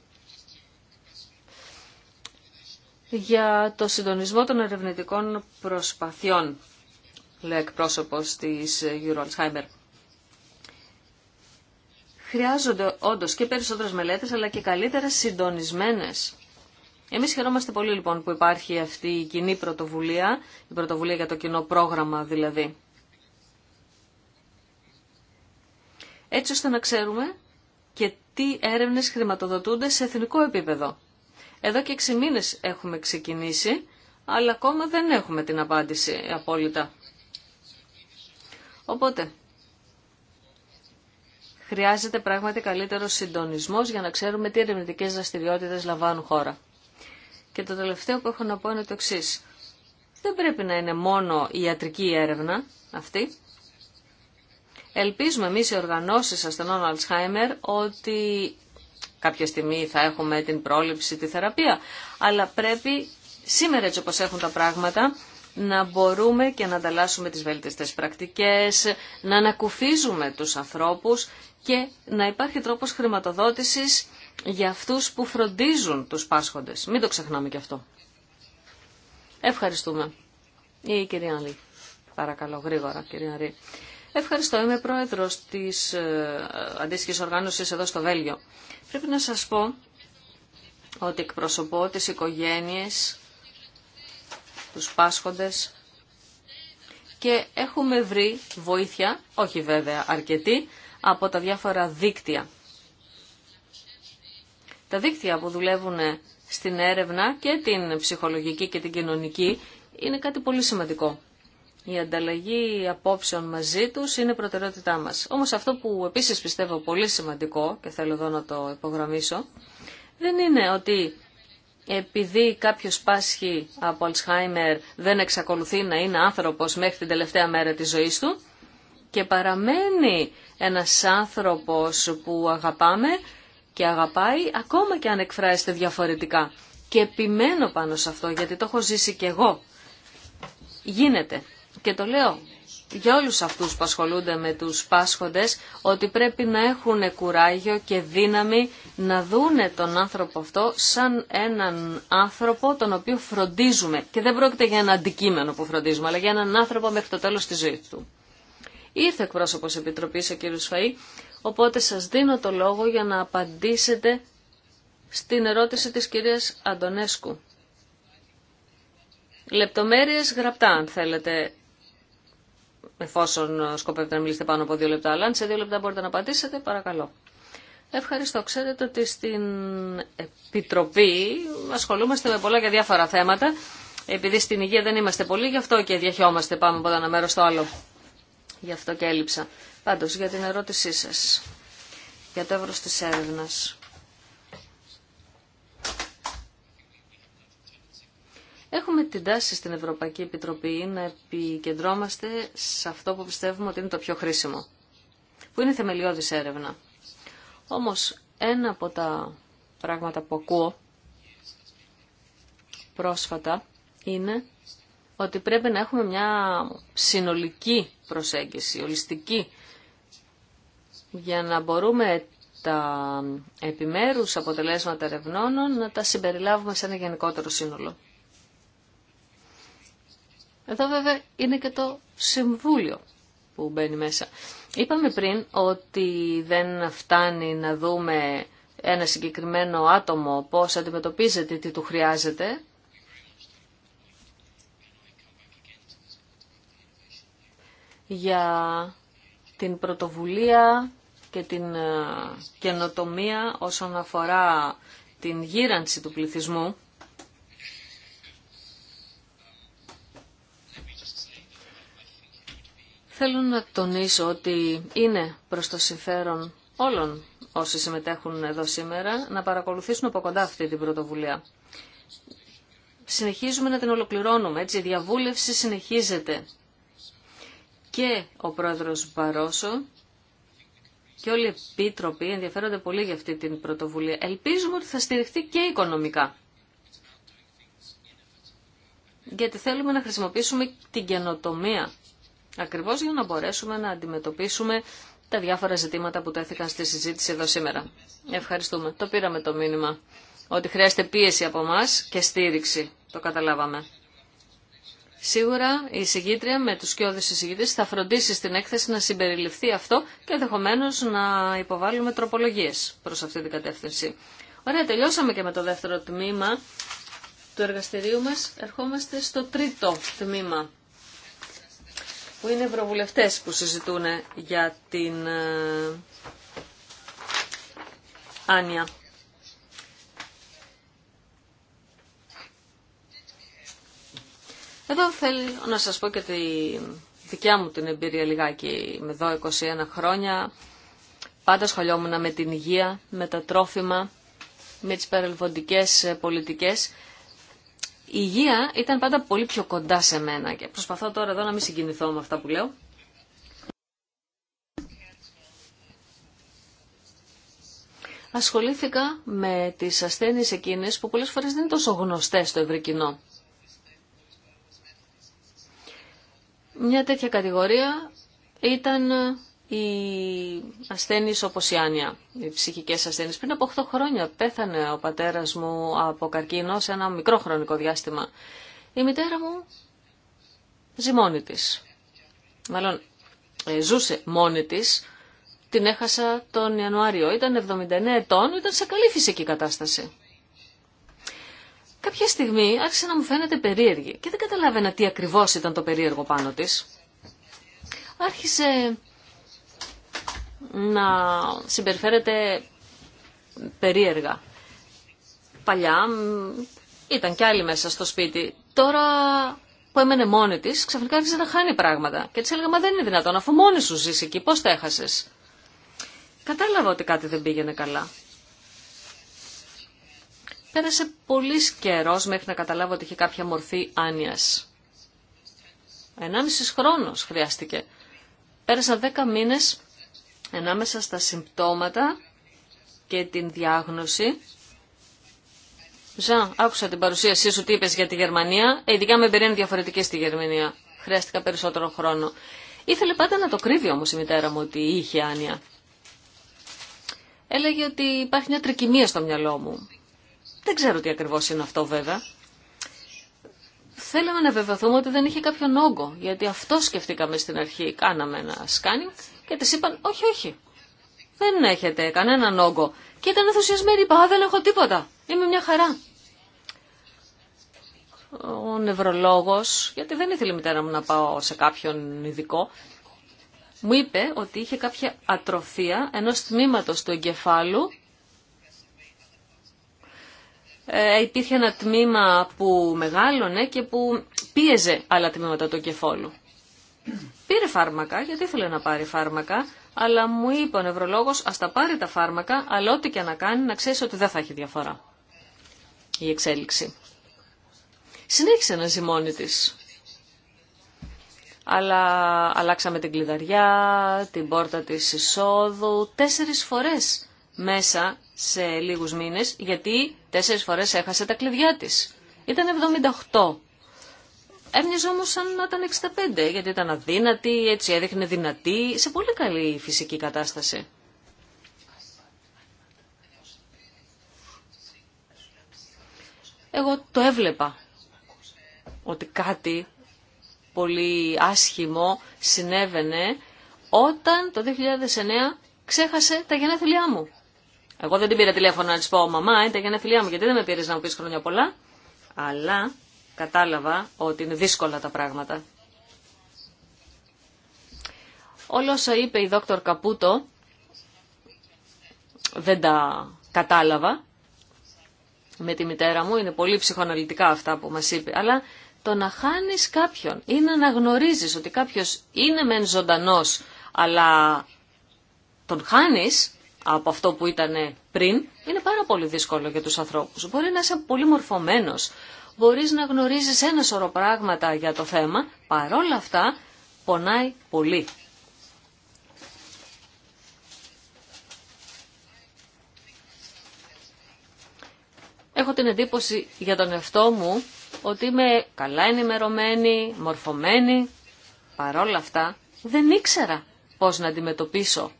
για το συντονισμό των ερευνητικών προσπαθειών, λέει εκπρόσωπος της Alzheimer. Χρειάζονται όντως και περισσότερες μελέτες, αλλά και καλύτερα συντονισμένες. Εμείς χαιρόμαστε πολύ λοιπόν που υπάρχει αυτή η κοινή πρωτοβουλία, η πρωτοβουλία για το κοινό πρόγραμμα δηλαδή. Έτσι ώστε να ξέρουμε και τι έρευνες χρηματοδοτούνται σε εθνικό επίπεδο. Εδώ και 6 μήνες έχουμε ξεκινήσει, αλλά ακόμα δεν έχουμε την απάντηση απόλυτα. Οπότε, χρειάζεται πράγματι καλύτερο συντονισμός για να ξέρουμε τι ερευνητικέ δραστηριότητε λαμβάνουν χώρα. Και το τελευταίο που έχω να πω είναι το εξή. Δεν πρέπει να είναι μόνο η ιατρική έρευνα αυτή. Ελπίζουμε εμείς οι οργανώσεις ασθενών Αλτσχάιμερ ότι κάποια στιγμή θα έχουμε την πρόληψη, τη θεραπεία. Αλλά πρέπει σήμερα έτσι όπως έχουν τα πράγματα να μπορούμε και να ανταλλάσσουμε τις βέλτιστες πρακτικές, να ανακουφίζουμε τους ανθρώπους και να υπάρχει τρόπος χρηματοδότησης για αυτούς που φροντίζουν τους πάσχοντες. Μην το ξεχνάμε και αυτό. Ευχαριστούμε. Η κυρία Λί. Παρακαλώ γρήγορα κυρία Ευχαριστώ. Είμαι πρόεδρος της ε, αντίστοιχης οργάνωσης εδώ στο Βέλγιο. Πρέπει να σας πω ότι εκπροσωπώ τις οικογένειες, τους πάσχοντες και έχουμε βρει βοήθεια, όχι βέβαια αρκετή, από τα διάφορα δίκτυα. Τα δίκτυα που δουλεύουν στην έρευνα και την ψυχολογική και την κοινωνική είναι κάτι πολύ σημαντικό. Η ανταλλαγή απόψεων μαζί τους είναι προτεραιότητά μας. Όμως αυτό που επίσης πιστεύω πολύ σημαντικό και θέλω εδώ να το υπογραμμίσω δεν είναι ότι επειδή κάποιος πάσχει από Αλσχάιμερ δεν εξακολουθεί να είναι άνθρωπος μέχρι την τελευταία μέρα της ζωής του και παραμένει ένας άνθρωπος που αγαπάμε και αγαπάει ακόμα και αν εκφράζεται διαφορετικά. Και επιμένω πάνω σε αυτό γιατί το έχω ζήσει και εγώ. Γίνεται. Και το λέω για όλους αυτούς που ασχολούνται με τους πάσχοντες ότι πρέπει να έχουν κουράγιο και δύναμη να δούνε τον άνθρωπο αυτό σαν έναν άνθρωπο τον οποίο φροντίζουμε. Και δεν πρόκειται για ένα αντικείμενο που φροντίζουμε, αλλά για έναν άνθρωπο μέχρι το τέλος της ζωής του. Ήρθε εκπρόσωπος Επιτροπής ο κ. Φαΐ, οπότε σας δίνω το λόγο για να απαντήσετε στην ερώτηση της κυρίας Αντωνέσκου. Λεπτομέρειες γραπτά, αν θέλετε, εφόσον σκοπεύετε να μιλήσετε πάνω από δύο λεπτά, αλλά αν σε δύο λεπτά μπορείτε να απαντήσετε, παρακαλώ. Ευχαριστώ. Ξέρετε ότι στην Επιτροπή ασχολούμαστε με πολλά και διάφορα θέματα. Επειδή στην υγεία δεν είμαστε πολλοί, γι' αυτό και διαχειόμαστε πάμε από ένα μέρο στο άλλο. Γι' αυτό και έλειψα. Πάντως, για την ερώτησή σας, για το εύρος της έρευνας. Έχουμε την τάση στην Ευρωπαϊκή Επιτροπή να επικεντρώμαστε σε αυτό που πιστεύουμε ότι είναι το πιο χρήσιμο, που είναι θεμελιώδης έρευνα. Όμως ένα από τα πράγματα που ακούω πρόσφατα είναι ότι πρέπει να έχουμε μια συνολική προσέγγιση, ολιστική, για να μπορούμε τα επιμέρους αποτελέσματα ερευνών να τα συμπεριλάβουμε σε ένα γενικότερο σύνολο. Εδώ βέβαια είναι και το Συμβούλιο που μπαίνει μέσα. Είπαμε πριν ότι δεν φτάνει να δούμε ένα συγκεκριμένο άτομο πώς αντιμετωπίζεται, τι του χρειάζεται. Για την πρωτοβουλία και την ε, καινοτομία όσον αφορά την γύρανση του πληθυσμού, Θέλω να τονίσω ότι είναι προς το συμφέρον όλων όσοι συμμετέχουν εδώ σήμερα να παρακολουθήσουν από κοντά αυτή την πρωτοβουλία. Συνεχίζουμε να την ολοκληρώνουμε, έτσι η διαβούλευση συνεχίζεται. Και ο πρόεδρος Μπαρόσο και όλοι οι επίτροποι ενδιαφέρονται πολύ για αυτή την πρωτοβουλία. Ελπίζουμε ότι θα στηριχτεί και οικονομικά. Γιατί θέλουμε να χρησιμοποιήσουμε την καινοτομία Ακριβώς για να μπορέσουμε να αντιμετωπίσουμε τα διάφορα ζητήματα που τέθηκαν στη συζήτηση εδώ σήμερα. Ευχαριστούμε. Το πήραμε το μήνυμα ότι χρειάζεται πίεση από εμά και στήριξη. Το καταλάβαμε. Σίγουρα η συγκήτρια με τους σκιώδες εισηγητές θα φροντίσει στην έκθεση να συμπεριληφθεί αυτό και ενδεχομένω να υποβάλουμε τροπολογίες προς αυτή την κατεύθυνση. Ωραία, τελειώσαμε και με το δεύτερο τμήμα του εργαστηρίου μας. Ερχόμαστε στο τρίτο τμήμα που είναι ευρωβουλευτές που συζητούν για την ε, Άνια. Εδώ θέλω να σας πω και τη δικιά μου την εμπειρία λιγάκι. με εδώ 21 χρόνια. Πάντα σχολιόμουν με την υγεία, με τα τρόφιμα, με τις παρελβοντικές ε, πολιτικές η υγεία ήταν πάντα πολύ πιο κοντά σε μένα και προσπαθώ τώρα εδώ να μην συγκινηθώ με αυτά που λέω. Ασχολήθηκα με τις ασθένειες εκείνες που πολλές φορές δεν είναι τόσο γνωστές στο ευρύ κοινό. Μια τέτοια κατηγορία ήταν οι ασθένειε όπω η Άνια, οι ψυχικές ασθένειες. Πριν από 8 χρόνια πέθανε ο πατέρας μου από καρκίνο σε ένα μικρό χρονικό διάστημα. Η μητέρα μου ζει μόνη τη. Μάλλον ε, ζούσε μόνη τη, Την έχασα τον Ιανουάριο. Ήταν 79 ετών, ήταν σε καλή φυσική κατάσταση. Κάποια στιγμή άρχισε να μου φαίνεται περίεργη και δεν καταλάβαινα τι ακριβώς ήταν το περίεργο πάνω της. Άρχισε να συμπεριφέρεται περίεργα. Παλιά ήταν κι άλλη μέσα στο σπίτι. Τώρα που έμενε μόνη της, ξαφνικά άρχισε να χάνει πράγματα. Και της έλεγα, Μα δεν είναι δυνατόν, αφού μόνη σου ζεις εκεί, πώς τα έχασες. Κατάλαβα ότι κάτι δεν πήγαινε καλά. Πέρασε πολύ καιρό μέχρι να καταλάβω ότι είχε κάποια μορφή άνοιας. Ενάμισης χρόνος χρειάστηκε. Πέρασαν δέκα μήνες Ενάμεσα στα συμπτώματα και την διάγνωση. Ζαν, άκουσα την παρουσίασή σου τι είπες για τη Γερμανία. Ε, ειδικά με εμπειρία διαφορετική στη Γερμανία. Χρειάστηκα περισσότερο χρόνο. Ήθελε πάντα να το κρύβει όμως η μητέρα μου ότι είχε άνοια. Έλεγε ότι υπάρχει μια τρικυμία στο μυαλό μου. Δεν ξέρω τι ακριβώς είναι αυτό βέβαια. Θέλαμε να βεβαιωθούμε ότι δεν είχε κάποιον όγκο, γιατί αυτό σκεφτήκαμε στην αρχή. Κάναμε ένα σκάνινγκ και τη είπαν, όχι, όχι, δεν έχετε κανέναν όγκο. Και ήταν ενθουσιασμένη, είπα, δεν έχω τίποτα, είμαι μια χαρά. Ο νευρολόγος, γιατί δεν ήθελε η μητέρα μου να πάω σε κάποιον ειδικό, μου είπε ότι είχε κάποια ατροφία ενός τμήματος του εγκεφάλου. Ε, υπήρχε ένα τμήμα που μεγάλωνε και που πίεζε άλλα τμήματα του εγκεφάλου. Πήρε φάρμακα γιατί ήθελε να πάρει φάρμακα, αλλά μου είπε ο νευρολόγος ας τα πάρει τα φάρμακα, αλλά ό,τι και να κάνει να ξέρει ότι δεν θα έχει διαφορά η εξέλιξη. Συνέχισε να μόνη της. Αλλά αλλάξαμε την κλειδαριά, την πόρτα της εισόδου, τέσσερις φορές μέσα σε λίγους μήνες, γιατί τέσσερις φορές έχασε τα κλειδιά της. Ήταν 78 Έμοιαζε όμω σαν να ήταν 65, γιατί ήταν αδύνατη, έτσι έδειχνε δυνατή, σε πολύ καλή φυσική κατάσταση. Εγώ το έβλεπα ότι κάτι πολύ άσχημο συνέβαινε όταν το 2009 ξέχασε τα γενέθλιά μου. Εγώ δεν την πήρα τηλέφωνο να της πω «Μαμά, είναι τα γενέθλιά μου, γιατί δεν με πήρες να μου πεις χρόνια πολλά». Αλλά κατάλαβα ότι είναι δύσκολα τα πράγματα. Όλο όσα είπε η δόκτωρ Καπούτο δεν τα κατάλαβα με τη μητέρα μου. Είναι πολύ ψυχοαναλυτικά αυτά που μας είπε. Αλλά το να χάνεις κάποιον ή να αναγνωρίζεις ότι κάποιος είναι μεν ζωντανός αλλά τον χάνεις από αυτό που ήταν πριν, είναι πάρα πολύ δύσκολο για τους ανθρώπους. Μπορεί να είσαι πολύ μορφωμένος, μπορείς να γνωρίζεις ένα σωρό πράγματα για το θέμα, παρόλα αυτά πονάει πολύ. Έχω την εντύπωση για τον εαυτό μου ότι είμαι καλά ενημερωμένη, μορφωμένη, παρόλα αυτά δεν ήξερα πώς να αντιμετωπίσω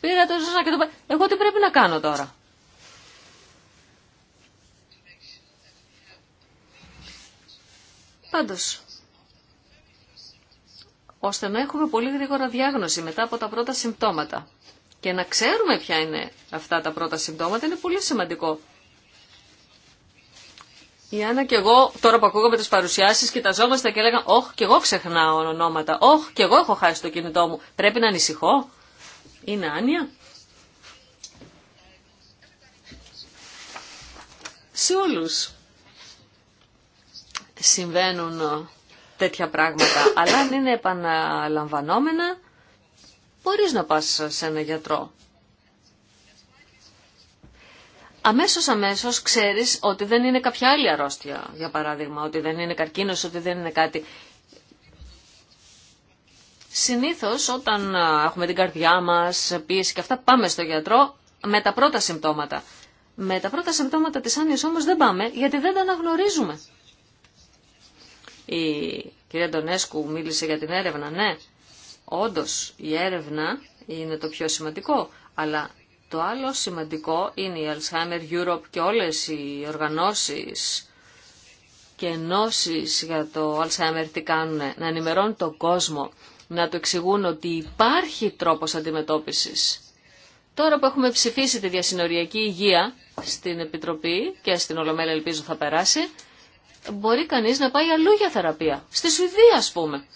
Πήρα το ζωσά και το Εγώ τι πρέπει να κάνω τώρα. Πάντως, ώστε να έχουμε πολύ γρήγορα διάγνωση μετά από τα πρώτα συμπτώματα. Και να ξέρουμε ποια είναι αυτά τα πρώτα συμπτώματα είναι πολύ σημαντικό. Η Άννα και εγώ, τώρα που ακούγαμε τις παρουσιάσεις, κοιταζόμαστε και λέγαμε «Όχ, και εγώ ξεχνάω ονόματα, όχ, και εγώ έχω χάσει το κινητό μου, πρέπει να ανησυχώ». Είναι άνοια. Σε όλους συμβαίνουν ε, τέτοια πράγματα. Αλλά αν είναι επαναλαμβανόμενα, μπορείς να πας σε ένα γιατρό. Αμέσως αμέσως ξέρεις ότι δεν είναι κάποια άλλη αρρώστια, για παράδειγμα, ότι δεν είναι καρκίνος, ότι δεν είναι κάτι. Συνήθως όταν ε, έχουμε την καρδιά μας, πίεση και αυτά, πάμε στο γιατρό με τα πρώτα συμπτώματα. Με τα πρώτα συμπτώματα της άνοιας όμως δεν πάμε, γιατί δεν τα αναγνωρίζουμε. Η κυρία Ντονέσκου μίλησε για την έρευνα. Ναι, όντως η έρευνα είναι το πιο σημαντικό, αλλά το άλλο σημαντικό είναι η Alzheimer Europe και όλες οι οργανώσεις και ενώσεις για το Alzheimer τι κάνουν, να ενημερώνουν τον κόσμο, να του εξηγούν ότι υπάρχει τρόπος αντιμετώπισης. Τώρα που έχουμε ψηφίσει τη διασυνοριακή υγεία στην Επιτροπή και στην Ολομέλεια ελπίζω θα περάσει, μπορεί κανείς να πάει αλλού για θεραπεία. Στη Σουηδία ας πούμε.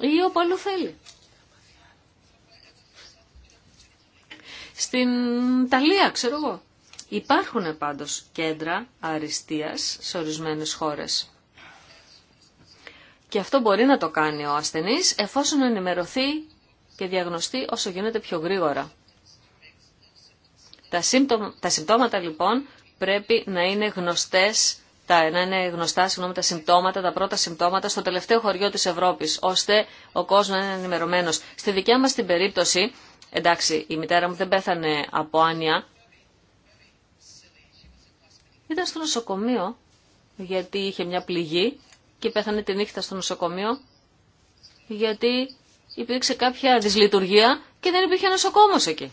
Ή όπου αλλού θέλει. Στην Ιταλία ξέρω εγώ. Υπάρχουν πάντως κέντρα αριστείας σε ορισμένες χώρες. Και αυτό μπορεί να το κάνει ο ασθενής εφόσον ενημερωθεί και διαγνωστεί όσο γίνεται πιο γρήγορα. Τα, τα συμπτώματα λοιπόν πρέπει να είναι γνωστές τα, να είναι γνωστά συγγνώμη, τα συμπτώματα, τα πρώτα συμπτώματα στο τελευταίο χωριό της Ευρώπης, ώστε ο κόσμος να είναι ενημερωμένος. Στη δικιά μας την περίπτωση, εντάξει, η μητέρα μου δεν πέθανε από άνοια, ήταν στο νοσοκομείο, γιατί είχε μια πληγή και πέθανε τη νύχτα στο νοσοκομείο, γιατί υπήρξε κάποια δυσλειτουργία και δεν υπήρχε νοσοκόμος εκεί.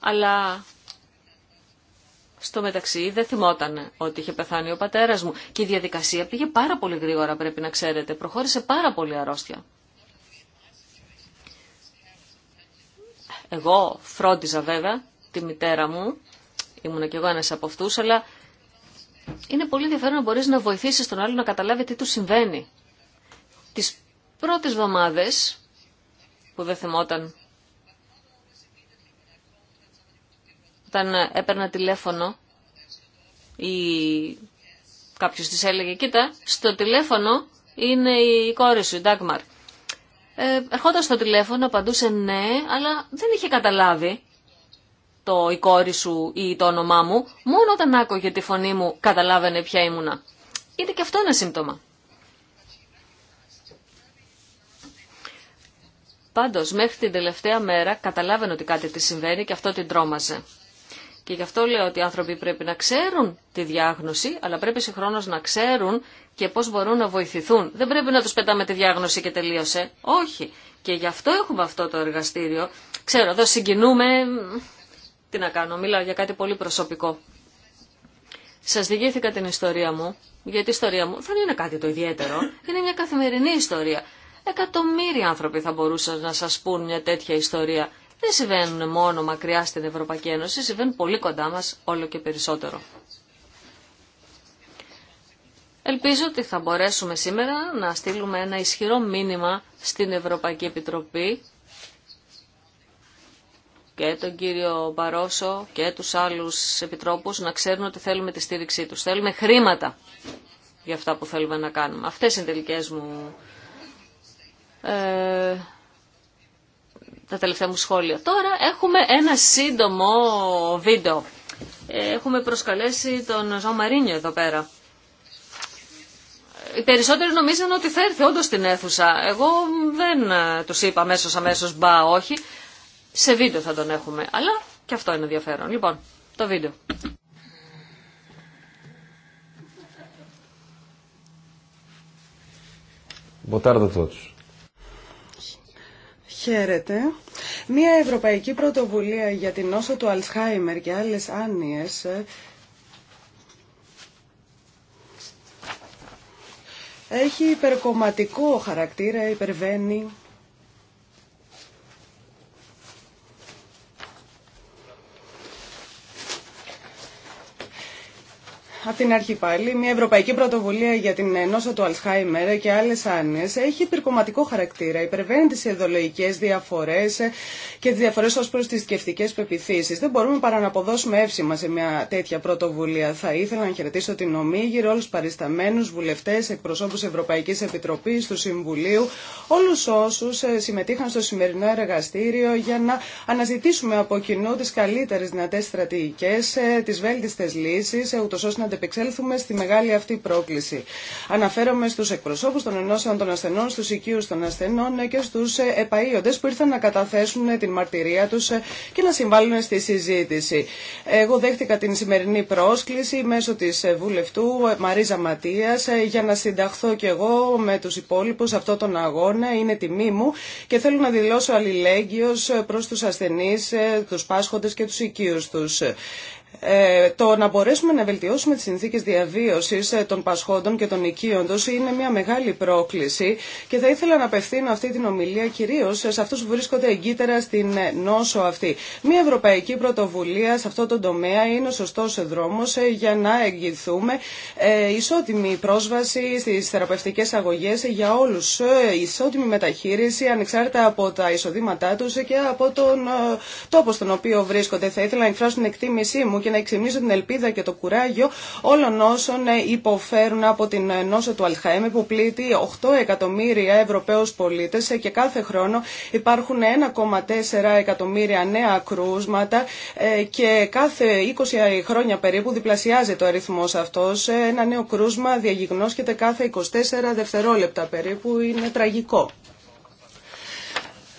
Αλλά στο μεταξύ δεν θυμόταν ότι είχε πεθάνει ο πατέρας μου και η διαδικασία πήγε πάρα πολύ γρήγορα πρέπει να ξέρετε. Προχώρησε πάρα πολύ αρρώστια. Εγώ φρόντιζα βέβαια τη μητέρα μου, ήμουν κι εγώ ένας από αυτούς, αλλά είναι πολύ ενδιαφέρον να μπορείς να βοηθήσεις τον άλλο να καταλάβει τι του συμβαίνει. Τις πρώτες βαμάδες που δεν θυμόταν Όταν έπαιρνα τηλέφωνο ή κάποιος της έλεγε «Κοίτα, στο τηλέφωνο είναι η κόρη σου, η Ντάγμαρ». Ε, ερχόταν στο τηλέφωνο, απαντούσε «Ναι», αλλά δεν είχε καταλάβει το «η κόρη σου» ή το όνομά μου. Μόνο όταν άκουγε τη φωνή μου καταλάβαινε ποια ήμουνα. Είναι και αυτό ένα σύμπτωμα. Πάντως, μέχρι την τελευταία μέρα καταλάβαινε ότι κάτι τη συμβαίνει και αυτό την τρόμαζε. Και γι' αυτό λέω ότι οι άνθρωποι πρέπει να ξέρουν τη διάγνωση, αλλά πρέπει συγχρόνω να ξέρουν και πώ μπορούν να βοηθηθούν. Δεν πρέπει να του πετάμε τη διάγνωση και τελείωσε. Όχι. Και γι' αυτό έχουμε αυτό το εργαστήριο. Ξέρω, εδώ συγκινούμε. Τι να κάνω, μιλάω για κάτι πολύ προσωπικό. Σα διηγήθηκα την ιστορία μου, γιατί η ιστορία μου δεν είναι κάτι το ιδιαίτερο. Είναι μια καθημερινή ιστορία. Εκατομμύρια άνθρωποι θα μπορούσαν να σα πούν μια τέτοια ιστορία δεν συμβαίνουν μόνο μακριά στην Ευρωπαϊκή Ένωση, συμβαίνουν πολύ κοντά μας όλο και περισσότερο. Ελπίζω ότι θα μπορέσουμε σήμερα να στείλουμε ένα ισχυρό μήνυμα στην Ευρωπαϊκή Επιτροπή και τον κύριο Μπαρόσο και τους άλλους επιτρόπους να ξέρουν ότι θέλουμε τη στήριξή τους. Θέλουμε χρήματα για αυτά που θέλουμε να κάνουμε. Αυτές είναι οι τελικές μου ε, τα τελευταία μου σχόλια. Τώρα έχουμε ένα σύντομο βίντεο. Έχουμε προσκαλέσει τον Ζαν εδώ πέρα. Οι περισσότεροι νομίζαν ότι θα έρθει όντω στην αίθουσα. Εγώ δεν ε, του είπα αμέσω αμέσω μπα, όχι. Σε βίντεο θα τον έχουμε. Αλλά και αυτό είναι ενδιαφέρον. Λοιπόν, το βίντεο. Boa tarde Μία ευρωπαϊκή πρωτοβουλία για την νόσο του Αλσχάιμερ και άλλες άνοιες ε, έχει υπερκομματικό χαρακτήρα, υπερβαίνει από την αρχή πάλι, μια ευρωπαϊκή πρωτοβουλία για την νόσο του Αλσχάιμερ και άλλε άνοιε έχει υπερκομματικό χαρακτήρα. Υπερβαίνει τι ιδεολογικέ διαφορέ και τι διαφορέ ω προ τι σκεφτικέ πεπιθήσει. Δεν μπορούμε παρά να αποδώσουμε εύσημα σε μια τέτοια πρωτοβουλία. Θα ήθελα να χαιρετήσω την Ομίγυρο, όλου του παρισταμένου βουλευτέ, εκπροσώπου Ευρωπαϊκή Επιτροπή, του Συμβουλίου, όλου όσου ε, συμμετείχαν στο σημερινό εργαστήριο για να αναζητήσουμε από κοινού τι καλύτερε δυνατέ στρατηγικέ, ε, τι βέλτιστε λύσει, ε, ούτω ώστε να αντεπεξέλθουμε στη μεγάλη αυτή πρόκληση. Αναφέρομαι στου εκπροσώπους των ενώσεων των ασθενών, στου οικείου των ασθενών και στου ε, επαΐοντες που ήρθαν να καταθέσουν την μαρτυρία του ε, και να συμβάλλουν στη συζήτηση. Εγώ δέχτηκα την σημερινή πρόσκληση μέσω τη ε, βουλευτού Μαρίζα Ματίας για να συνταχθώ κι εγώ με τους υπόλοιπους αυτό τον αγώνα. Είναι τιμή μου και θέλω να δηλώσω αλληλέγγυο προ του ασθενεί, του πάσχοντε και του οικείου του. Ε, το να μπορέσουμε να βελτιώσουμε τις συνθήκες διαβίωσης ε, των πασχόντων και των οικείων είναι μια μεγάλη πρόκληση και θα ήθελα να απευθύνω αυτή την ομιλία κυρίως σε αυτούς που βρίσκονται εγκύτερα στην ε, νόσο αυτή. Μια ευρωπαϊκή πρωτοβουλία σε αυτό το τομέα είναι ο σωστός δρόμος για να εγγυηθούμε ισότιμη πρόσβαση στις θεραπευτικές αγωγές για όλους, ισότιμη μεταχείριση ανεξάρτητα από τα εισοδήματά τους και από τον τόπο στον οποίο βρίσκονται. Θα ήθελα να εκφράσω την εκτίμησή μου και να εξημίσω την ελπίδα και το κουράγιο όλων όσων ε, υποφέρουν από την ε, νόσο του Αλχαέμι που πλήττει 8 εκατομμύρια Ευρωπαίους πολίτες ε, και κάθε χρόνο υπάρχουν 1,4 εκατομμύρια νέα κρούσματα και κάθε 20 χρόνια περίπου διπλασιάζει το αριθμός αυτός. Ένα νέο κρούσμα διαγιγνώσκεται κάθε 24 δευτερόλεπτα περίπου. Είναι τραγικό.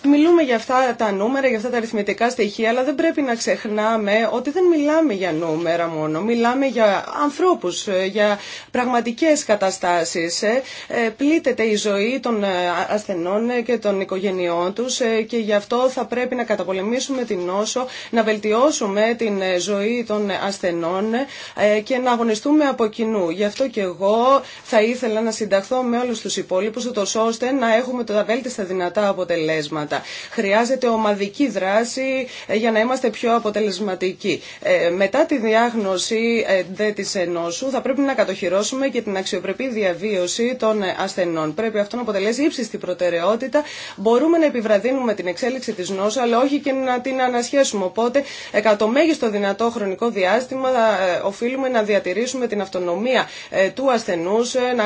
Μιλούμε για αυτά τα νούμερα, για αυτά τα αριθμητικά στοιχεία, αλλά δεν πρέπει να ξεχνάμε ότι δεν μιλάμε για νούμερα μόνο. Μιλάμε για ανθρώπους, ε, για πραγματικές καταστάσεις. Ε, ε, πλήττεται η ζωή των ασθενών και των οικογενειών τους και γι' αυτό θα πρέπει να καταπολεμήσουμε την νόσο, να βελτιώσουμε την ζωή των ασθενών και να αγωνιστούμε από κοινού. Γι' αυτό και εγώ θα ήθελα να συνταχθώ με όλους τους υπόλοιπους, ώστε να έχουμε τα βέλτιστα δυνατά αποτελέσματα. Χρειάζεται ομαδική δράση ε, για να είμαστε πιο αποτελεσματικοί. Ε, μετά τη διάγνωση ε, δε της ενώσου θα πρέπει να κατοχυρώσουμε και την αξιοπρεπή διαβίωση των ασθενών. Πρέπει αυτό να αποτελέσει ύψιστη προτεραιότητα. Μπορούμε να επιβραδύνουμε την εξέλιξη της νόσου αλλά όχι και να την ανασχέσουμε. Οπότε το μέγιστο δυνατό χρονικό διάστημα οφείλουμε να διατηρήσουμε την αυτονομία του ασθενού, να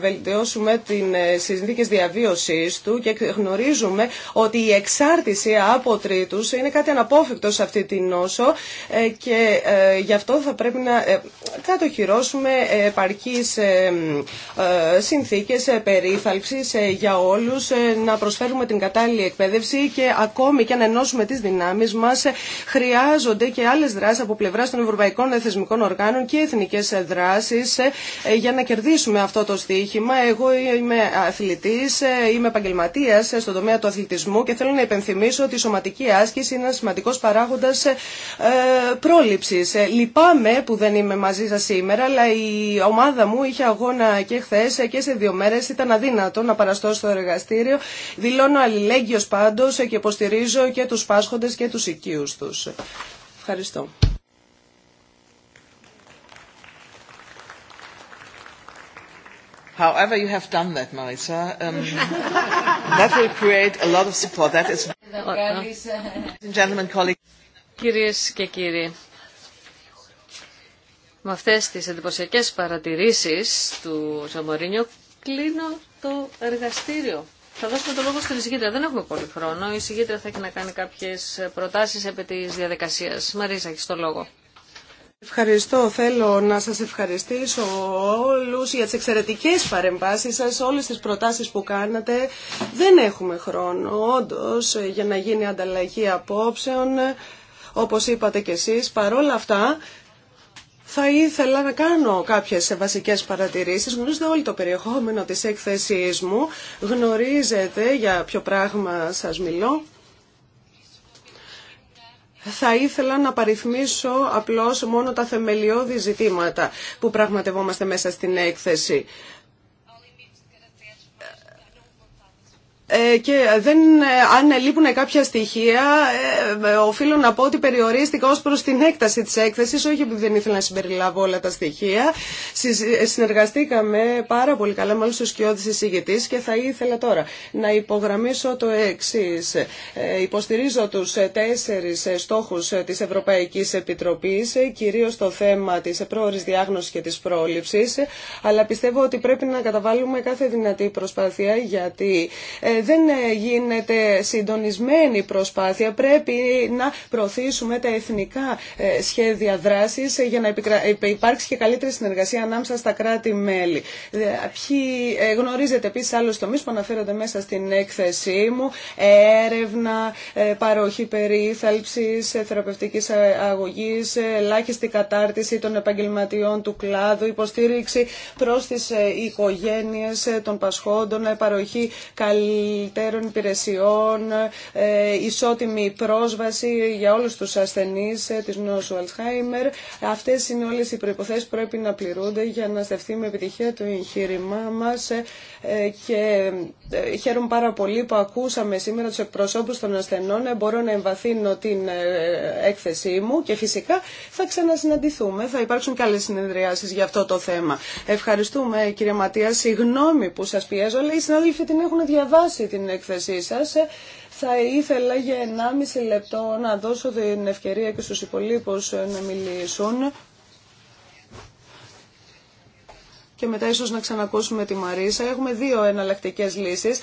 βελτιώσουμε τι συνθήκε διαβίωσή του και γνωρίζουμε ότι η εξάρτηση από τρίτου είναι κάτι αναπόφευκτο σε αυτή την νόσο ε, και ε, γι' αυτό θα πρέπει να ε, κατοχυρώσουμε επαρκείς συνθήκες ε, για όλους, να προσφέρουμε την κατάλληλη εκπαίδευση και ακόμη και αν ενώσουμε τις δυνάμεις μας χρειάζονται και άλλες δράσεις από πλευρά των ευρωπαϊκών θεσμικών οργάνων και εθνικές δράσεις για να κερδίσουμε αυτό το στοίχημα. Εγώ είμαι αθλητής, είμαι επαγγελματίας στον τομέα του αθλητισμού και θέλω να υπενθυμίσω ότι η σωματική άσκηση είναι ένα σημαντικό παράγοντα ε, πρόληψη. Ε, λυπάμαι που δεν είμαι μαζί σα σήμερα, αλλά η ομάδα μου είχε αγώνα και χθε ε, και σε δύο μέρε. Ήταν αδύνατο να παραστώ στο εργαστήριο. Δηλώνω αλληλέγγυο πάντω και υποστηρίζω και του πάσχοντε και του οικείου του. Ευχαριστώ. However, you have done that, Marisa. Um, that will create a lot of support. That is. Κυρίες και κύριοι, με αυτές τις εντυπωσιακέ παρατηρήσεις του Ζαμορίνιο κλείνω το εργαστήριο. Θα δώσουμε το λόγο στην εισηγήτρια. Δεν έχουμε πολύ χρόνο. Η εισηγήτρια θα έχει να κάνει κάποιες προτάσεις επί της διαδικασίας. Μαρίζα, έχεις το λόγο. Ευχαριστώ. Θέλω να σας ευχαριστήσω όλους για τις εξαιρετικές παρεμβάσεις σας, όλες τις προτάσεις που κάνατε. Δεν έχουμε χρόνο, όντως, για να γίνει ανταλλαγή απόψεων, όπως είπατε κι εσείς. Παρόλα αυτά, θα ήθελα να κάνω κάποιες βασικές παρατηρήσεις. Γνωρίζετε όλο το περιεχόμενο της έκθεσής μου. Γνωρίζετε για ποιο πράγμα σας μιλώ. Θα ήθελα να παριθμίσω απλώς μόνο τα θεμελιώδη ζητήματα που πραγματευόμαστε μέσα στην έκθεση. Ε, και δεν, ε, αν λείπουν κάποια στοιχεία, ε, οφείλω να πω ότι περιορίστηκα ως προς την έκταση της έκθεσης, όχι επειδή δεν ήθελα να συμπεριλάβω όλα τα στοιχεία. συνεργαστήκαμε πάρα πολύ καλά με όλους τους σκιώδεις εισηγητής και θα ήθελα τώρα να υπογραμμίσω το εξή. υποστηρίζω τους τέσσερις στόχους της Ευρωπαϊκής Επιτροπής, κυρίως το θέμα της πρόορης διάγνωσης και της πρόληψης, αλλά πιστεύω ότι πρέπει να καταβάλουμε κάθε δυνατή προσπάθεια γιατί δεν γίνεται συντονισμένη προσπάθεια. Πρέπει να προωθήσουμε τα εθνικά ε, σχέδια δράσης ε, για να ε, υπάρξει και καλύτερη συνεργασία ανάμεσα στα κράτη-μέλη. Γνωρίζετε επίση άλλου τομεί που αναφέρονται μέσα στην έκθεσή μου, έρευνα, παροχή περίθαλψης, θεραπευτικής αγωγής, ελάχιστη κατάρτιση των επαγγελματιών του κλάδου, υποστήριξη προ τι οικογένειε των πασχόντων, παροχή καλή υπηρεσιών, ε, ισότιμη πρόσβαση για όλους τους ασθενείς ε, της νόσου Αλσχάιμερ. Αυτές είναι όλες οι προϋποθέσεις που πρέπει να πληρούνται για να στεφθεί με επιτυχία το εγχείρημά μας ε, και ε, χαίρομαι πάρα πολύ που ακούσαμε σήμερα τους εκπροσώπους των ασθενών. Ε, μπορώ να εμβαθύνω την ε, έκθεσή μου και φυσικά θα ξανασυναντηθούμε. Θα υπάρξουν και συνεδριάσεις για αυτό το θέμα. Ευχαριστούμε κύριε Ματία. Συγγνώμη που σας πιέζω, αλλά οι συνάδελφοι την έχουν διαβάσει την έκθεσή σας. Θα ήθελα για 1,5 λεπτό να δώσω την ευκαιρία και στους υπολείπους να μιλήσουν. και μετά ίσως να ξανακούσουμε τη Μαρίσα. Έχουμε δύο εναλλακτικέ λύσεις.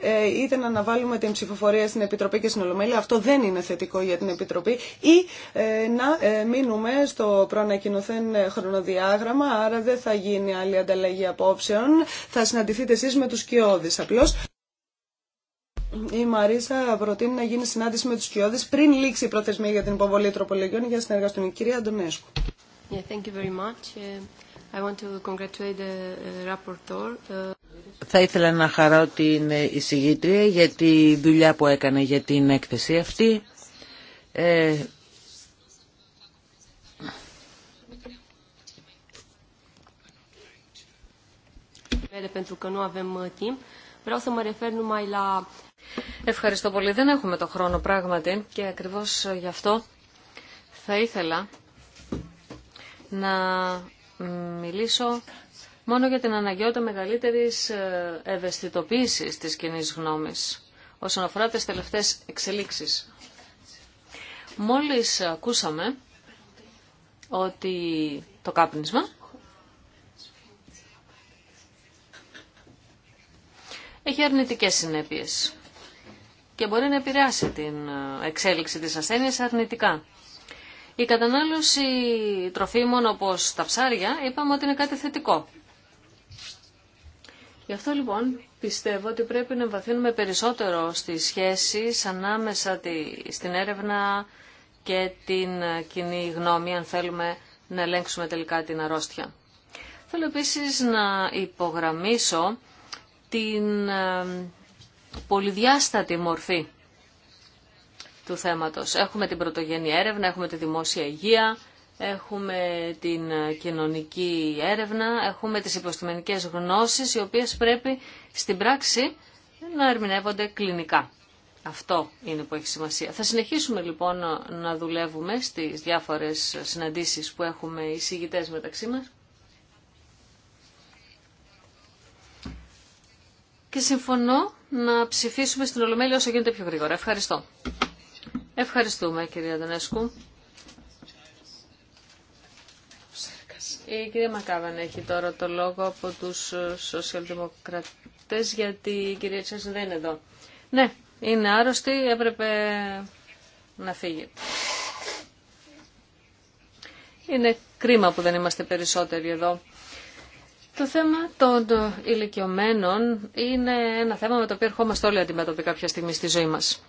Ε, είτε να αναβάλουμε την ψηφοφορία στην Επιτροπή και στην Ολομέλεια, αυτό δεν είναι θετικό για την Επιτροπή, ή ε, να ε, μείνουμε στο προανακοινωθέν χρονοδιάγραμμα, άρα δεν θα γίνει άλλη ανταλλαγή απόψεων. Θα συναντηθείτε εσείς με τους Κιώδης απλώς. Η Μαρίσα προτείνει να γίνει συνάντηση με τους Κιώδης πριν λήξει η προθεσμία για την υποβολή τροπολογιών για συνεργαστούν. Κυρία Αντωνέσκου. Yeah, thank you very much. Uh, uh, θα ήθελα να χαρώ την εισηγήτρια για τη δουλειά που έκανε για την έκθεση αυτή. Ε, Ευχαριστώ πολύ. Δεν έχουμε το χρόνο πράγματι και ακριβώς γι' αυτό θα ήθελα να μιλήσω μόνο για την αναγκαιότητα μεγαλύτερης ε, ευαισθητοποίησης της κοινή γνώμης όσον αφορά τις τελευταίες εξελίξεις. Μόλις ακούσαμε ότι το κάπνισμα έχει αρνητικές συνέπειες και μπορεί να επηρεάσει την ε, εξέλιξη της ασθένειας αρνητικά. Η κατανάλωση τροφίμων όπως τα ψάρια είπαμε ότι είναι κάτι θετικό. Γι' αυτό λοιπόν πιστεύω ότι πρέπει να εμβαθύνουμε περισσότερο στις σχέσεις ανάμεσα στην έρευνα και την κοινή γνώμη αν θέλουμε να ελέγξουμε τελικά την αρρώστια. Θέλω επίσης να υπογραμμίσω την ε, πολυδιάστατη μορφή του θέματος. Έχουμε την πρωτογενή έρευνα, έχουμε τη δημόσια υγεία, έχουμε την κοινωνική έρευνα, έχουμε τις υποστημενικές γνώσεις, οι οποίες πρέπει στην πράξη να ερμηνεύονται κλινικά. Αυτό είναι που έχει σημασία. Θα συνεχίσουμε λοιπόν να δουλεύουμε στις διάφορες συναντήσεις που έχουμε οι συγητές μεταξύ μας. Και συμφωνώ να ψηφίσουμε στην Ολομέλεια όσο γίνεται πιο γρήγορα. Ευχαριστώ. Ευχαριστούμε κυρία Δανέσκου. Η κυρία Μακάβαν έχει τώρα το λόγο από τους σοσιαλδημοκρατές γιατί η κυρία Τσέση δεν είναι εδώ. Ναι, είναι άρρωστη, έπρεπε να φύγει. Είναι κρίμα που δεν είμαστε περισσότεροι εδώ. Το θέμα των ηλικιωμένων είναι ένα θέμα με το οποίο ερχόμαστε όλοι αντιμέτωποι κάποια στιγμή στη ζωή μας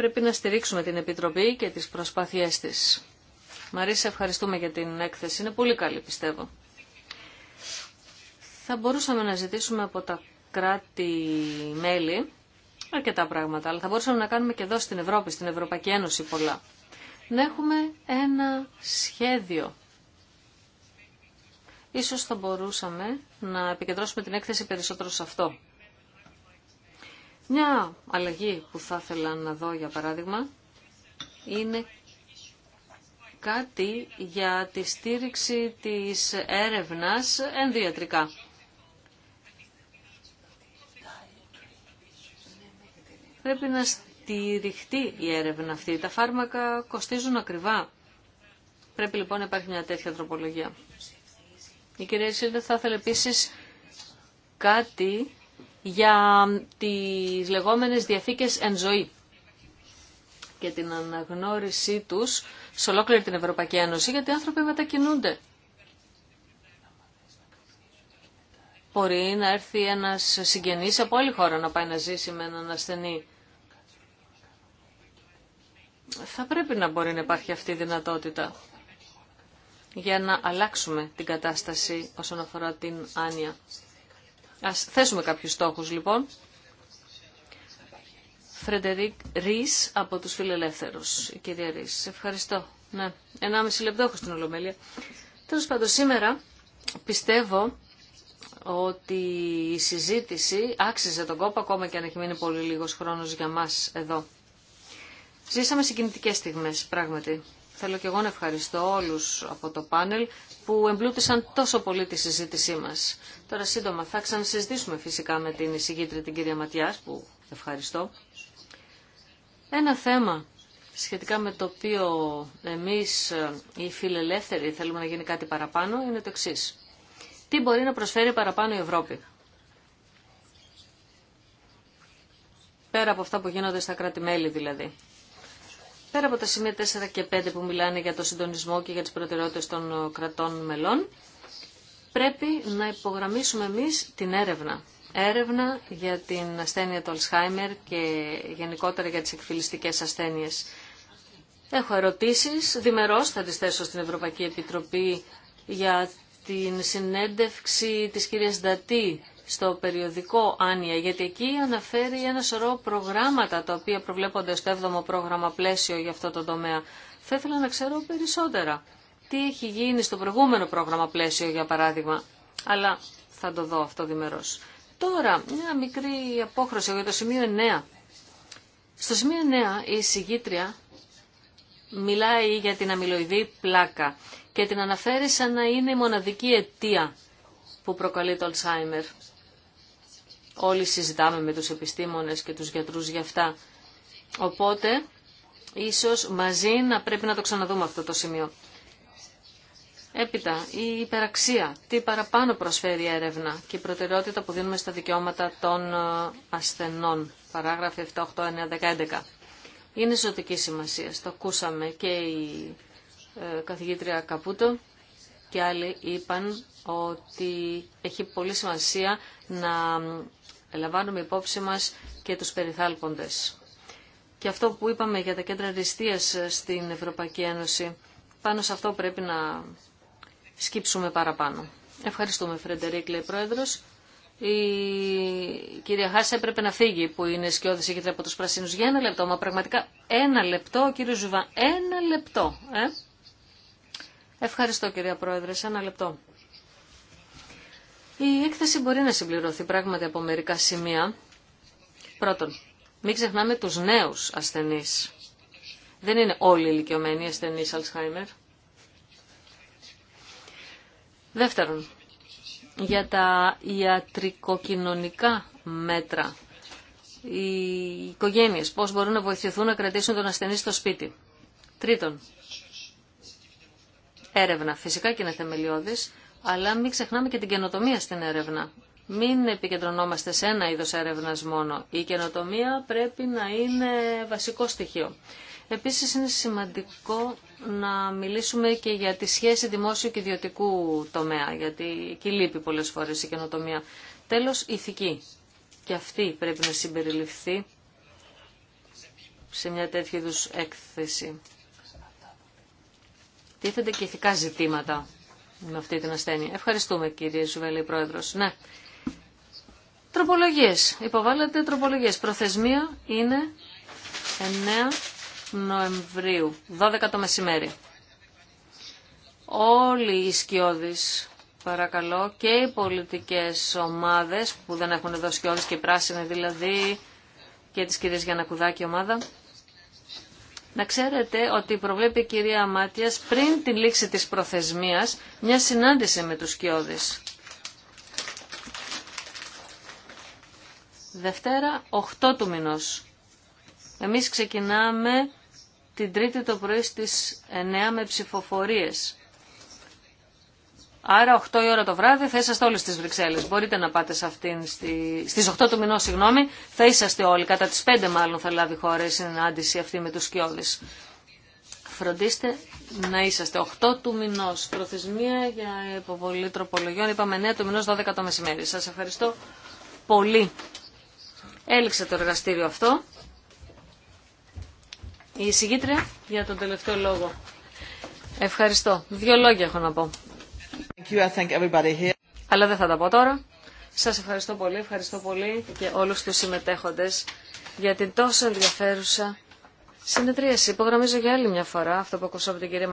πρέπει να στηρίξουμε την Επιτροπή και τις προσπάθειές της. Μαρίσα, ευχαριστούμε για την έκθεση. Είναι πολύ καλή, πιστεύω. Θα μπορούσαμε να ζητήσουμε από τα κράτη-μέλη αρκετά πράγματα, αλλά θα μπορούσαμε να κάνουμε και εδώ στην Ευρώπη, στην Ευρωπαϊκή Ένωση πολλά. Να έχουμε ένα σχέδιο. Ίσως θα μπορούσαμε να επικεντρώσουμε την έκθεση περισσότερο σε αυτό. Μια αλλαγή που θα ήθελα να δω για παράδειγμα είναι κάτι για τη στήριξη της έρευνας ενδιατρικά. Πρέπει να στηριχτεί η έρευνα αυτή. Τα φάρμακα κοστίζουν ακριβά. Πρέπει λοιπόν να υπάρχει μια τέτοια τροπολογία. Η κυρία Σίλτα θα ήθελε επίσης κάτι για τις λεγόμενες διαθήκες εν ζωή και την αναγνώρισή τους σε ολόκληρη την Ευρωπαϊκή Ένωση, γιατί οι άνθρωποι μετακινούνται. Μπορεί να έρθει ένας συγγενής από άλλη χώρα να πάει να ζήσει με έναν ασθενή. Θα πρέπει να μπορεί να υπάρχει αυτή η δυνατότητα για να αλλάξουμε την κατάσταση όσον αφορά την άνοια. Ας θέσουμε κάποιους στόχους λοιπόν. Φρεντερίκ Ρίς από τους Φιλελεύθερους. Η κυρία Ευχαριστώ. Ναι, μισή λεπτό έχω στην Ολομέλεια. Τέλος πάντων, σήμερα πιστεύω ότι η συζήτηση άξιζε τον κόπο, ακόμα και αν έχει μείνει πολύ λίγος χρόνος για μας εδώ. Ζήσαμε συγκινητικές στιγμές, πράγματι. Θέλω και εγώ να ευχαριστώ όλους από το πάνελ που εμπλούτησαν τόσο πολύ τη συζήτησή μας. Τώρα σύντομα θα ξανασυζητήσουμε φυσικά με την εισηγήτρια την κυρία Ματιάς που ευχαριστώ. Ένα θέμα σχετικά με το οποίο εμείς ε, οι φιλελεύθεροι θέλουμε να γίνει κάτι παραπάνω είναι το εξή. Τι μπορεί να προσφέρει παραπάνω η Ευρώπη. Πέρα από αυτά που γίνονται στα κράτη-μέλη δηλαδή. Πέρα από τα σημεία 4 και 5 που μιλάνε για το συντονισμό και για τις προτεραιότητες των ε, κρατών μελών, πρέπει να υπογραμμίσουμε εμείς την έρευνα. Έρευνα για την ασθένεια του Αλσχάιμερ και γενικότερα για τις εκφυλιστικές ασθένειες. Έχω ερωτήσεις, διμερώς θα τις θέσω στην Ευρωπαϊκή Επιτροπή για την συνέντευξη της κυρίας Ντατί στο περιοδικό Άνια, γιατί εκεί αναφέρει ένα σωρό προγράμματα τα οποία προβλέπονται στο 7ο πρόγραμμα πλαίσιο για αυτό το τομέα. Θα ήθελα να ξέρω περισσότερα. Τι έχει γίνει στο προηγούμενο πρόγραμμα πλαίσιο, για παράδειγμα. Αλλά θα το δω αυτό διμερώς. Τώρα, μια μικρή απόχρωση για το σημείο 9. Στο σημείο 9 η συγγήτρια μιλάει για την αμυλοειδή πλάκα και την αναφέρει σαν να είναι η μοναδική αιτία που προκαλεί το Αλσάιμερ όλοι συζητάμε με τους επιστήμονες και τους γιατρούς για αυτά. Οπότε, ίσως μαζί να πρέπει να το ξαναδούμε αυτό το σημείο. Έπειτα, η υπεραξία. Τι παραπάνω προσφέρει η έρευνα και η προτεραιότητα που δίνουμε στα δικαιώματα των ε, ασθενών. Παράγραφη 7, 8, 9, 11. Είναι ζωτική σημασία. Το ακούσαμε και η ε, καθηγήτρια Καπούτο και άλλοι είπαν ότι έχει πολύ σημασία να Ελαμβάνουμε υπόψη μας και τους περιθάλποντες. Και αυτό που είπαμε για τα κέντρα αριστείας στην Ευρωπαϊκή Ένωση, πάνω σε αυτό πρέπει να σκύψουμε παραπάνω. Ευχαριστούμε Φρεντερίκ, λέει Πρόεδρος. Η κυρία Χάσα έπρεπε να φύγει που είναι σκιώδης η από τους πρασίνους για ένα λεπτό. Μα πραγματικά ένα λεπτό, κύριε Ζουβά, ένα λεπτό. Ε? Ευχαριστώ κυρία Πρόεδρε, σε ένα λεπτό. Η έκθεση μπορεί να συμπληρωθεί πράγματι από μερικά σημεία. Πρώτον, μην ξεχνάμε τους νέους ασθενείς. Δεν είναι όλοι οι ηλικιωμένοι ασθενείς Αλσχάιμερ. Δεύτερον, για τα ιατρικοκοινωνικά μέτρα. Οι οικογένειες πώς μπορούν να βοηθηθούν να κρατήσουν τον ασθενή στο σπίτι. Τρίτον, έρευνα φυσικά και είναι θεμελιώδης, αλλά μην ξεχνάμε και την καινοτομία στην έρευνα. Μην επικεντρωνόμαστε σε ένα είδος έρευνας μόνο. Η καινοτομία πρέπει να είναι βασικό στοιχείο. Επίσης είναι σημαντικό να μιλήσουμε και για τη σχέση δημόσιου και ιδιωτικού τομέα, γιατί εκεί λείπει πολλές φορές η καινοτομία. Τέλος, ηθική. Και αυτή πρέπει να συμπεριληφθεί σε μια τέτοιου έκθεση. Τίθενται και ηθικά ζητήματα με αυτή την ασθένεια. Ευχαριστούμε κύριε Ζουβέλη Πρόεδρος. Ναι. Τροπολογίες. Υποβάλλετε τροπολογίες. Προθεσμία είναι 9 Νοεμβρίου, 12 το μεσημέρι. Όλοι οι σκιώδεις, παρακαλώ, και οι πολιτικές ομάδες που δεν έχουν εδώ σκιώδεις και πράσινα δηλαδή, και της κυρίας Γιανακουδάκη ομάδα, να ξέρετε ότι προβλέπει η κυρία Μάτιας πριν την λήξη της προθεσμίας μια συνάντηση με τους Κιώδης. Δευτέρα, 8 του μηνός. Εμείς ξεκινάμε την Τρίτη το πρωί στις 9 με ψηφοφορίες. Άρα 8 η ώρα το βράδυ θα είσαστε όλοι στις Βρυξέλλες. Μπορείτε να πάτε σε αυτήν, στη... στις 8 του μηνό, συγγνώμη, θα είσαστε όλοι. Κατά τις 5 μάλλον θα λάβει χώρα η συνάντηση αυτή με τους Σκιώδης. Φροντίστε να είσαστε 8 του μηνό. Προθεσμία για υποβολή τροπολογιών. Είπαμε 9 του μηνό, 12 το μεσημέρι. Σας ευχαριστώ πολύ. Έληξε το εργαστήριο αυτό. Η εισηγήτρια για τον τελευταίο λόγο. Ευχαριστώ. Δύο λόγια έχω να πω. Αλλά δεν θα τα πω τώρα. Σας ευχαριστώ πολύ, ευχαριστώ πολύ και όλους τους συμμετέχοντες για την τόσο ενδιαφέρουσα συνεδρίαση. Υπογραμμίζω για άλλη μια φορά αυτό που ακούσα από την κυρία